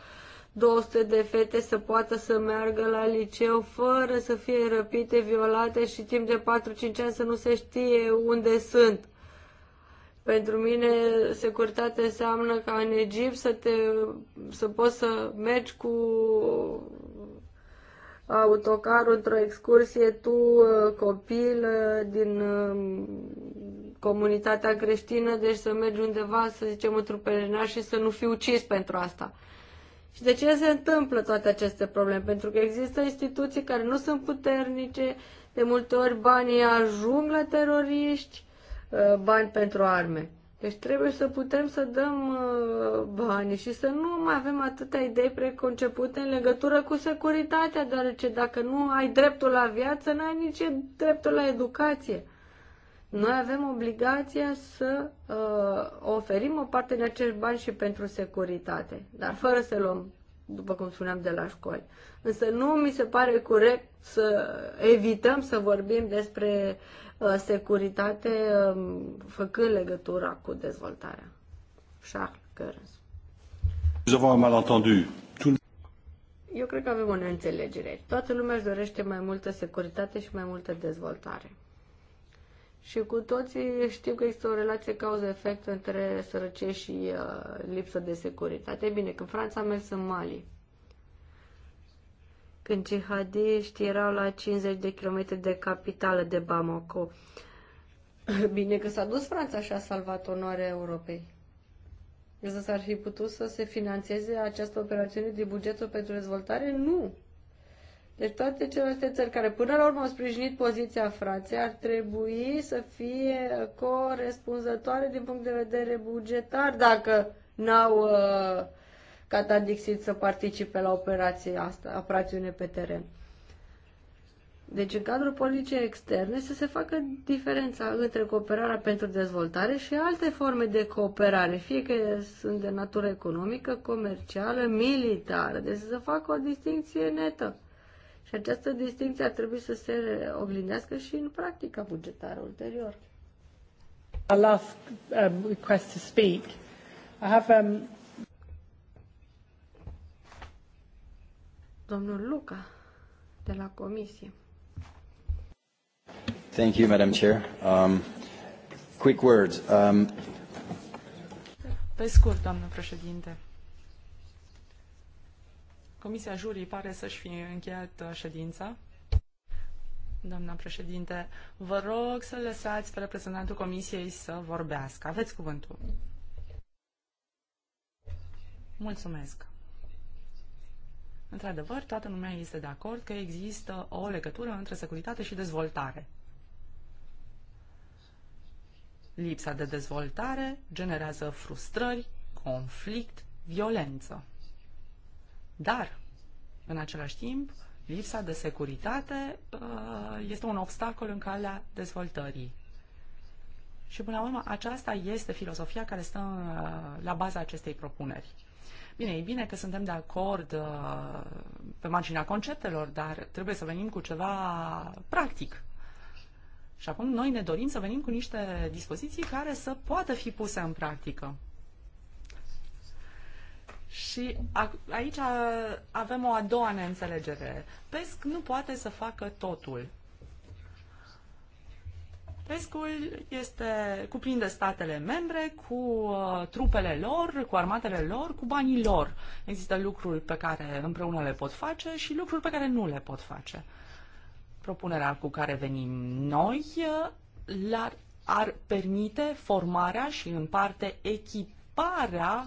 200 de fete să poată să meargă la liceu fără să fie răpite, violate și timp de 4-5 ani să nu se știe unde sunt. Pentru mine, securitate înseamnă ca în Egipt să, te, să poți să mergi cu autocar într-o excursie, tu uh, copil uh, din um, comunitatea creștină, deci să mergi undeva, să zicem, într-un pelerinaj și să nu fii ucis pentru asta. Și de ce se întâmplă toate aceste probleme? Pentru că există instituții care nu sunt puternice, de multe ori banii ajung la teroriști, uh, bani pentru arme. Deci trebuie să putem să dăm uh, bani și să nu mai avem atâtea idei preconcepute în legătură cu securitatea, deoarece dacă nu ai dreptul la viață, nu ai nici dreptul la educație. Noi avem obligația să uh, oferim o parte din acești bani și pentru securitate, dar fără să luăm, după cum spuneam, de la școli. Însă nu mi se pare corect să evităm să vorbim despre uh, Uh, securitate um, făcând legătura cu dezvoltarea. Charles Gărâns. un Eu cred că avem o neînțelegere. Toată lumea își dorește mai multă securitate și mai multă dezvoltare. Și cu toții știm că există o relație cauză-efect între sărăcie și uh, lipsă de securitate. E bine, când Franța a mers în Mali, când jihadiștii erau la 50 de kilometri de capitală de Bamako. Bine că s-a dus Franța și a salvat onoarea Europei. Însă s-ar fi putut să se financeze această operațiune din bugetul pentru dezvoltare? Nu! Deci toate celelalte țări care până la urmă au sprijinit poziția Franței ar trebui să fie corespunzătoare din punct de vedere bugetar dacă n-au uh, gata Dixit să participe la operație asta, operațiune pe teren. Deci, în cadrul politicii externe, să se facă diferența între cooperarea pentru dezvoltare și alte forme de cooperare, fie că sunt de natură economică, comercială, militară. Deci să se facă o distinție netă. Și această distinție ar trebui să se oglindească și în practica bugetară ulterior. um, request to speak. I have um, domnul Luca de la Comisie. Thank you, Madam Chair. Um, quick words. Um... Pe scurt, doamnă președinte. Comisia jurii pare să-și fi încheiat uh, ședința. Doamna președinte, vă rog să lăsați pe reprezentantul comisiei să vorbească. Aveți cuvântul. Mulțumesc. Într-adevăr, toată lumea este de acord că există o legătură între securitate și dezvoltare. Lipsa de dezvoltare generează frustrări, conflict, violență. Dar, în același timp, lipsa de securitate uh, este un obstacol în calea dezvoltării. Și până la urmă, aceasta este filozofia care stă uh, la baza acestei propuneri. Bine, e bine că suntem de acord uh, pe marginea conceptelor, dar trebuie să venim cu ceva practic. Și acum noi ne dorim să venim cu niște dispoziții care să poată fi puse în practică. Și a, aici avem o a doua neînțelegere. PESC nu poate să facă totul. PESCul este, cuprinde statele membre cu uh, trupele lor, cu armatele lor, cu banii lor. Există lucruri pe care împreună le pot face și lucruri pe care nu le pot face. Propunerea cu care venim noi uh, ar ar permite formarea și în parte echiparea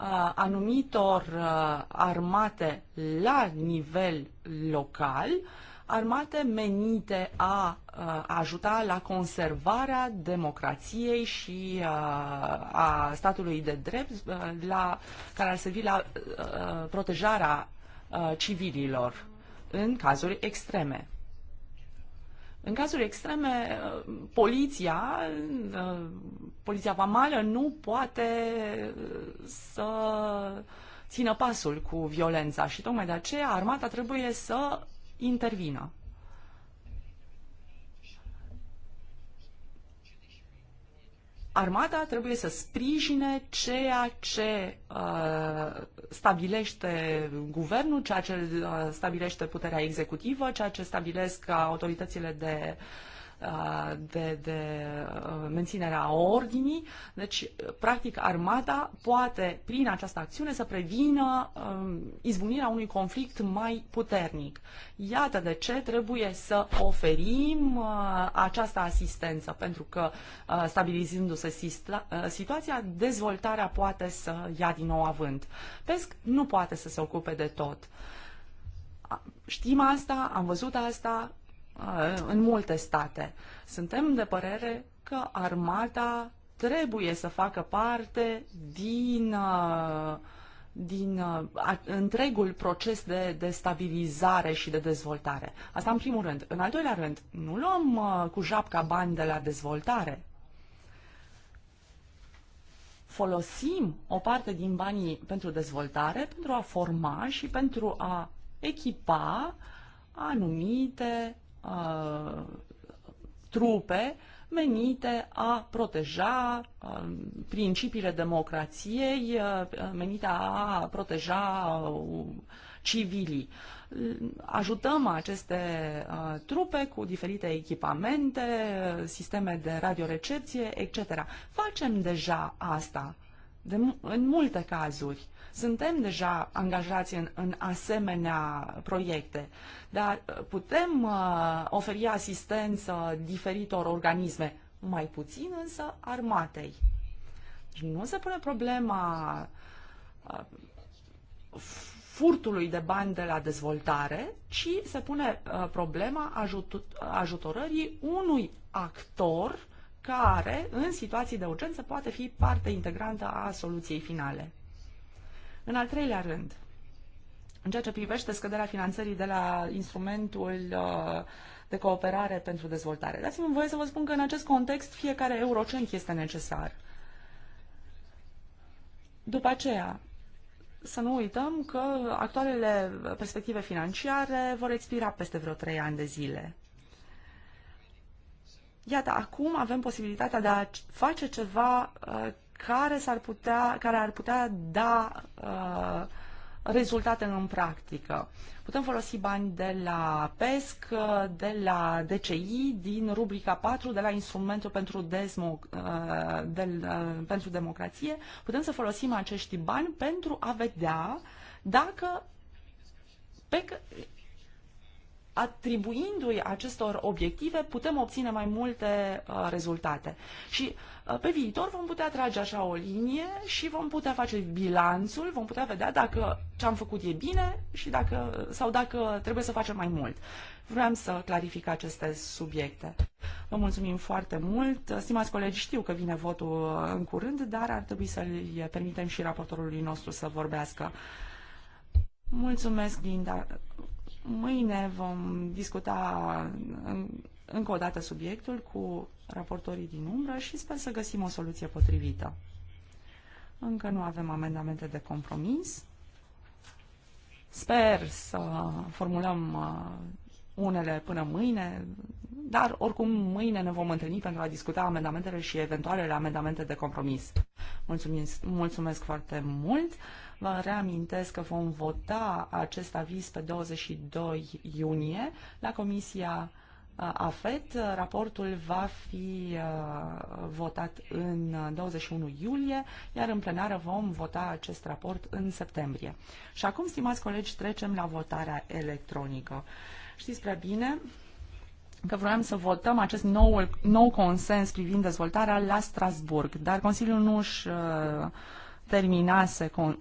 uh, anumitor uh, armate la nivel local uh, armate menite a, a ajuta la conservarea democrației și a, a statului de drept, la, care ar servi la protejarea civililor în cazuri extreme. În cazuri extreme, poliția, poliția vamală nu poate să țină pasul cu violența și tocmai de aceea armata trebuie să intervină. Armata trebuie să sprijine ceea ce uh, stabilește guvernul, ceea ce uh, stabilește puterea executivă, ceea ce stabilesc autoritățile de uh, Uh, de, de uh, menținerea ordinii. Deci, practic, armata poate, prin această acțiune, să prevină um, izbunirea unui conflict mai puternic. Iată de ce trebuie să oferim uh, această asistență, pentru că, stabilizându-se situația, dezvoltarea poate să ia din nou avânt. PESC nu poate să se ocupe de tot. Știm asta, am văzut asta, Uh, în multe state. Suntem de părere că armata trebuie să facă parte din, uh, din uh, întregul proces de, de stabilizare și de dezvoltare. Asta în primul rând. În al doilea rând, nu luăm cu japca bani de la dezvoltare. Folosim o parte din banii pentru dezvoltare, pentru a forma și pentru a echipa anumite Uh, trupe menite a proteja uh, principiile democrației, uh, menite a proteja uh, civilii. Ajutăm aceste uh, trupe cu diferite echipamente, sisteme de radiorecepție, etc. Facem deja asta de, în multe cazuri. Suntem deja angajați în, în asemenea proiecte, dar uh, putem uh, oferi asistență diferitor organisme, mai puțin însă armatei. Și deci nu se pune problema uh, furtului de bani de la dezvoltare, ci se pune uh, problema ajut- ajutorării unui actor care, în situații de urgență, poate fi parte integrantă a soluției finale. În al treilea rând, în ceea ce privește scăderea finanțării de la instrumentul uh, de cooperare pentru dezvoltare. Dați-mi voie să vă spun că în acest context fiecare eurocent este necesar. După aceea, să nu uităm că actualele perspective financiare vor expira peste vreo trei ani de zile. Iată, acum avem posibilitatea de a face ceva uh, care, s-ar putea, care ar putea da uh, rezultate în practică. Putem folosi bani de la PESC, uh, de la DCI, din rubrica 4, de la instrumentul pentru, Desmo, uh, de, pentru democrație. Putem să folosim acești bani pentru a vedea dacă pe, atribuindu-i acestor obiective, putem obține mai multe uh, rezultate. Și uh, pe viitor vom putea trage așa o linie și vom putea face bilanțul, vom putea vedea dacă ce am făcut e bine și dacă, sau dacă trebuie să facem mai mult. Vreau să clarific aceste subiecte. Vă mulțumim foarte mult. Stimați colegi, știu că vine votul uh, în curând, dar ar trebui să-i permitem și raportorului nostru să vorbească. Mulțumesc, Linda. Mâine vom discuta încă o dată subiectul cu raportorii din umbră și sper să găsim o soluție potrivită. Încă nu avem amendamente de compromis. Sper să formulăm uh, unele până mâine, dar oricum mâine ne vom întâlni pentru a discuta amendamentele și eventualele amendamente de compromis. Mulțumesc, mulțumesc foarte mult. Vă reamintesc că vom vota acest aviz pe 22 iunie la Comisia uh, AFET. Raportul va fi uh, votat în 21 uh, iulie, iar în plenară vom vota acest raport în septembrie. Și acum, stimați colegi, trecem la votarea electronică. Știți prea bine că vroiam să votăm acest nou, nou consens privind dezvoltarea la Strasburg, dar Consiliul nu își uh, terminase con,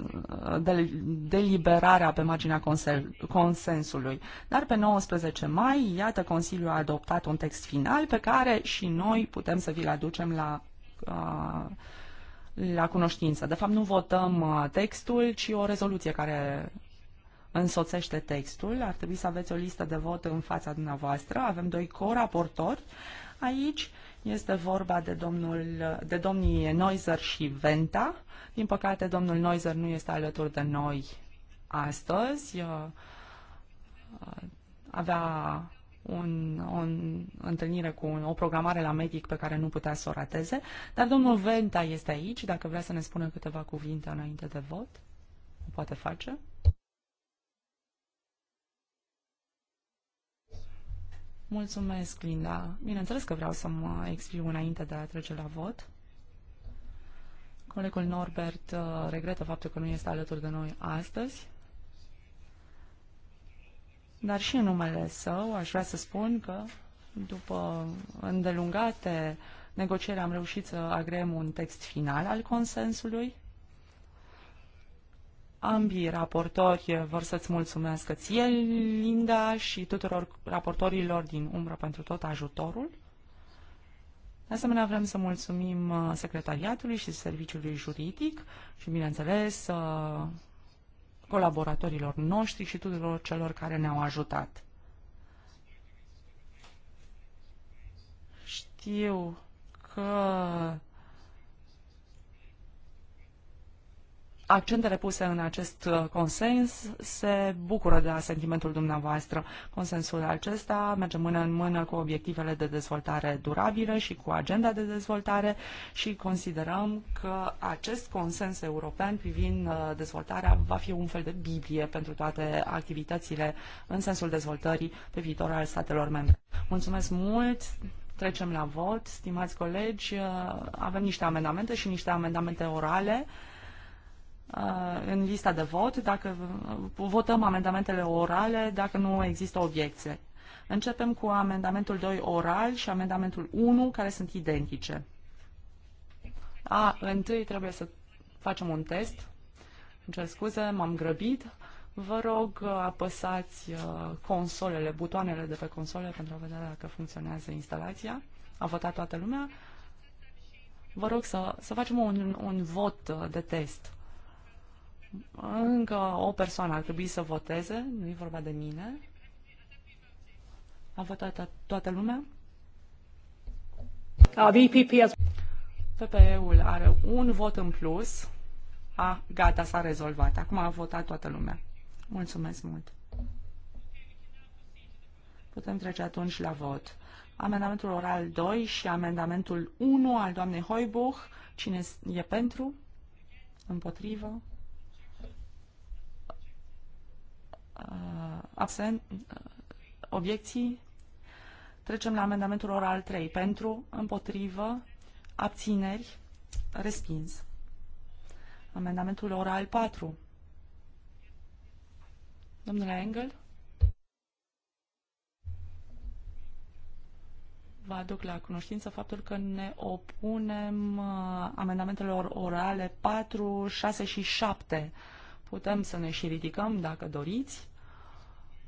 uh, de, deliberarea pe marginea consel, consensului. Dar pe 19 mai, iată, Consiliul a adoptat un text final pe care și noi putem să vi-l aducem la, uh, la cunoștință. De fapt, nu votăm uh, textul, ci o rezoluție care însoțește textul. Ar trebui să aveți o listă de vot în fața dumneavoastră. Avem doi coraportori aici. Este vorba de, domnul, de domnii Noizer și Venta. Din păcate, domnul Noizer nu este alături de noi astăzi. Uh, uh, avea un, o întâlnire cu un, o programare la medic pe care nu putea să o rateze, dar domnul Venta este aici, dacă vrea să ne spună câteva cuvinte înainte de vot, o poate face. Mulțumesc, Linda. Bineînțeles că vreau să mă exprim înainte de a trece la vot. Colegul Norbert uh, regretă faptul că nu este alături de noi astăzi. Dar și în numele său aș vrea să spun că după îndelungate negocieri am reușit să agrem un text final al consensului Ambii raportori vor să-ți mulțumească ție, Linda, și tuturor raportorilor din umbră pentru tot ajutorul. De asemenea, vrem să mulțumim uh, secretariatului și serviciului juridic și, bineînțeles, uh, colaboratorilor noștri și tuturor celor care ne-au ajutat. Știu că accentele puse în acest uh, consens se bucură de sentimentul dumneavoastră. Consensul acesta merge mână în mână cu obiectivele de dezvoltare durabilă și cu agenda de dezvoltare și considerăm că acest consens european privind uh, dezvoltarea va fi un fel de Biblie pentru toate activitățile în sensul dezvoltării pe viitor al statelor membre. Mulțumesc mult! Trecem la vot, stimați colegi. Uh, avem niște amendamente și niște amendamente orale. Uh, în lista de vot, dacă votăm amendamentele orale, dacă nu există obiecție. Începem cu amendamentul 2 oral și amendamentul 1, care sunt identice. A, întâi trebuie să facem un test. Îmi cer scuze, m-am grăbit. Vă rog, uh, apăsați uh, consolele, butoanele de pe console pentru a vedea dacă funcționează instalația. A votat toată lumea. Vă rog să, să facem un, un vot de test. Încă o persoană ar trebui să voteze, nu e vorba de mine. A votat toată lumea? PPE-ul are un vot în plus. A, gata, s-a rezolvat. Acum a votat toată lumea. Mulțumesc mult. Putem trece atunci la vot. Amendamentul oral 2 și amendamentul 1 al doamnei Hoibuch. Cine e pentru? Împotrivă? Uh, absent, uh, obiecții, trecem la amendamentul oral 3. Pentru, împotrivă, abțineri, respins. Amendamentul oral 4. Domnule Engel? Vă aduc la cunoștință faptul că ne opunem uh, amendamentelor orale 4, 6 și 7. Putem să ne și ridicăm dacă doriți.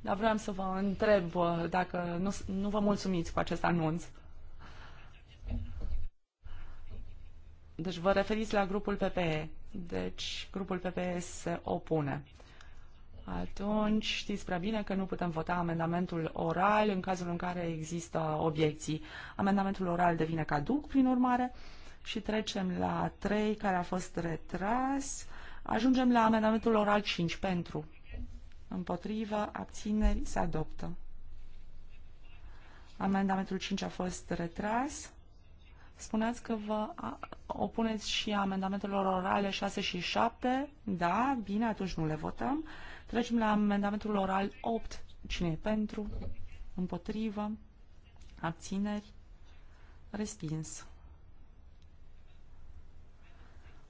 Dar vreau să vă întreb uh, dacă nu, nu vă mulțumiți cu acest anunț. Deci vă referiți la grupul PPE. Deci grupul PPE se opune. Atunci știți prea bine că nu putem vota amendamentul oral în cazul în care există obiecții. Amendamentul oral devine caduc, prin urmare, și trecem la 3, care a fost retras. Ajungem la amendamentul oral 5 pentru împotrivă, abțineri, se adoptă. Amendamentul 5 a fost retras. Spuneți că vă opuneți și amendamentelor orale 6 și 7. Da, bine, atunci nu le votăm. Trecem la amendamentul oral 8. Cine e pentru? Împotrivă? Abțineri? Respins.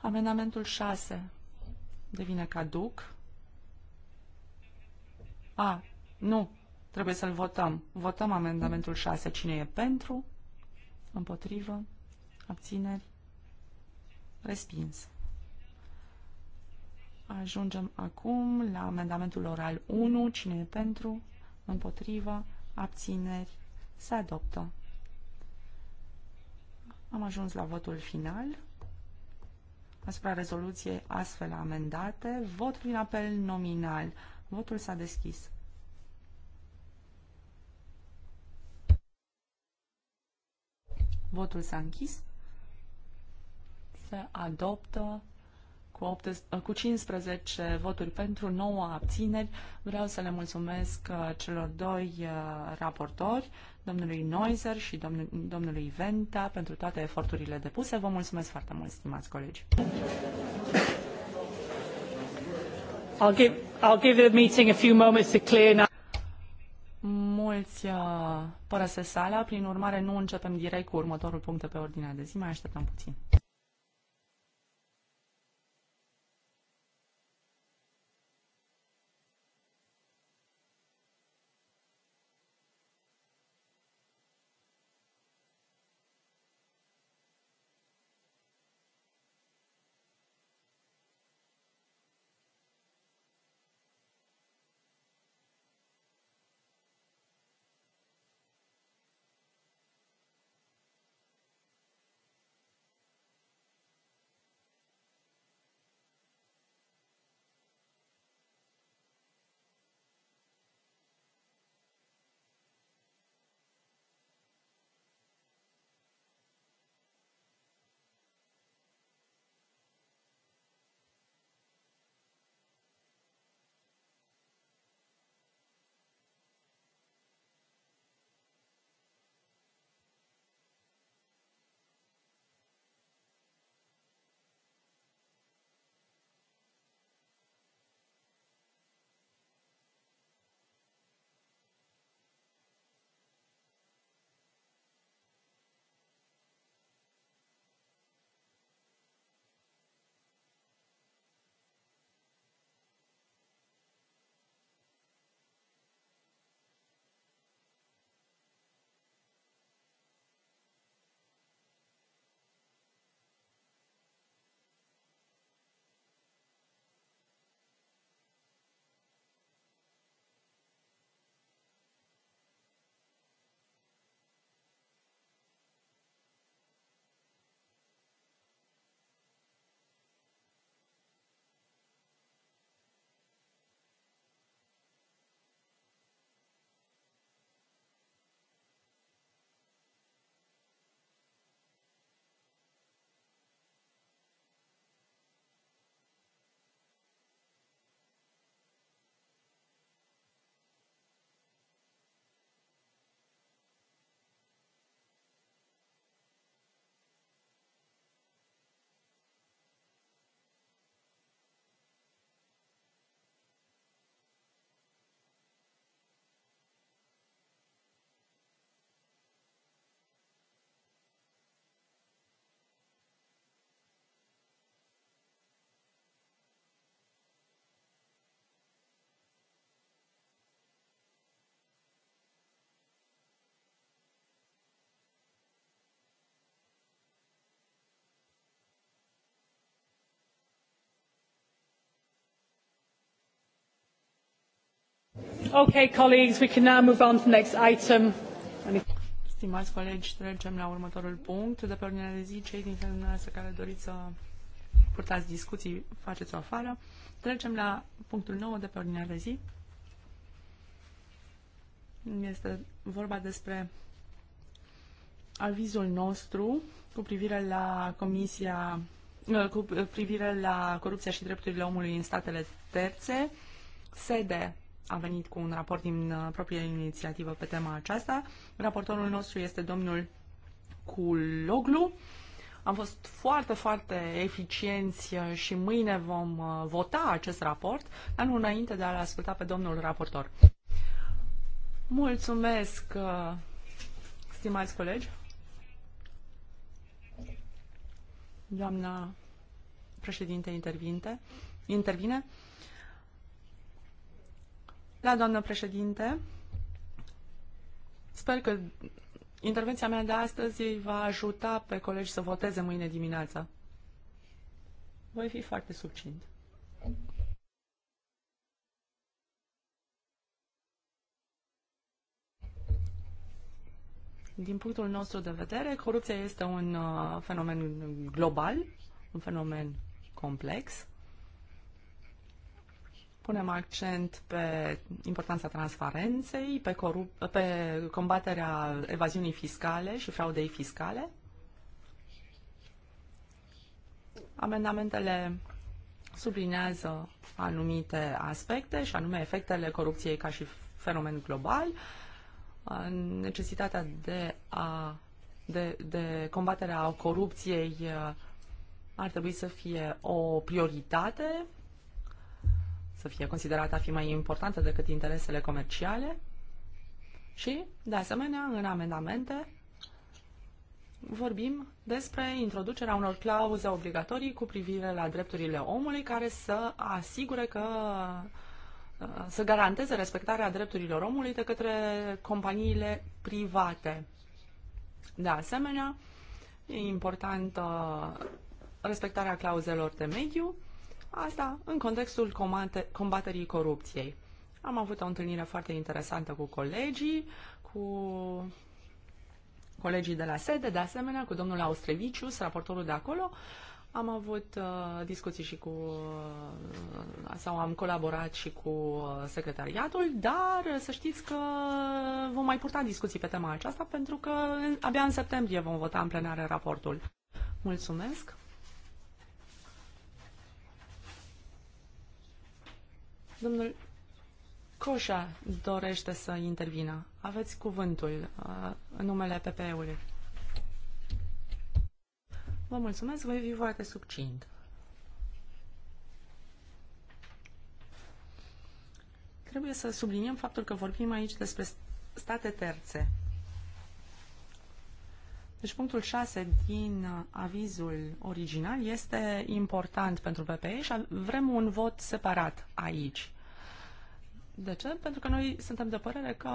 Amendamentul 6 devine caduc. A, nu. Trebuie să-l votăm. Votăm amendamentul 6. Cine e pentru? Împotrivă? Abțineri? Respins. Ajungem acum la amendamentul oral 1. Cine e pentru? Împotrivă? Abțineri? Se adoptă. Am ajuns la votul final asupra rezoluției astfel amendate. Vot prin apel nominal. Votul s-a deschis. Votul s-a închis. Se adoptă cu, 8, cu 15 voturi pentru, 9 abțineri. Vreau să le mulțumesc uh, celor doi uh, raportori, domnului Noiser și domnului Venta, pentru toate eforturile depuse. Vă mulțumesc foarte mult, stimați colegi. I'll give, I'll give the meeting a few moments to clear now. Mulți uh, părăsesc sala, prin urmare nu începem direct cu următorul punct pe ordinea de zi, mai așteptăm puțin. Okay, colleagues, we can now move on to the next item. Stimați colegi, trecem la următorul punct. De pe ordinea de zi, cei dintre dumneavoastră care doriți să purtați discuții, faceți-o afară. Trecem la punctul 9 de pe ordinea de zi. Este vorba despre avizul nostru cu privire la Comisia ă, cu privire la corupția și drepturile omului în statele terțe, sede a venit cu un raport din uh, propria inițiativă pe tema aceasta. Raportorul nostru este domnul Culoglu. Am fost foarte, foarte eficienți uh, și mâine vom uh, vota acest raport, dar nu înainte de a-l asculta pe domnul raportor. Mulțumesc, stimați colegi. Doamna președinte intervinte, intervine la doamnă președinte. Sper că intervenția mea de astăzi îi va ajuta pe colegi să voteze mâine dimineața. Voi fi foarte succint. Din punctul nostru de vedere, corupția este un uh, fenomen global, un fenomen complex punem accent pe importanța transparenței, pe, corup- pe combaterea evaziunii fiscale și fraudei fiscale. Amendamentele sublinează anumite aspecte și anume efectele corupției ca și fenomen global, uh, necesitatea de, a, de, de combaterea corupției uh, ar trebui să fie o prioritate să fie considerată a fi mai importantă decât interesele comerciale și, de asemenea, în amendamente vorbim despre introducerea unor clauze obligatorii cu privire la drepturile omului care să asigure că uh, să garanteze respectarea drepturilor omului de către companiile private. De asemenea, e importantă respectarea clauzelor de mediu Asta în contextul combaterii corupției. Am avut o întâlnire foarte interesantă cu colegii, cu colegii de la sede, de asemenea cu domnul Austrevicius, raportorul de acolo. Am avut uh, discuții și cu, uh, sau am colaborat și cu uh, secretariatul, dar să știți că vom mai purta discuții pe tema aceasta pentru că abia în septembrie vom vota în plenare raportul. Mulțumesc! Domnul Coșa dorește să intervină. Aveți cuvântul uh, în numele PPE-ului. Vă mulțumesc, voi fi foarte succint. Trebuie să subliniem faptul că vorbim aici despre state terțe. Deci punctul 6 din uh, avizul original este important pentru PPE și vrem un vot separat aici. De ce? Pentru că noi suntem de părere că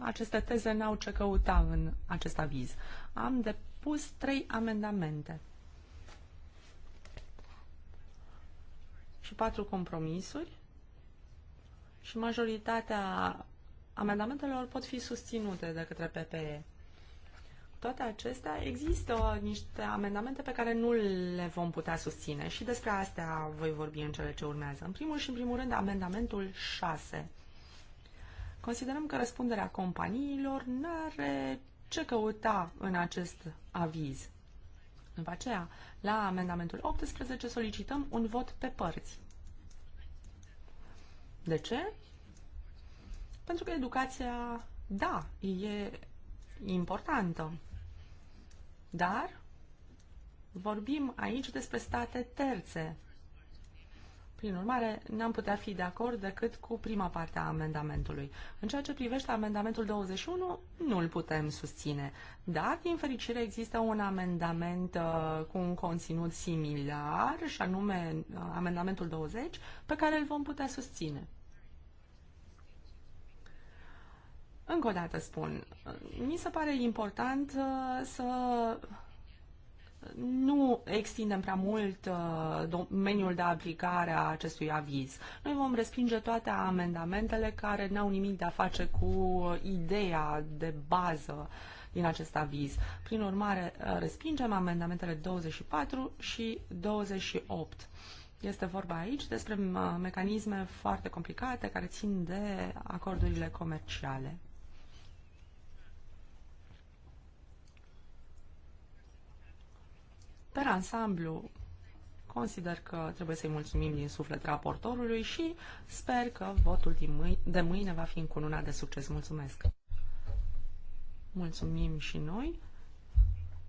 aceste teze n-au ce căuta în acest aviz. Am depus trei amendamente și patru compromisuri și majoritatea amendamentelor pot fi susținute de către PPE toate acestea, există niște amendamente pe care nu le vom putea susține și despre astea voi vorbi în cele ce urmează. În primul și în primul rând, amendamentul 6. Considerăm că răspunderea companiilor nu are ce căuta în acest aviz. După aceea, la amendamentul 18 solicităm un vot pe părți. De ce? Pentru că educația, da, e importantă. Dar vorbim aici despre state terțe. Prin urmare, n-am putea fi de acord decât cu prima parte a amendamentului. În ceea ce privește amendamentul 21, nu îl putem susține. Dar, din fericire, există un amendament uh, cu un conținut similar, și anume uh, amendamentul 20, pe care îl vom putea susține. Încă o dată spun, mi se pare important uh, să nu extindem prea mult uh, domeniul de aplicare a acestui aviz. Noi vom respinge toate amendamentele care n-au nimic de a face cu ideea de bază din acest aviz. Prin urmare, uh, respingem amendamentele 24 și 28. Este vorba aici despre mecanisme foarte complicate care țin de acordurile comerciale. Per ansamblu, consider că trebuie să-i mulțumim din suflet raportorului și sper că votul de mâine va fi încununat de succes. Mulțumesc! Mulțumim și noi.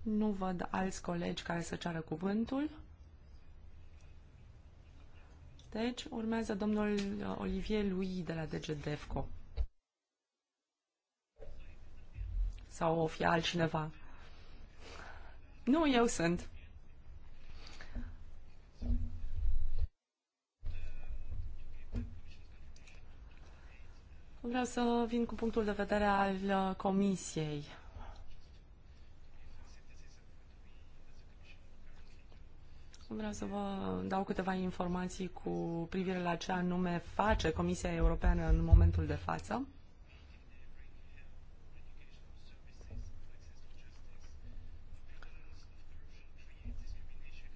Nu văd alți colegi care să ceară cuvântul. Deci, urmează domnul uh, Olivier Louis de la DGDFCO. Sau o fi altcineva. Nu, eu sunt. Vreau să vin cu punctul de vedere al uh, Comisiei. Vreau să vă dau câteva informații cu privire la ce anume face Comisia Europeană în momentul de față.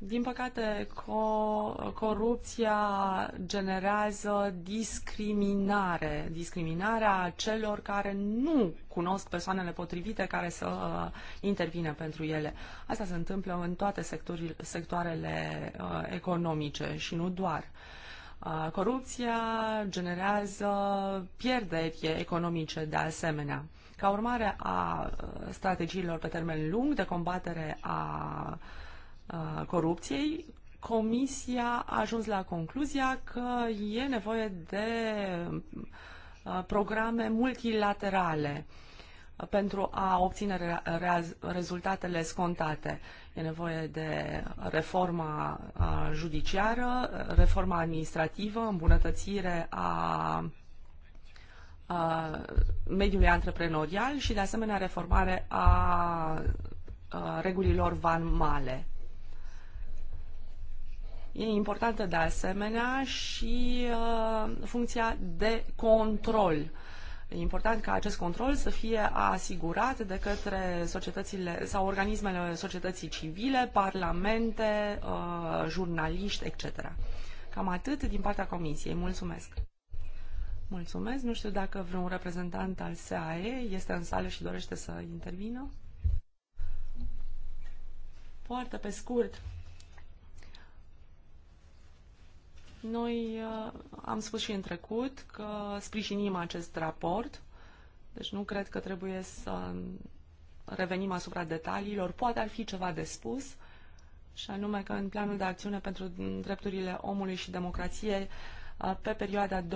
Din păcate, co- corupția generează discriminare, discriminarea celor care nu cunosc persoanele potrivite care să uh, intervină pentru ele. Asta se întâmplă în toate sectoarele uh, economice și nu doar. Uh, corupția generează pierderi economice de asemenea. Ca urmare a strategiilor pe termen lung de combatere a uh, corupției, Comisia a ajuns la concluzia că e nevoie de programe multilaterale pentru a obține rezultatele scontate. E nevoie de reforma judiciară, reforma administrativă, îmbunătățire a mediului antreprenorial și, de asemenea, reformare a regulilor vanmale. E importantă de asemenea și uh, funcția de control. E important ca acest control să fie asigurat de către societățile sau organismele societății civile, parlamente, uh, jurnaliști, etc. Cam atât din partea Comisiei. Mulțumesc! Mulțumesc. Nu știu dacă vreun reprezentant al SAE este în sală și dorește să intervină. Foarte pe scurt, Noi uh, am spus și în trecut că sprijinim acest raport, deci nu cred că trebuie să revenim asupra detaliilor. Poate ar fi ceva de spus, și anume că în planul de acțiune pentru drepturile omului și democrație uh, pe perioada 2015-2019,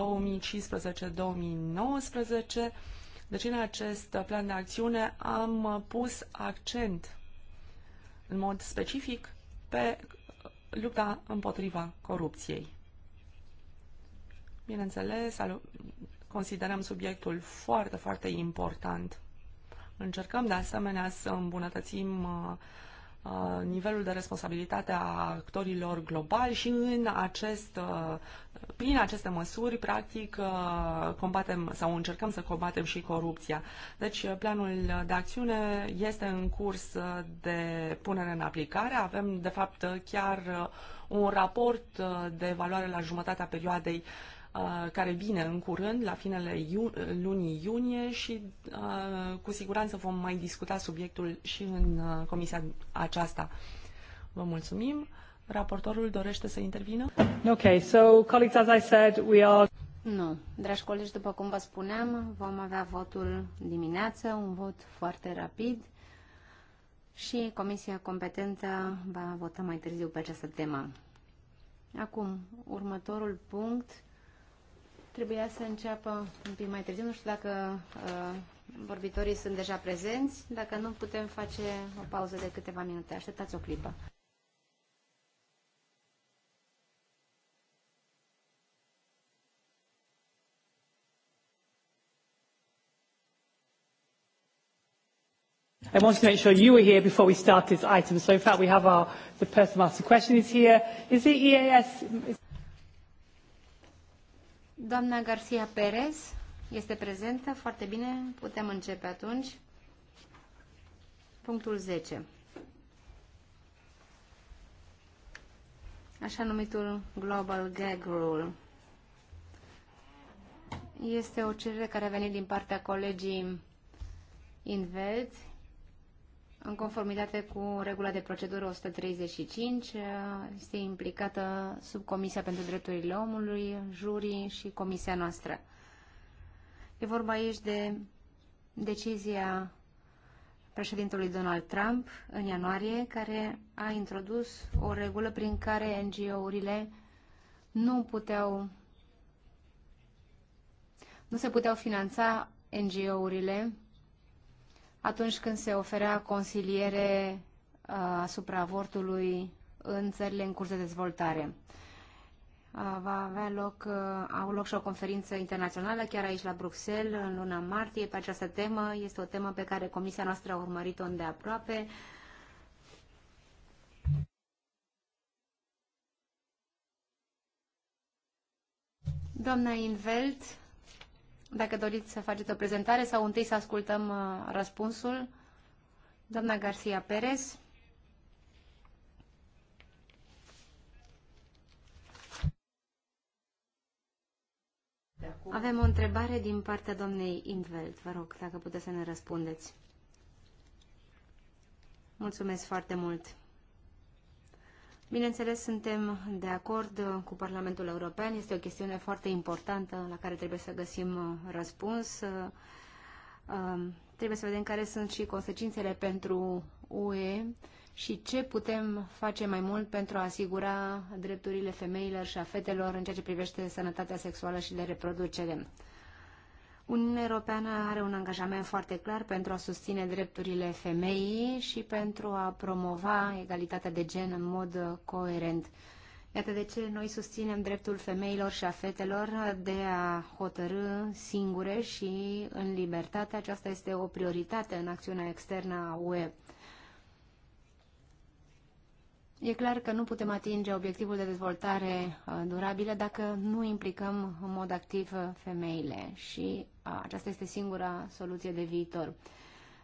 deci în acest plan de acțiune am pus accent în mod specific pe lupta împotriva corupției. Bineînțeles, considerăm subiectul foarte, foarte important. Încercăm de asemenea să îmbunătățim uh, uh, nivelul de responsabilitate a actorilor globali și în acest, uh, prin aceste măsuri, practic, combatem sau încercăm să combatem și corupția. Deci, planul de acțiune este în curs de punere în aplicare. Avem, de fapt, chiar un raport de evaluare la jumătatea perioadei Uh, care vine în curând, la finele lunii iunie și uh, cu siguranță vom mai discuta subiectul și în uh, comisia aceasta. Vă mulțumim. Raportorul dorește să intervină? Ok, so colleagues, as I said, we are... Nu. Dragi colegi, după cum vă spuneam, vom avea votul dimineață, un vot foarte rapid și comisia competentă va vota mai târziu pe această temă. Acum, următorul punct Trebuia să înceapă un pic mai târziu. Nu știu dacă uh, vorbitorii sunt deja prezenți. Dacă nu, putem face o pauză de câteva minute. Așteptați o clipă. I wanted to make sure you were here before we start this item. So in fact, we have our, the person who asked the question is here. Is the EAS... Is Doamna Garcia Perez este prezentă. Foarte bine, putem începe atunci. Punctul 10. Așa numitul Global Gag Rule. Este o cerere care a venit din partea colegii Invelt în conformitate cu regula de procedură 135, uh, este implicată subcomisia pentru drepturile omului, jurii și comisia noastră. E vorba aici de decizia președintelui Donald Trump în ianuarie, care a introdus o regulă prin care NGO-urile nu puteau nu se puteau finanța NGO-urile atunci când se oferea consiliere uh, asupra avortului în țările în curs de dezvoltare. Uh, va avea loc, uh, au loc și o conferință internațională chiar aici la Bruxelles în luna martie pe această temă. Este o temă pe care comisia noastră a urmărit-o îndeaproape. Doamna Invelt dacă doriți să faceți o prezentare sau întâi să ascultăm uh, răspunsul. Doamna Garcia Perez. Avem o întrebare din partea doamnei Indveld. Vă rog, dacă puteți să ne răspundeți. Mulțumesc foarte mult. Bineînțeles, suntem de acord cu Parlamentul European. Este o chestiune foarte importantă la care trebuie să găsim uh, răspuns. Uh, um, trebuie să vedem care sunt și consecințele pentru UE și ce putem face mai mult pentru a asigura drepturile femeilor și a fetelor în ceea ce privește sănătatea sexuală și de reproducere. Uniunea Europeană are un angajament foarte clar pentru a susține drepturile femeii și pentru a promova egalitatea de gen în mod coerent. Iată de ce noi susținem dreptul femeilor și a fetelor de a hotărâ singure și în libertate. Aceasta este o prioritate în acțiunea externă a UE. E clar că nu putem atinge obiectivul de dezvoltare uh, durabilă dacă nu implicăm în mod activ uh, femeile și aceasta este singura soluție de viitor.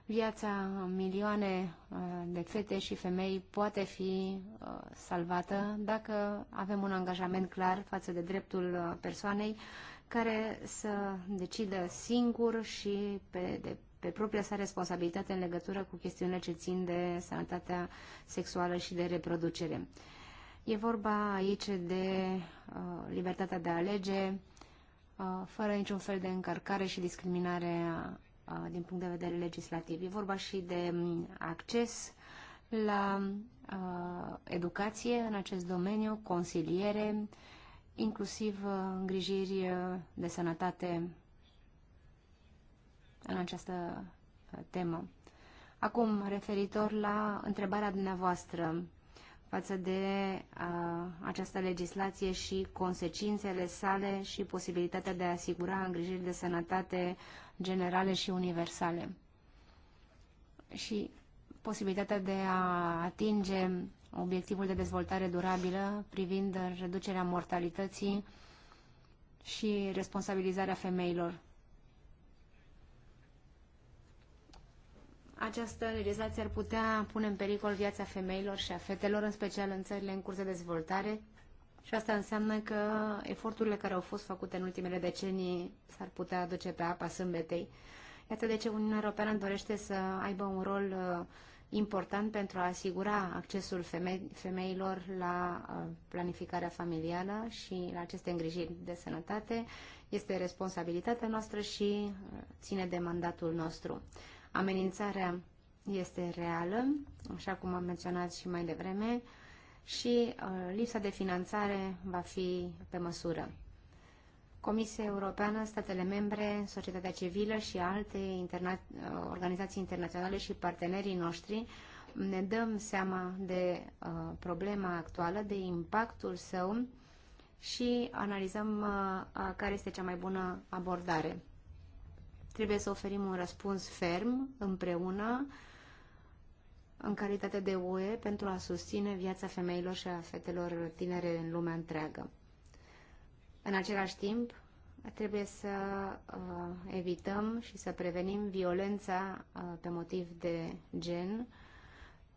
Viața milioane de fete și femei poate fi salvată dacă avem un angajament clar față de dreptul persoanei care să decidă singur și pe, de, pe propria sa responsabilitate în legătură cu chestiunile ce țin de sănătatea sexuală și de reproducere. E vorba aici de uh, libertatea de a alege, Uh, fără niciun fel de încărcare și discriminare uh, uh, din punct de vedere legislativ. E vorba și de um, acces la educație în acest domeniu, consiliere, inclusiv îngrijiri de sănătate în această temă. Acum, referitor la întrebarea dumneavoastră, față de uh, această legislație și consecințele sale și posibilitatea de a asigura îngrijiri de sănătate generale și universale. Și posibilitatea de a atinge obiectivul de dezvoltare durabilă privind reducerea mortalității și responsabilizarea femeilor. această legislație ar putea pune în pericol viața femeilor și a fetelor, în special în țările în curs de dezvoltare. Și asta înseamnă că eforturile care au fost făcute în ultimele decenii s-ar putea aduce pe apa sâmbetei. Iată de ce Uniunea Europeană dorește să aibă un rol uh, important pentru a asigura accesul feme femeilor la uh, planificarea familială și la aceste îngrijiri de sănătate. Este responsabilitatea noastră și uh, ține de mandatul nostru. Amenințarea este reală, așa cum am menționat și mai devreme, și uh, lipsa de finanțare va fi pe măsură. Comisia Europeană, statele membre, societatea civilă și alte interna uh, organizații internaționale și partenerii noștri ne dăm seama de uh, problema actuală, de impactul său și analizăm uh, care este cea mai bună abordare. Trebuie să oferim un răspuns ferm, împreună, în calitate de UE, pentru a susține viața femeilor și a fetelor tinere în lumea întreagă. În același timp, trebuie să uh, evităm și să prevenim violența uh, pe motiv de gen,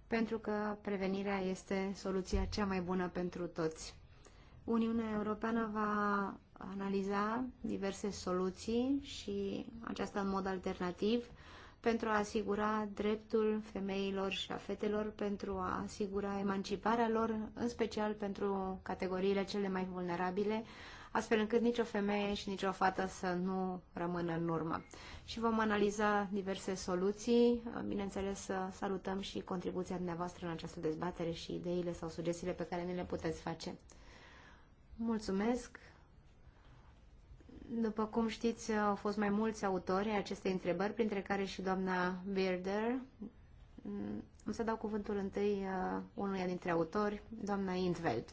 pentru că prevenirea este soluția cea mai bună pentru toți. Uniunea Europeană va analiza diverse soluții și aceasta în mod alternativ pentru a asigura dreptul femeilor și a fetelor, pentru a asigura emanciparea lor, în special pentru categoriile cele mai vulnerabile, astfel încât nicio femeie și nicio fată să nu rămână în urmă. Și vom analiza diverse soluții. Bineînțeles, să salutăm și contribuția dumneavoastră în această dezbatere și ideile sau sugestiile pe care ne le puteți face. Mulțumesc. După cum știți, au fost mai mulți autori ai acestei întrebări, printre care și doamna Bearder. Mm, am să dau cuvântul întâi uh, unuia dintre autori, doamna Intveld.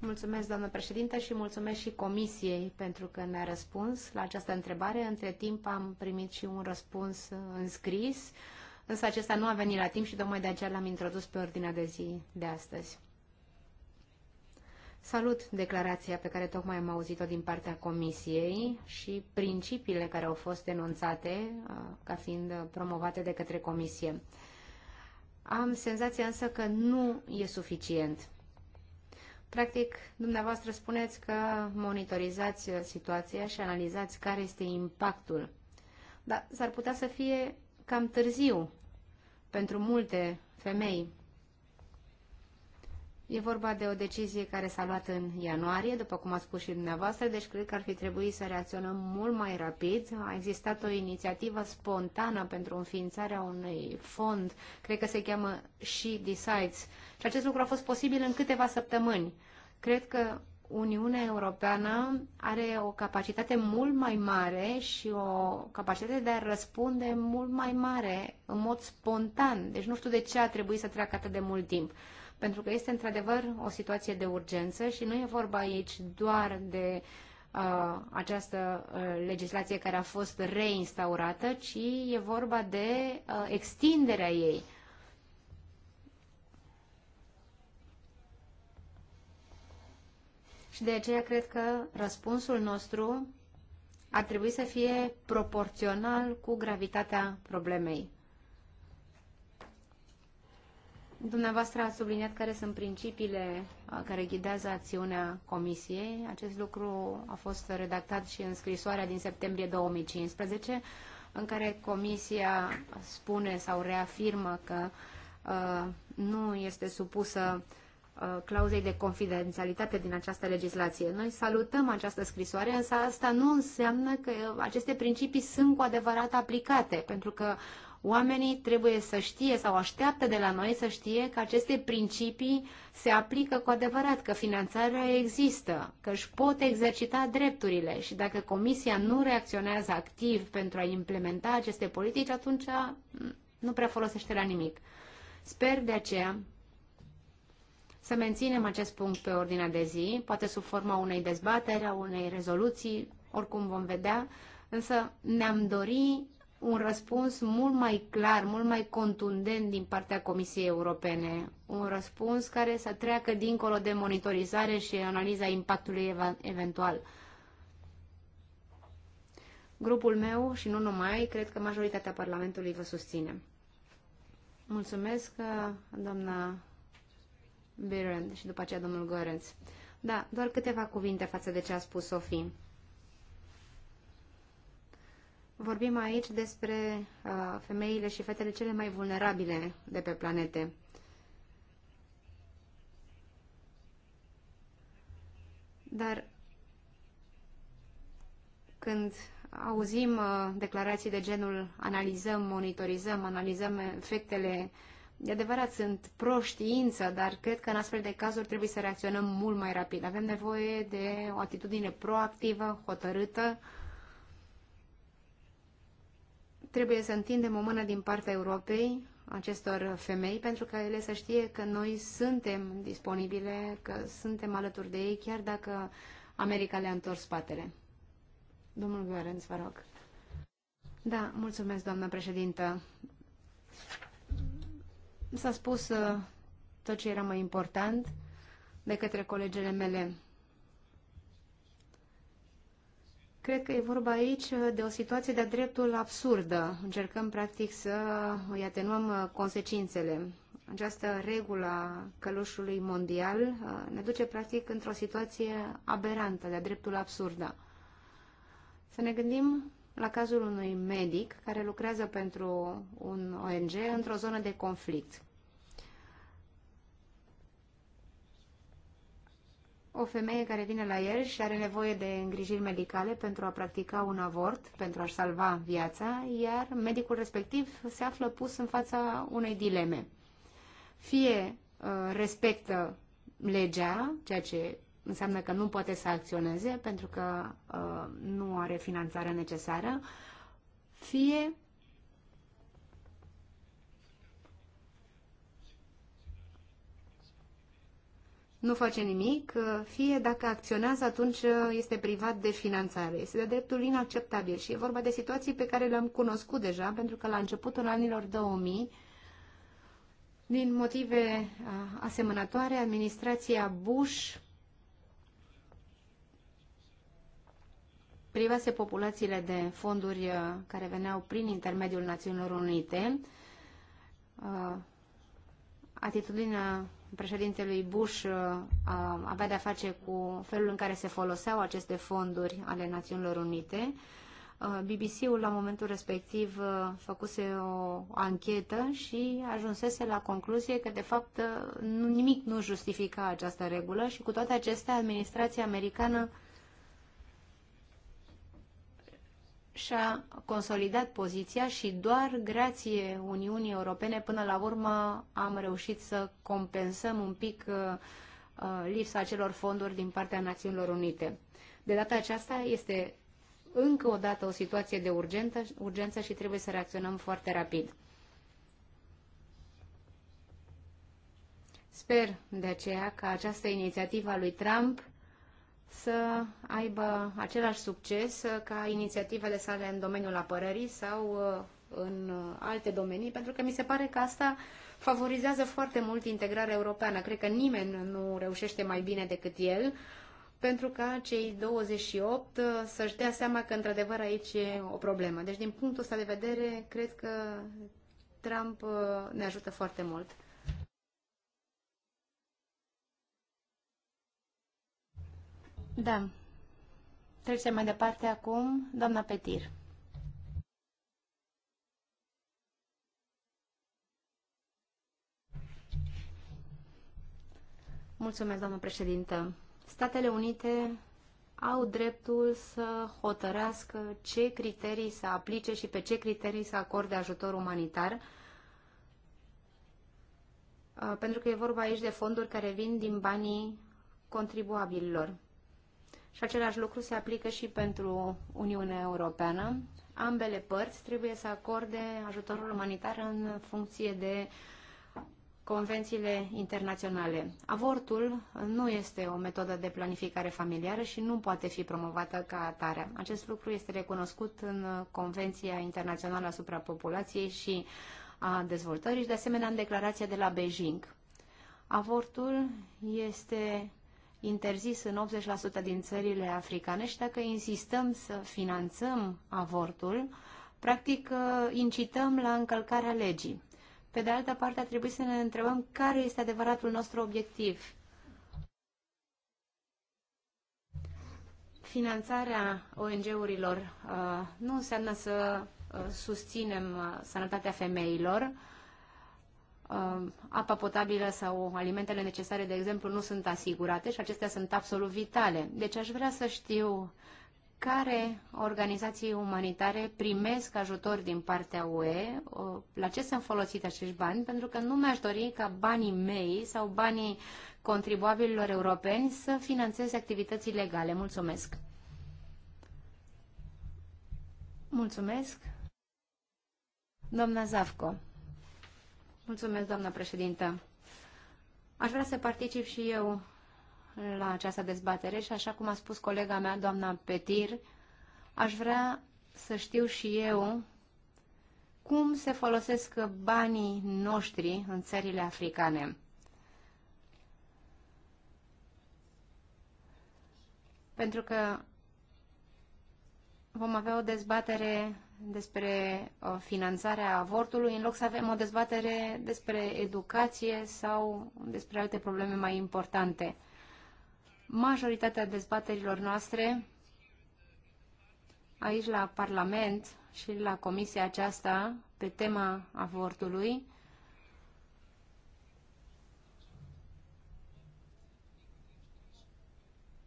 Mulțumesc, doamnă președinte, și mulțumesc și comisiei pentru că ne-a răspuns la această întrebare. Între timp am primit și un răspuns uh, în scris, însă acesta nu a venit la timp și tocmai de aceea l-am introdus pe ordinea de zi de astăzi. Salut declarația pe care tocmai am auzit-o din partea Comisiei și principiile care au fost denunțate uh, ca fiind uh, promovate de către Comisie. Am senzația însă că nu e suficient. Practic, dumneavoastră spuneți că monitorizați uh, situația și analizați care este impactul. Dar s-ar putea să fie cam târziu pentru multe femei E vorba de o decizie care s-a luat în ianuarie, după cum a spus și dumneavoastră, deci cred că ar fi trebuit să reacționăm mult mai rapid. A existat o inițiativă spontană pentru înființarea unui fond, cred că se cheamă She Decides, și acest lucru a fost posibil în câteva săptămâni. Cred că Uniunea Europeană are o capacitate mult mai mare și o capacitate de a răspunde mult mai mare, în mod spontan. Deci nu știu de ce a trebuit să treacă atât de mult timp pentru că este într-adevăr o situație de urgență și nu e vorba aici doar de uh, această uh, legislație care a fost reinstaurată, ci e vorba de uh, extinderea ei. Și de aceea cred că răspunsul nostru ar trebui să fie proporțional cu gravitatea problemei. Dumneavoastră ați subliniat care sunt principiile uh, care ghidează acțiunea Comisiei. Acest lucru a fost redactat și în scrisoarea din septembrie 2015, în care Comisia spune sau reafirmă că uh, nu este supusă uh, clauzei de confidențialitate din această legislație. Noi salutăm această scrisoare, însă asta nu înseamnă că aceste principii sunt cu adevărat aplicate, pentru că Oamenii trebuie să știe sau așteaptă de la noi să știe că aceste principii se aplică cu adevărat, că finanțarea există, că își pot exercita drepturile și dacă Comisia nu reacționează activ pentru a implementa aceste politici, atunci nu prea folosește la nimic. Sper de aceea să menținem acest punct pe ordinea de zi, poate sub forma unei dezbateri, a unei rezoluții, oricum vom vedea, însă ne-am dorit un răspuns mult mai clar, mult mai contundent din partea Comisiei Europene. Un răspuns care să treacă dincolo de monitorizare și analiza impactului eventual. Grupul meu și nu numai, cred că majoritatea Parlamentului vă susține. Mulțumesc, uh, doamna Birand și după aceea domnul Gorenț. Da, doar câteva cuvinte față de ce a spus Sofie. Vorbim aici despre uh, femeile și fetele cele mai vulnerabile de pe planete. Dar când auzim uh, declarații de genul analizăm, monitorizăm, analizăm efectele, de adevărat sunt proștiință, dar cred că în astfel de cazuri trebuie să reacționăm mult mai rapid. Avem nevoie de o atitudine proactivă, hotărâtă, Trebuie să întindem o mână din partea Europei acestor femei pentru ca ele să știe că noi suntem disponibile, că suntem alături de ei, chiar dacă America le-a întors spatele. Domnul Gărenț, vă rog. Da, mulțumesc, doamnă președintă. S-a spus uh, tot ce era mai important de către colegele mele. Cred că e vorba aici uh, de o situație de-a dreptul absurdă. Încercăm, practic, să îi atenuăm uh, consecințele. Această regulă a călușului mondial uh, ne duce, practic, într-o situație aberantă, de-a dreptul absurdă. Să ne gândim la cazul unui medic care lucrează pentru un ONG într-o zonă de conflict. o femeie care vine la el și are nevoie de îngrijiri medicale pentru a practica un avort, pentru a-și salva viața, iar medicul respectiv se află pus în fața unei dileme. Fie uh, respectă legea, ceea ce înseamnă că nu poate să acționeze pentru că uh, nu are finanțarea necesară, fie nu face nimic, fie dacă acționează, atunci este privat de finanțare. Este de dreptul inacceptabil și e vorba de situații pe care le-am cunoscut deja, pentru că la începutul anilor 2000, din motive asemănătoare, administrația Bush privase populațiile de fonduri care veneau prin intermediul Națiunilor Unite. Atitudinea președintelui Bush uh, avea de-a face cu felul în care se foloseau aceste fonduri ale Națiunilor Unite. Uh, BBC-ul la momentul respectiv uh, făcuse o anchetă și ajunsese la concluzie că de fapt nimic nu justifica această regulă și cu toate acestea administrația americană și-a consolidat poziția și doar grație Uniunii Europene până la urmă am reușit să compensăm un pic uh, uh, lipsa acelor fonduri din partea Națiunilor Unite. De data aceasta este încă o dată o situație de urgentă, urgență și trebuie să reacționăm foarte rapid. Sper de aceea că această inițiativă a lui Trump să aibă același succes ca inițiativele sale în domeniul apărării sau uh, în uh, alte domenii, pentru că mi se pare că asta favorizează foarte mult integrarea europeană. Cred că nimeni nu reușește mai bine decât el, pentru ca cei 28 uh, să-și dea seama că într-adevăr aici e o problemă. Deci din punctul ăsta de vedere, cred că Trump ne ajută foarte mult. Da. Trecem mai departe acum, doamna Petir. Mulțumesc, doamnă președintă. Statele Unite au dreptul să hotărească ce criterii să aplice și pe ce criterii să acorde ajutor umanitar, uh, pentru că e vorba aici de fonduri care vin din banii contribuabililor. Și același lucru se aplică și pentru Uniunea Europeană. Ambele părți trebuie să acorde ajutorul umanitar în funcție de convențiile internaționale. Avortul nu este o metodă de planificare familiară și nu poate fi promovată ca atare. Acest lucru este recunoscut în Convenția Internațională asupra Populației și a Dezvoltării și, de asemenea, în declarația de la Beijing. Avortul este interzis în 80% din țările africane și dacă insistăm să finanțăm avortul, practic uh, incităm la încălcarea legii. Pe de altă parte, ar trebui să ne întrebăm care este adevăratul nostru obiectiv. Finanțarea ONG-urilor uh, nu înseamnă să uh, susținem sănătatea femeilor, Um, apa potabilă sau alimentele necesare, de exemplu, nu sunt asigurate și acestea sunt absolut vitale. Deci aș vrea să știu care organizații umanitare primesc ajutor din partea UE, la ce sunt folosite acești bani, pentru că nu mi-aș dori ca banii mei sau banii contribuabililor europeni să financeze activități ilegale. Mulțumesc! Mulțumesc! Doamna Zavco. Mulțumesc, doamnă președintă. Aș vrea să particip și eu la această dezbatere și, așa cum a spus colega mea, doamna Petir, aș vrea să știu și eu cum se folosesc banii noștri în țările africane. Pentru că vom avea o dezbatere despre uh, finanțarea avortului, în loc să avem o dezbatere despre educație sau despre alte probleme mai importante. Majoritatea dezbaterilor noastre aici la Parlament și la comisia aceasta pe tema avortului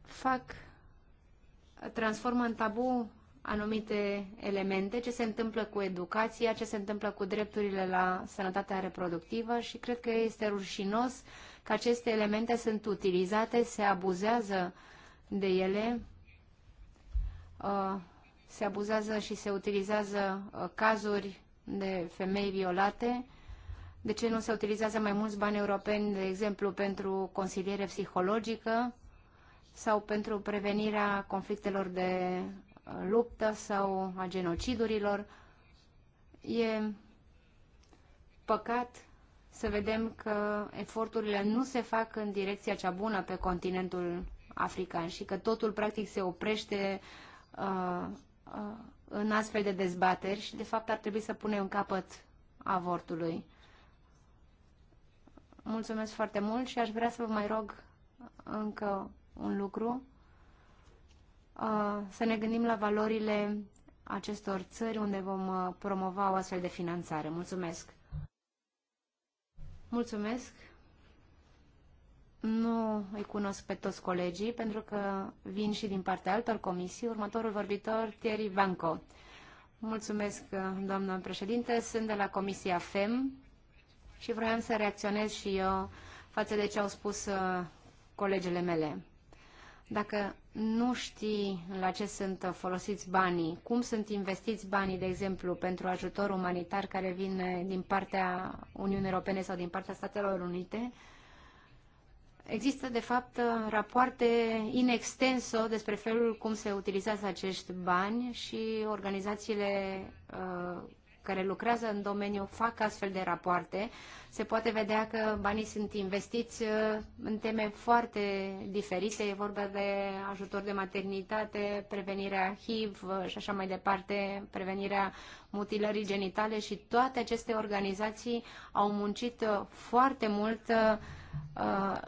fac transformă în tabu anumite elemente, ce se întâmplă cu educația, ce se întâmplă cu drepturile la sănătatea reproductivă și cred că este rușinos că aceste elemente sunt utilizate, se abuzează de ele, uh, se abuzează și se utilizează uh, cazuri de femei violate. De ce nu se utilizează mai mulți bani europeni, de exemplu, pentru consiliere psihologică sau pentru prevenirea conflictelor de luptă sau a genocidurilor. E păcat să vedem că eforturile nu se fac în direcția cea bună pe continentul african și că totul practic se oprește uh, uh, în astfel de dezbateri și de fapt ar trebui să punem capăt avortului. Mulțumesc foarte mult și aș vrea să vă mai rog încă un lucru să ne gândim la valorile acestor țări unde vom uh, promova o astfel de finanțare. Mulțumesc! Mulțumesc! Nu îi cunosc pe toți colegii, pentru că vin și din partea altor comisii. Următorul vorbitor, Thierry Banco. Mulțumesc, uh, doamnă președinte. Sunt de la Comisia FEM și vreau să reacționez și eu față de ce au spus uh, colegele mele. Dacă nu știi la ce sunt folosiți banii, cum sunt investiți banii, de exemplu, pentru ajutor umanitar care vine din partea Uniunii Europene sau din partea Statelor Unite, Există, de fapt, rapoarte in extenso despre felul cum se utilizează acești bani și organizațiile uh, care lucrează în domeniu fac astfel de rapoarte, se poate vedea că banii sunt investiți uh, în teme foarte diferite. E vorba de ajutor de maternitate, prevenirea HIV uh, și așa mai departe, prevenirea mutilării genitale și toate aceste organizații au muncit uh, foarte mult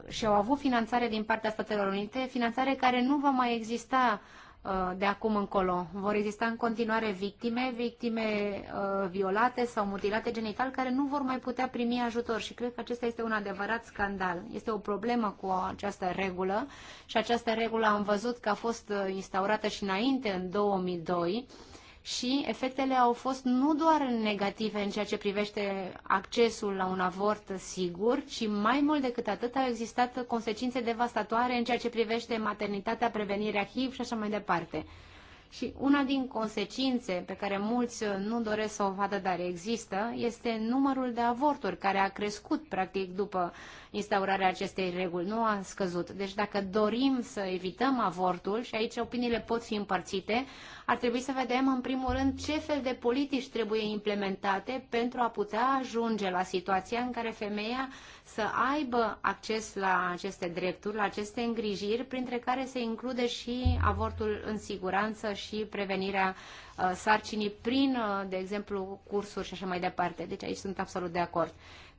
și au avut finanțare din partea Statelor Unite, finanțare care nu va mai exista Uh, de acum încolo. Vor exista în continuare victime, victime uh, violate sau mutilate genital care nu vor mai putea primi ajutor și cred că acesta este un adevărat scandal. Este o problemă cu această regulă și această regulă am văzut că a fost uh, instaurată și înainte, în 2002, și efectele au fost nu doar negative în ceea ce privește accesul la un avort sigur, ci mai mult decât atât au existat consecințe devastatoare în ceea ce privește maternitatea, prevenirea HIV și așa mai departe. Și una din consecințe pe care mulți nu doresc să o vadă, dar există, este numărul de avorturi care a crescut practic după instaurarea acestei reguli. Nu a scăzut. Deci dacă dorim să evităm avortul, și aici opiniile pot fi împărțite, ar trebui să vedem în primul rând ce fel de politici trebuie implementate pentru a putea ajunge la situația în care femeia să aibă acces la aceste drepturi, la aceste îngrijiri, printre care se include și avortul în siguranță și prevenirea uh, sarcinii prin, uh, de exemplu, cursuri și așa mai departe. Deci aici sunt absolut de acord.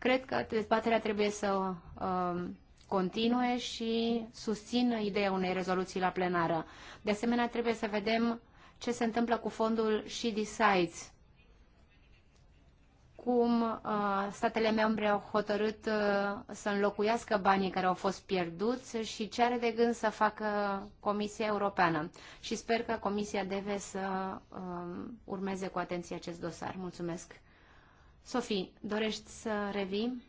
Cred că dezbaterea trebuie să uh, continue și susțin ideea unei rezoluții la plenară. De asemenea, trebuie să vedem ce se întâmplă cu fondul și Decides, cum uh, statele membre au hotărât uh, să înlocuiască banii care au fost pierduți și ce are de gând să facă Comisia Europeană. Și sper că Comisia deve să uh, urmeze cu atenție acest dosar. Mulțumesc! Sofie, dorești să revii?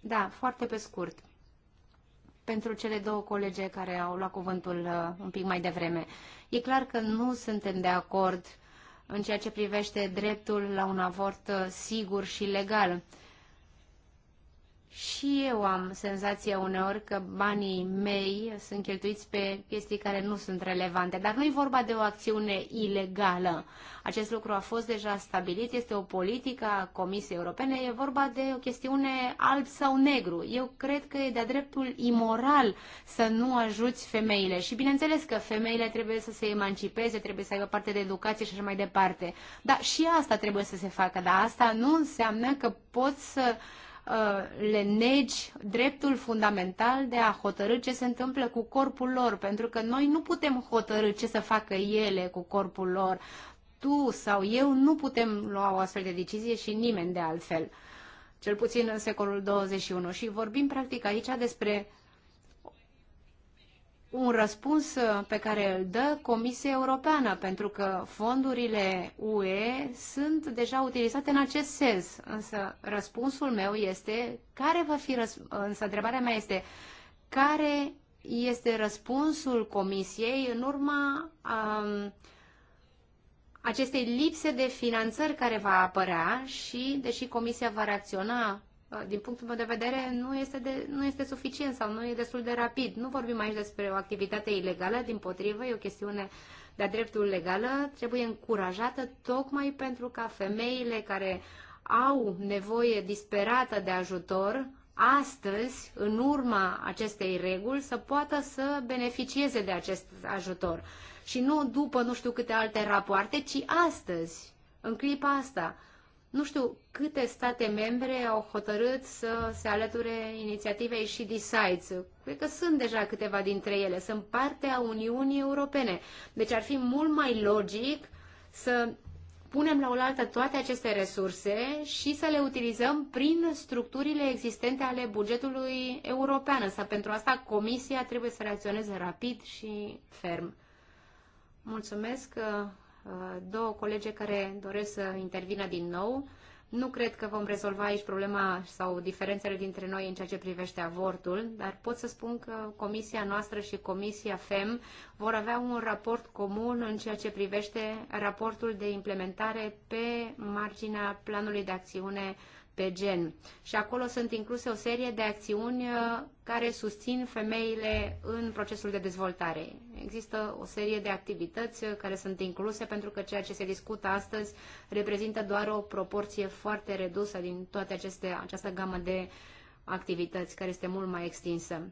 Da, foarte pe scurt. Pentru cele două colege care au luat cuvântul uh, un pic mai devreme. E clar că nu suntem de acord în ceea ce privește dreptul la un avort uh, sigur și legal. Uh, și eu am senzația uneori că banii mei sunt cheltuiți pe chestii care nu sunt relevante, dar nu e vorba de o acțiune ilegală. Acest lucru a fost deja stabilit, este o politică a Comisiei Europene, e vorba de o chestiune alb sau negru. Eu cred că e de-a dreptul imoral să nu ajuți femeile. Și bineînțeles că femeile trebuie să se emancipeze, trebuie să aibă parte de educație și așa mai departe. Dar și asta trebuie să se facă, dar asta nu înseamnă că poți să Uh, le negi dreptul fundamental de a hotărâ ce se întâmplă cu corpul lor, pentru că noi nu putem hotărâ ce să facă ele cu corpul lor. Tu sau eu nu putem lua o astfel de decizie și nimeni de altfel, cel puțin în secolul 21. Și vorbim practic aici despre un răspuns uh, pe care îl dă Comisia Europeană, pentru că fondurile UE sunt deja utilizate în acest sens. Însă răspunsul meu este care va fi însă întrebarea mea este care este răspunsul Comisiei în urma um, acestei lipse de finanțări care va apărea și, deși Comisia va reacționa din punctul meu de vedere, nu este, de, nu este suficient sau nu e destul de rapid. Nu vorbim aici despre o activitate ilegală, din potrivă, e o chestiune de-a dreptul legală, trebuie încurajată tocmai pentru ca femeile care au nevoie disperată de ajutor, astăzi, în urma acestei reguli, să poată să beneficieze de acest ajutor. Și nu după nu știu câte alte rapoarte, ci astăzi, în clipa asta. Nu știu câte state membre au hotărât să se alăture inițiativei și Decides. Cred că sunt deja câteva dintre ele, sunt parte a Uniunii Europene. Deci ar fi mult mai logic să punem la oaltă toate aceste resurse și să le utilizăm prin structurile existente ale bugetului european. Însă pentru asta Comisia trebuie să reacționeze rapid și ferm. Mulțumesc, Uh, două colege care doresc să intervină din nou. Nu cred că vom rezolva aici problema sau diferențele dintre noi în ceea ce privește avortul, dar pot să spun că comisia noastră și comisia FEM vor avea un raport comun în ceea ce privește raportul de implementare pe marginea planului de acțiune uh, pe gen. Și acolo sunt incluse o serie de acțiuni uh, care susțin femeile în procesul de dezvoltare. Există o serie de activități uh, care sunt incluse pentru că ceea ce se discută astăzi reprezintă doar o proporție foarte redusă din toate aceste, această gamă de activități care este mult mai extinsă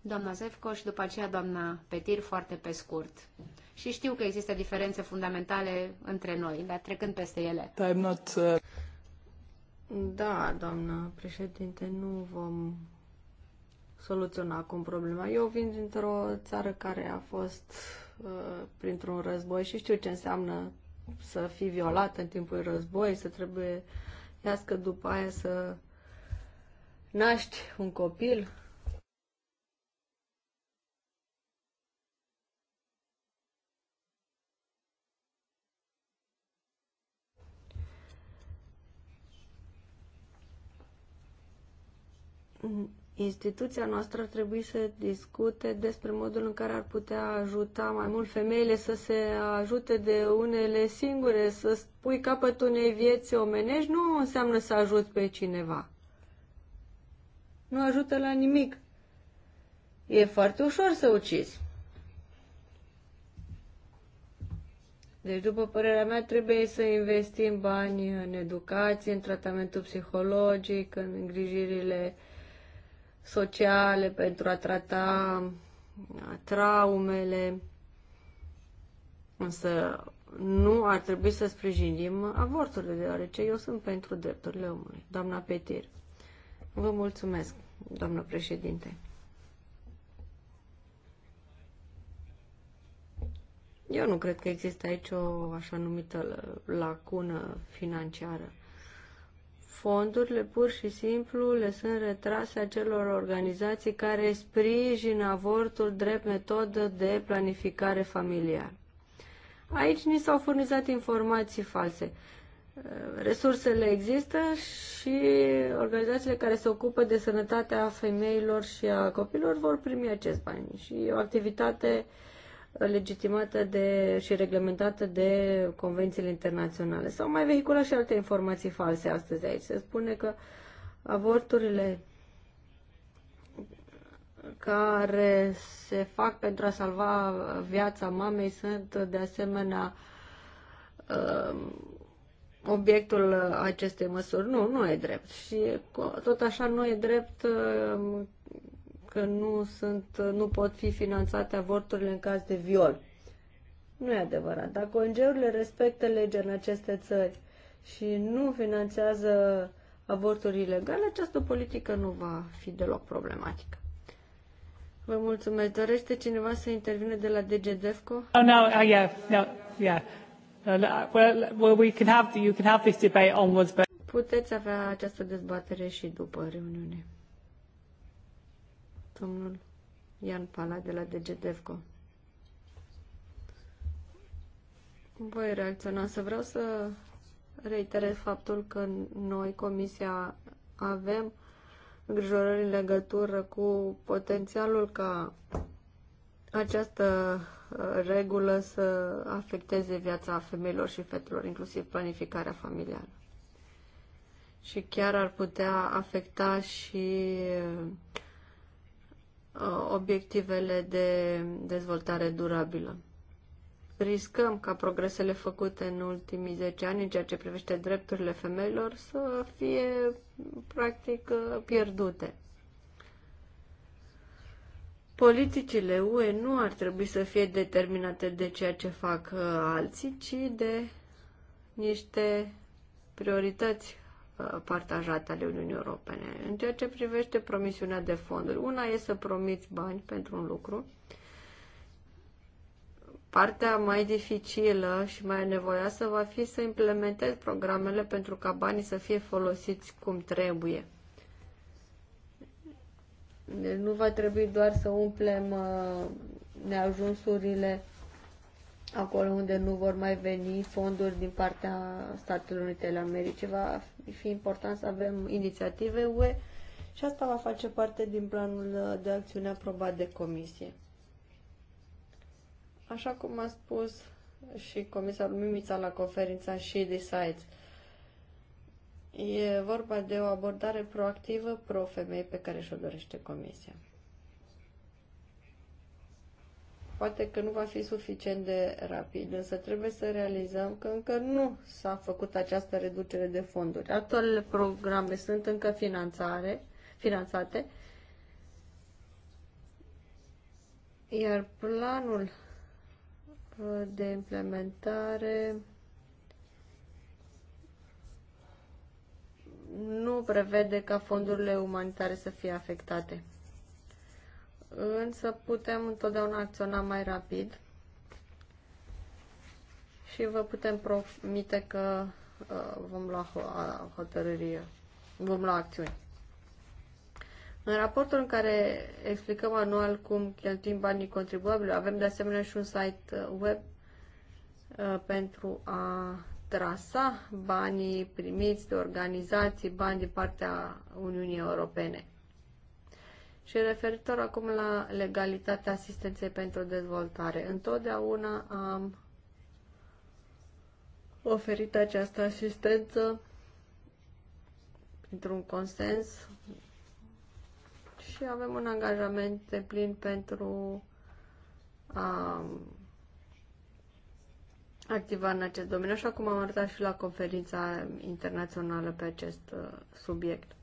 doamna Zefco și după aceea doamna Petir foarte pe scurt. Și știu că există diferențe fundamentale între noi, dar trecând peste ele. I'm not, uh... Da, doamnă președinte, nu vom soluționa acum problema. Eu vin dintr-o țară care a fost uh, printr-un război și știu ce înseamnă să fii violată în timpul război, să trebuie iască după aia să naști un copil. instituția noastră ar trebui să discute despre modul în care ar putea ajuta mai mult femeile să se ajute de unele singure, să pui capăt unei vieți omenești, nu înseamnă să ajut pe cineva. Nu ajută la nimic. E foarte ușor să ucizi. Deci, după părerea mea, trebuie să investim bani în educație, în tratamentul psihologic, în îngrijirile uh, sociale pentru a trata traumele, însă nu ar trebui să sprijinim avorturile, deoarece eu sunt pentru drepturile omului. Doamna Petir, vă mulțumesc, doamnă președinte. Eu nu cred că există aici o așa numită lacună financiară fondurile pur și simplu le sunt retrase acelor organizații care sprijină avortul drept metodă de planificare familială. Aici ni s-au furnizat informații false. Resursele există și organizațiile care se ocupă de sănătatea femeilor și a copilor vor primi acest bani. Și e o activitate uh, legitimată de, și reglementată de convențiile internaționale. S-au mai vehiculat și alte informații false astăzi aici. Se spune că avorturile care se fac pentru a salva viața mamei sunt de asemenea um, obiectul acestei măsuri. Nu, nu e drept. Și tot așa nu e drept um, că nu, sunt, nu pot fi finanțate avorturile în caz de viol. Nu e adevărat. Dacă ONG-urile respectă legea în aceste țări și nu finanțează avorturi ilegale, această politică nu va fi deloc problematică. Vă mulțumesc. Dorește cineva să intervine de la DGDEFCO? Oh, no, uh, yeah, no, yeah. Uh, well, well, we can have, you can have this debate onwards, Puteți avea această dezbatere și după reuniune domnul Ian Pala de la DGDEVCO. Voi reacționa, să vreau să reiterez faptul că noi, Comisia, avem îngrijorări în legătură cu potențialul ca această uh, regulă să afecteze viața femeilor și fetelor, inclusiv planificarea familială. Și chiar ar putea afecta și uh, Uh, obiectivele de dezvoltare durabilă. Riscăm ca progresele făcute în ultimii 10 ani în ceea ce privește drepturile femeilor să fie practic uh, pierdute. Politicile UE nu ar trebui să fie determinate de ceea ce fac uh, alții, ci de niște priorități partajate ale Uniunii Europene. În ceea ce privește promisiunea de fonduri, una e să promiți bani pentru un lucru, Partea mai dificilă și mai nevoioasă va fi să implementezi programele pentru ca banii să fie folosiți cum trebuie. Deci nu va trebui doar să umplem uh, neajunsurile acolo unde nu vor mai veni fonduri din partea Statelor Unite ale Americii. Va fi important să avem inițiative UE și asta va face parte din planul de acțiune aprobat de Comisie. Așa cum a spus și comisarul Mimița la conferința și Decides, e vorba de o abordare proactivă pro-femei pe care și-o dorește Comisia. Poate că nu va fi suficient de rapid, însă trebuie să realizăm că încă nu s-a făcut această reducere de fonduri. Actualele programe sunt încă finanțare, finanțate, iar planul uh, de implementare nu prevede ca fondurile umanitare să fie afectate însă putem întotdeauna acționa mai rapid și vă putem promite că uh, vom lua hotărâri, vom lua acțiuni. În raportul în care explicăm anual cum cheltuim banii contribuabili, avem de asemenea și un site uh, web uh, pentru a trasa banii primiți de organizații, bani din partea Uniunii Europene. Și referitor acum la legalitatea asistenței pentru dezvoltare, întotdeauna am oferit această asistență într un consens și avem un angajament de plin pentru a activa în acest domeniu, așa cum am arătat și la conferința internațională pe acest uh, subiect.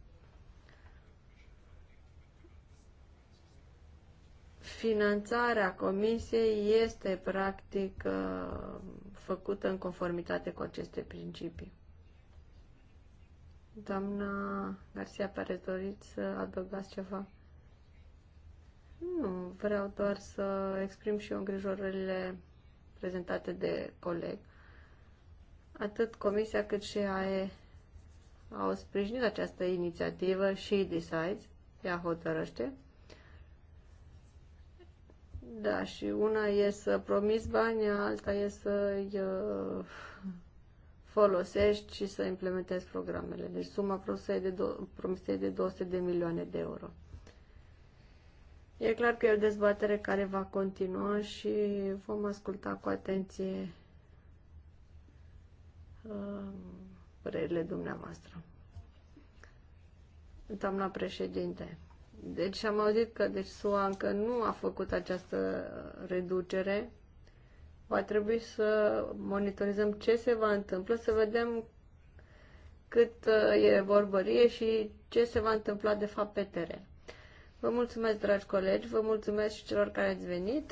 finanțarea comisiei este practic uh, făcută în conformitate cu aceste principii. Doamna Garcia Perez, doriți să adăugați ceva? Nu, vreau doar să exprim și eu îngrijorările prezentate de coleg. Atât Comisia cât și AE au sprijinit această inițiativă și Decides, ea hotărăște, da, și una e să promiți bani, alta e să-i uh, folosești și să implementezi programele. Deci suma promisă e de 200 de milioane de euro. E clar că e o dezbatere care va continua și vom asculta cu atenție uh, părerile dumneavoastră. Doamna președinte, deci am auzit că deci, SUA încă nu a făcut această reducere. Va trebui să monitorizăm ce se va întâmpla, să vedem cât uh, e vorbărie și ce se va întâmpla de fapt pe teren. Vă mulțumesc, dragi colegi, vă mulțumesc și celor care ați venit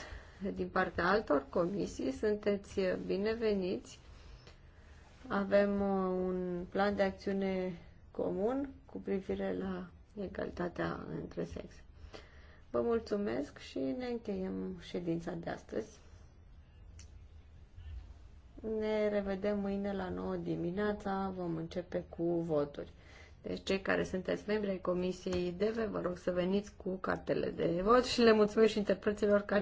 din partea altor comisii. Sunteți bineveniți. Avem uh, un plan de acțiune comun cu privire la egalitatea între sexe. Vă mulțumesc și ne încheiem ședința de astăzi. Ne revedem mâine la 9 dimineața, vom începe cu voturi. Deci cei care sunteți membri ai Comisiei DV, vă rog să veniți cu cartele de vot și le mulțumesc și interpreților care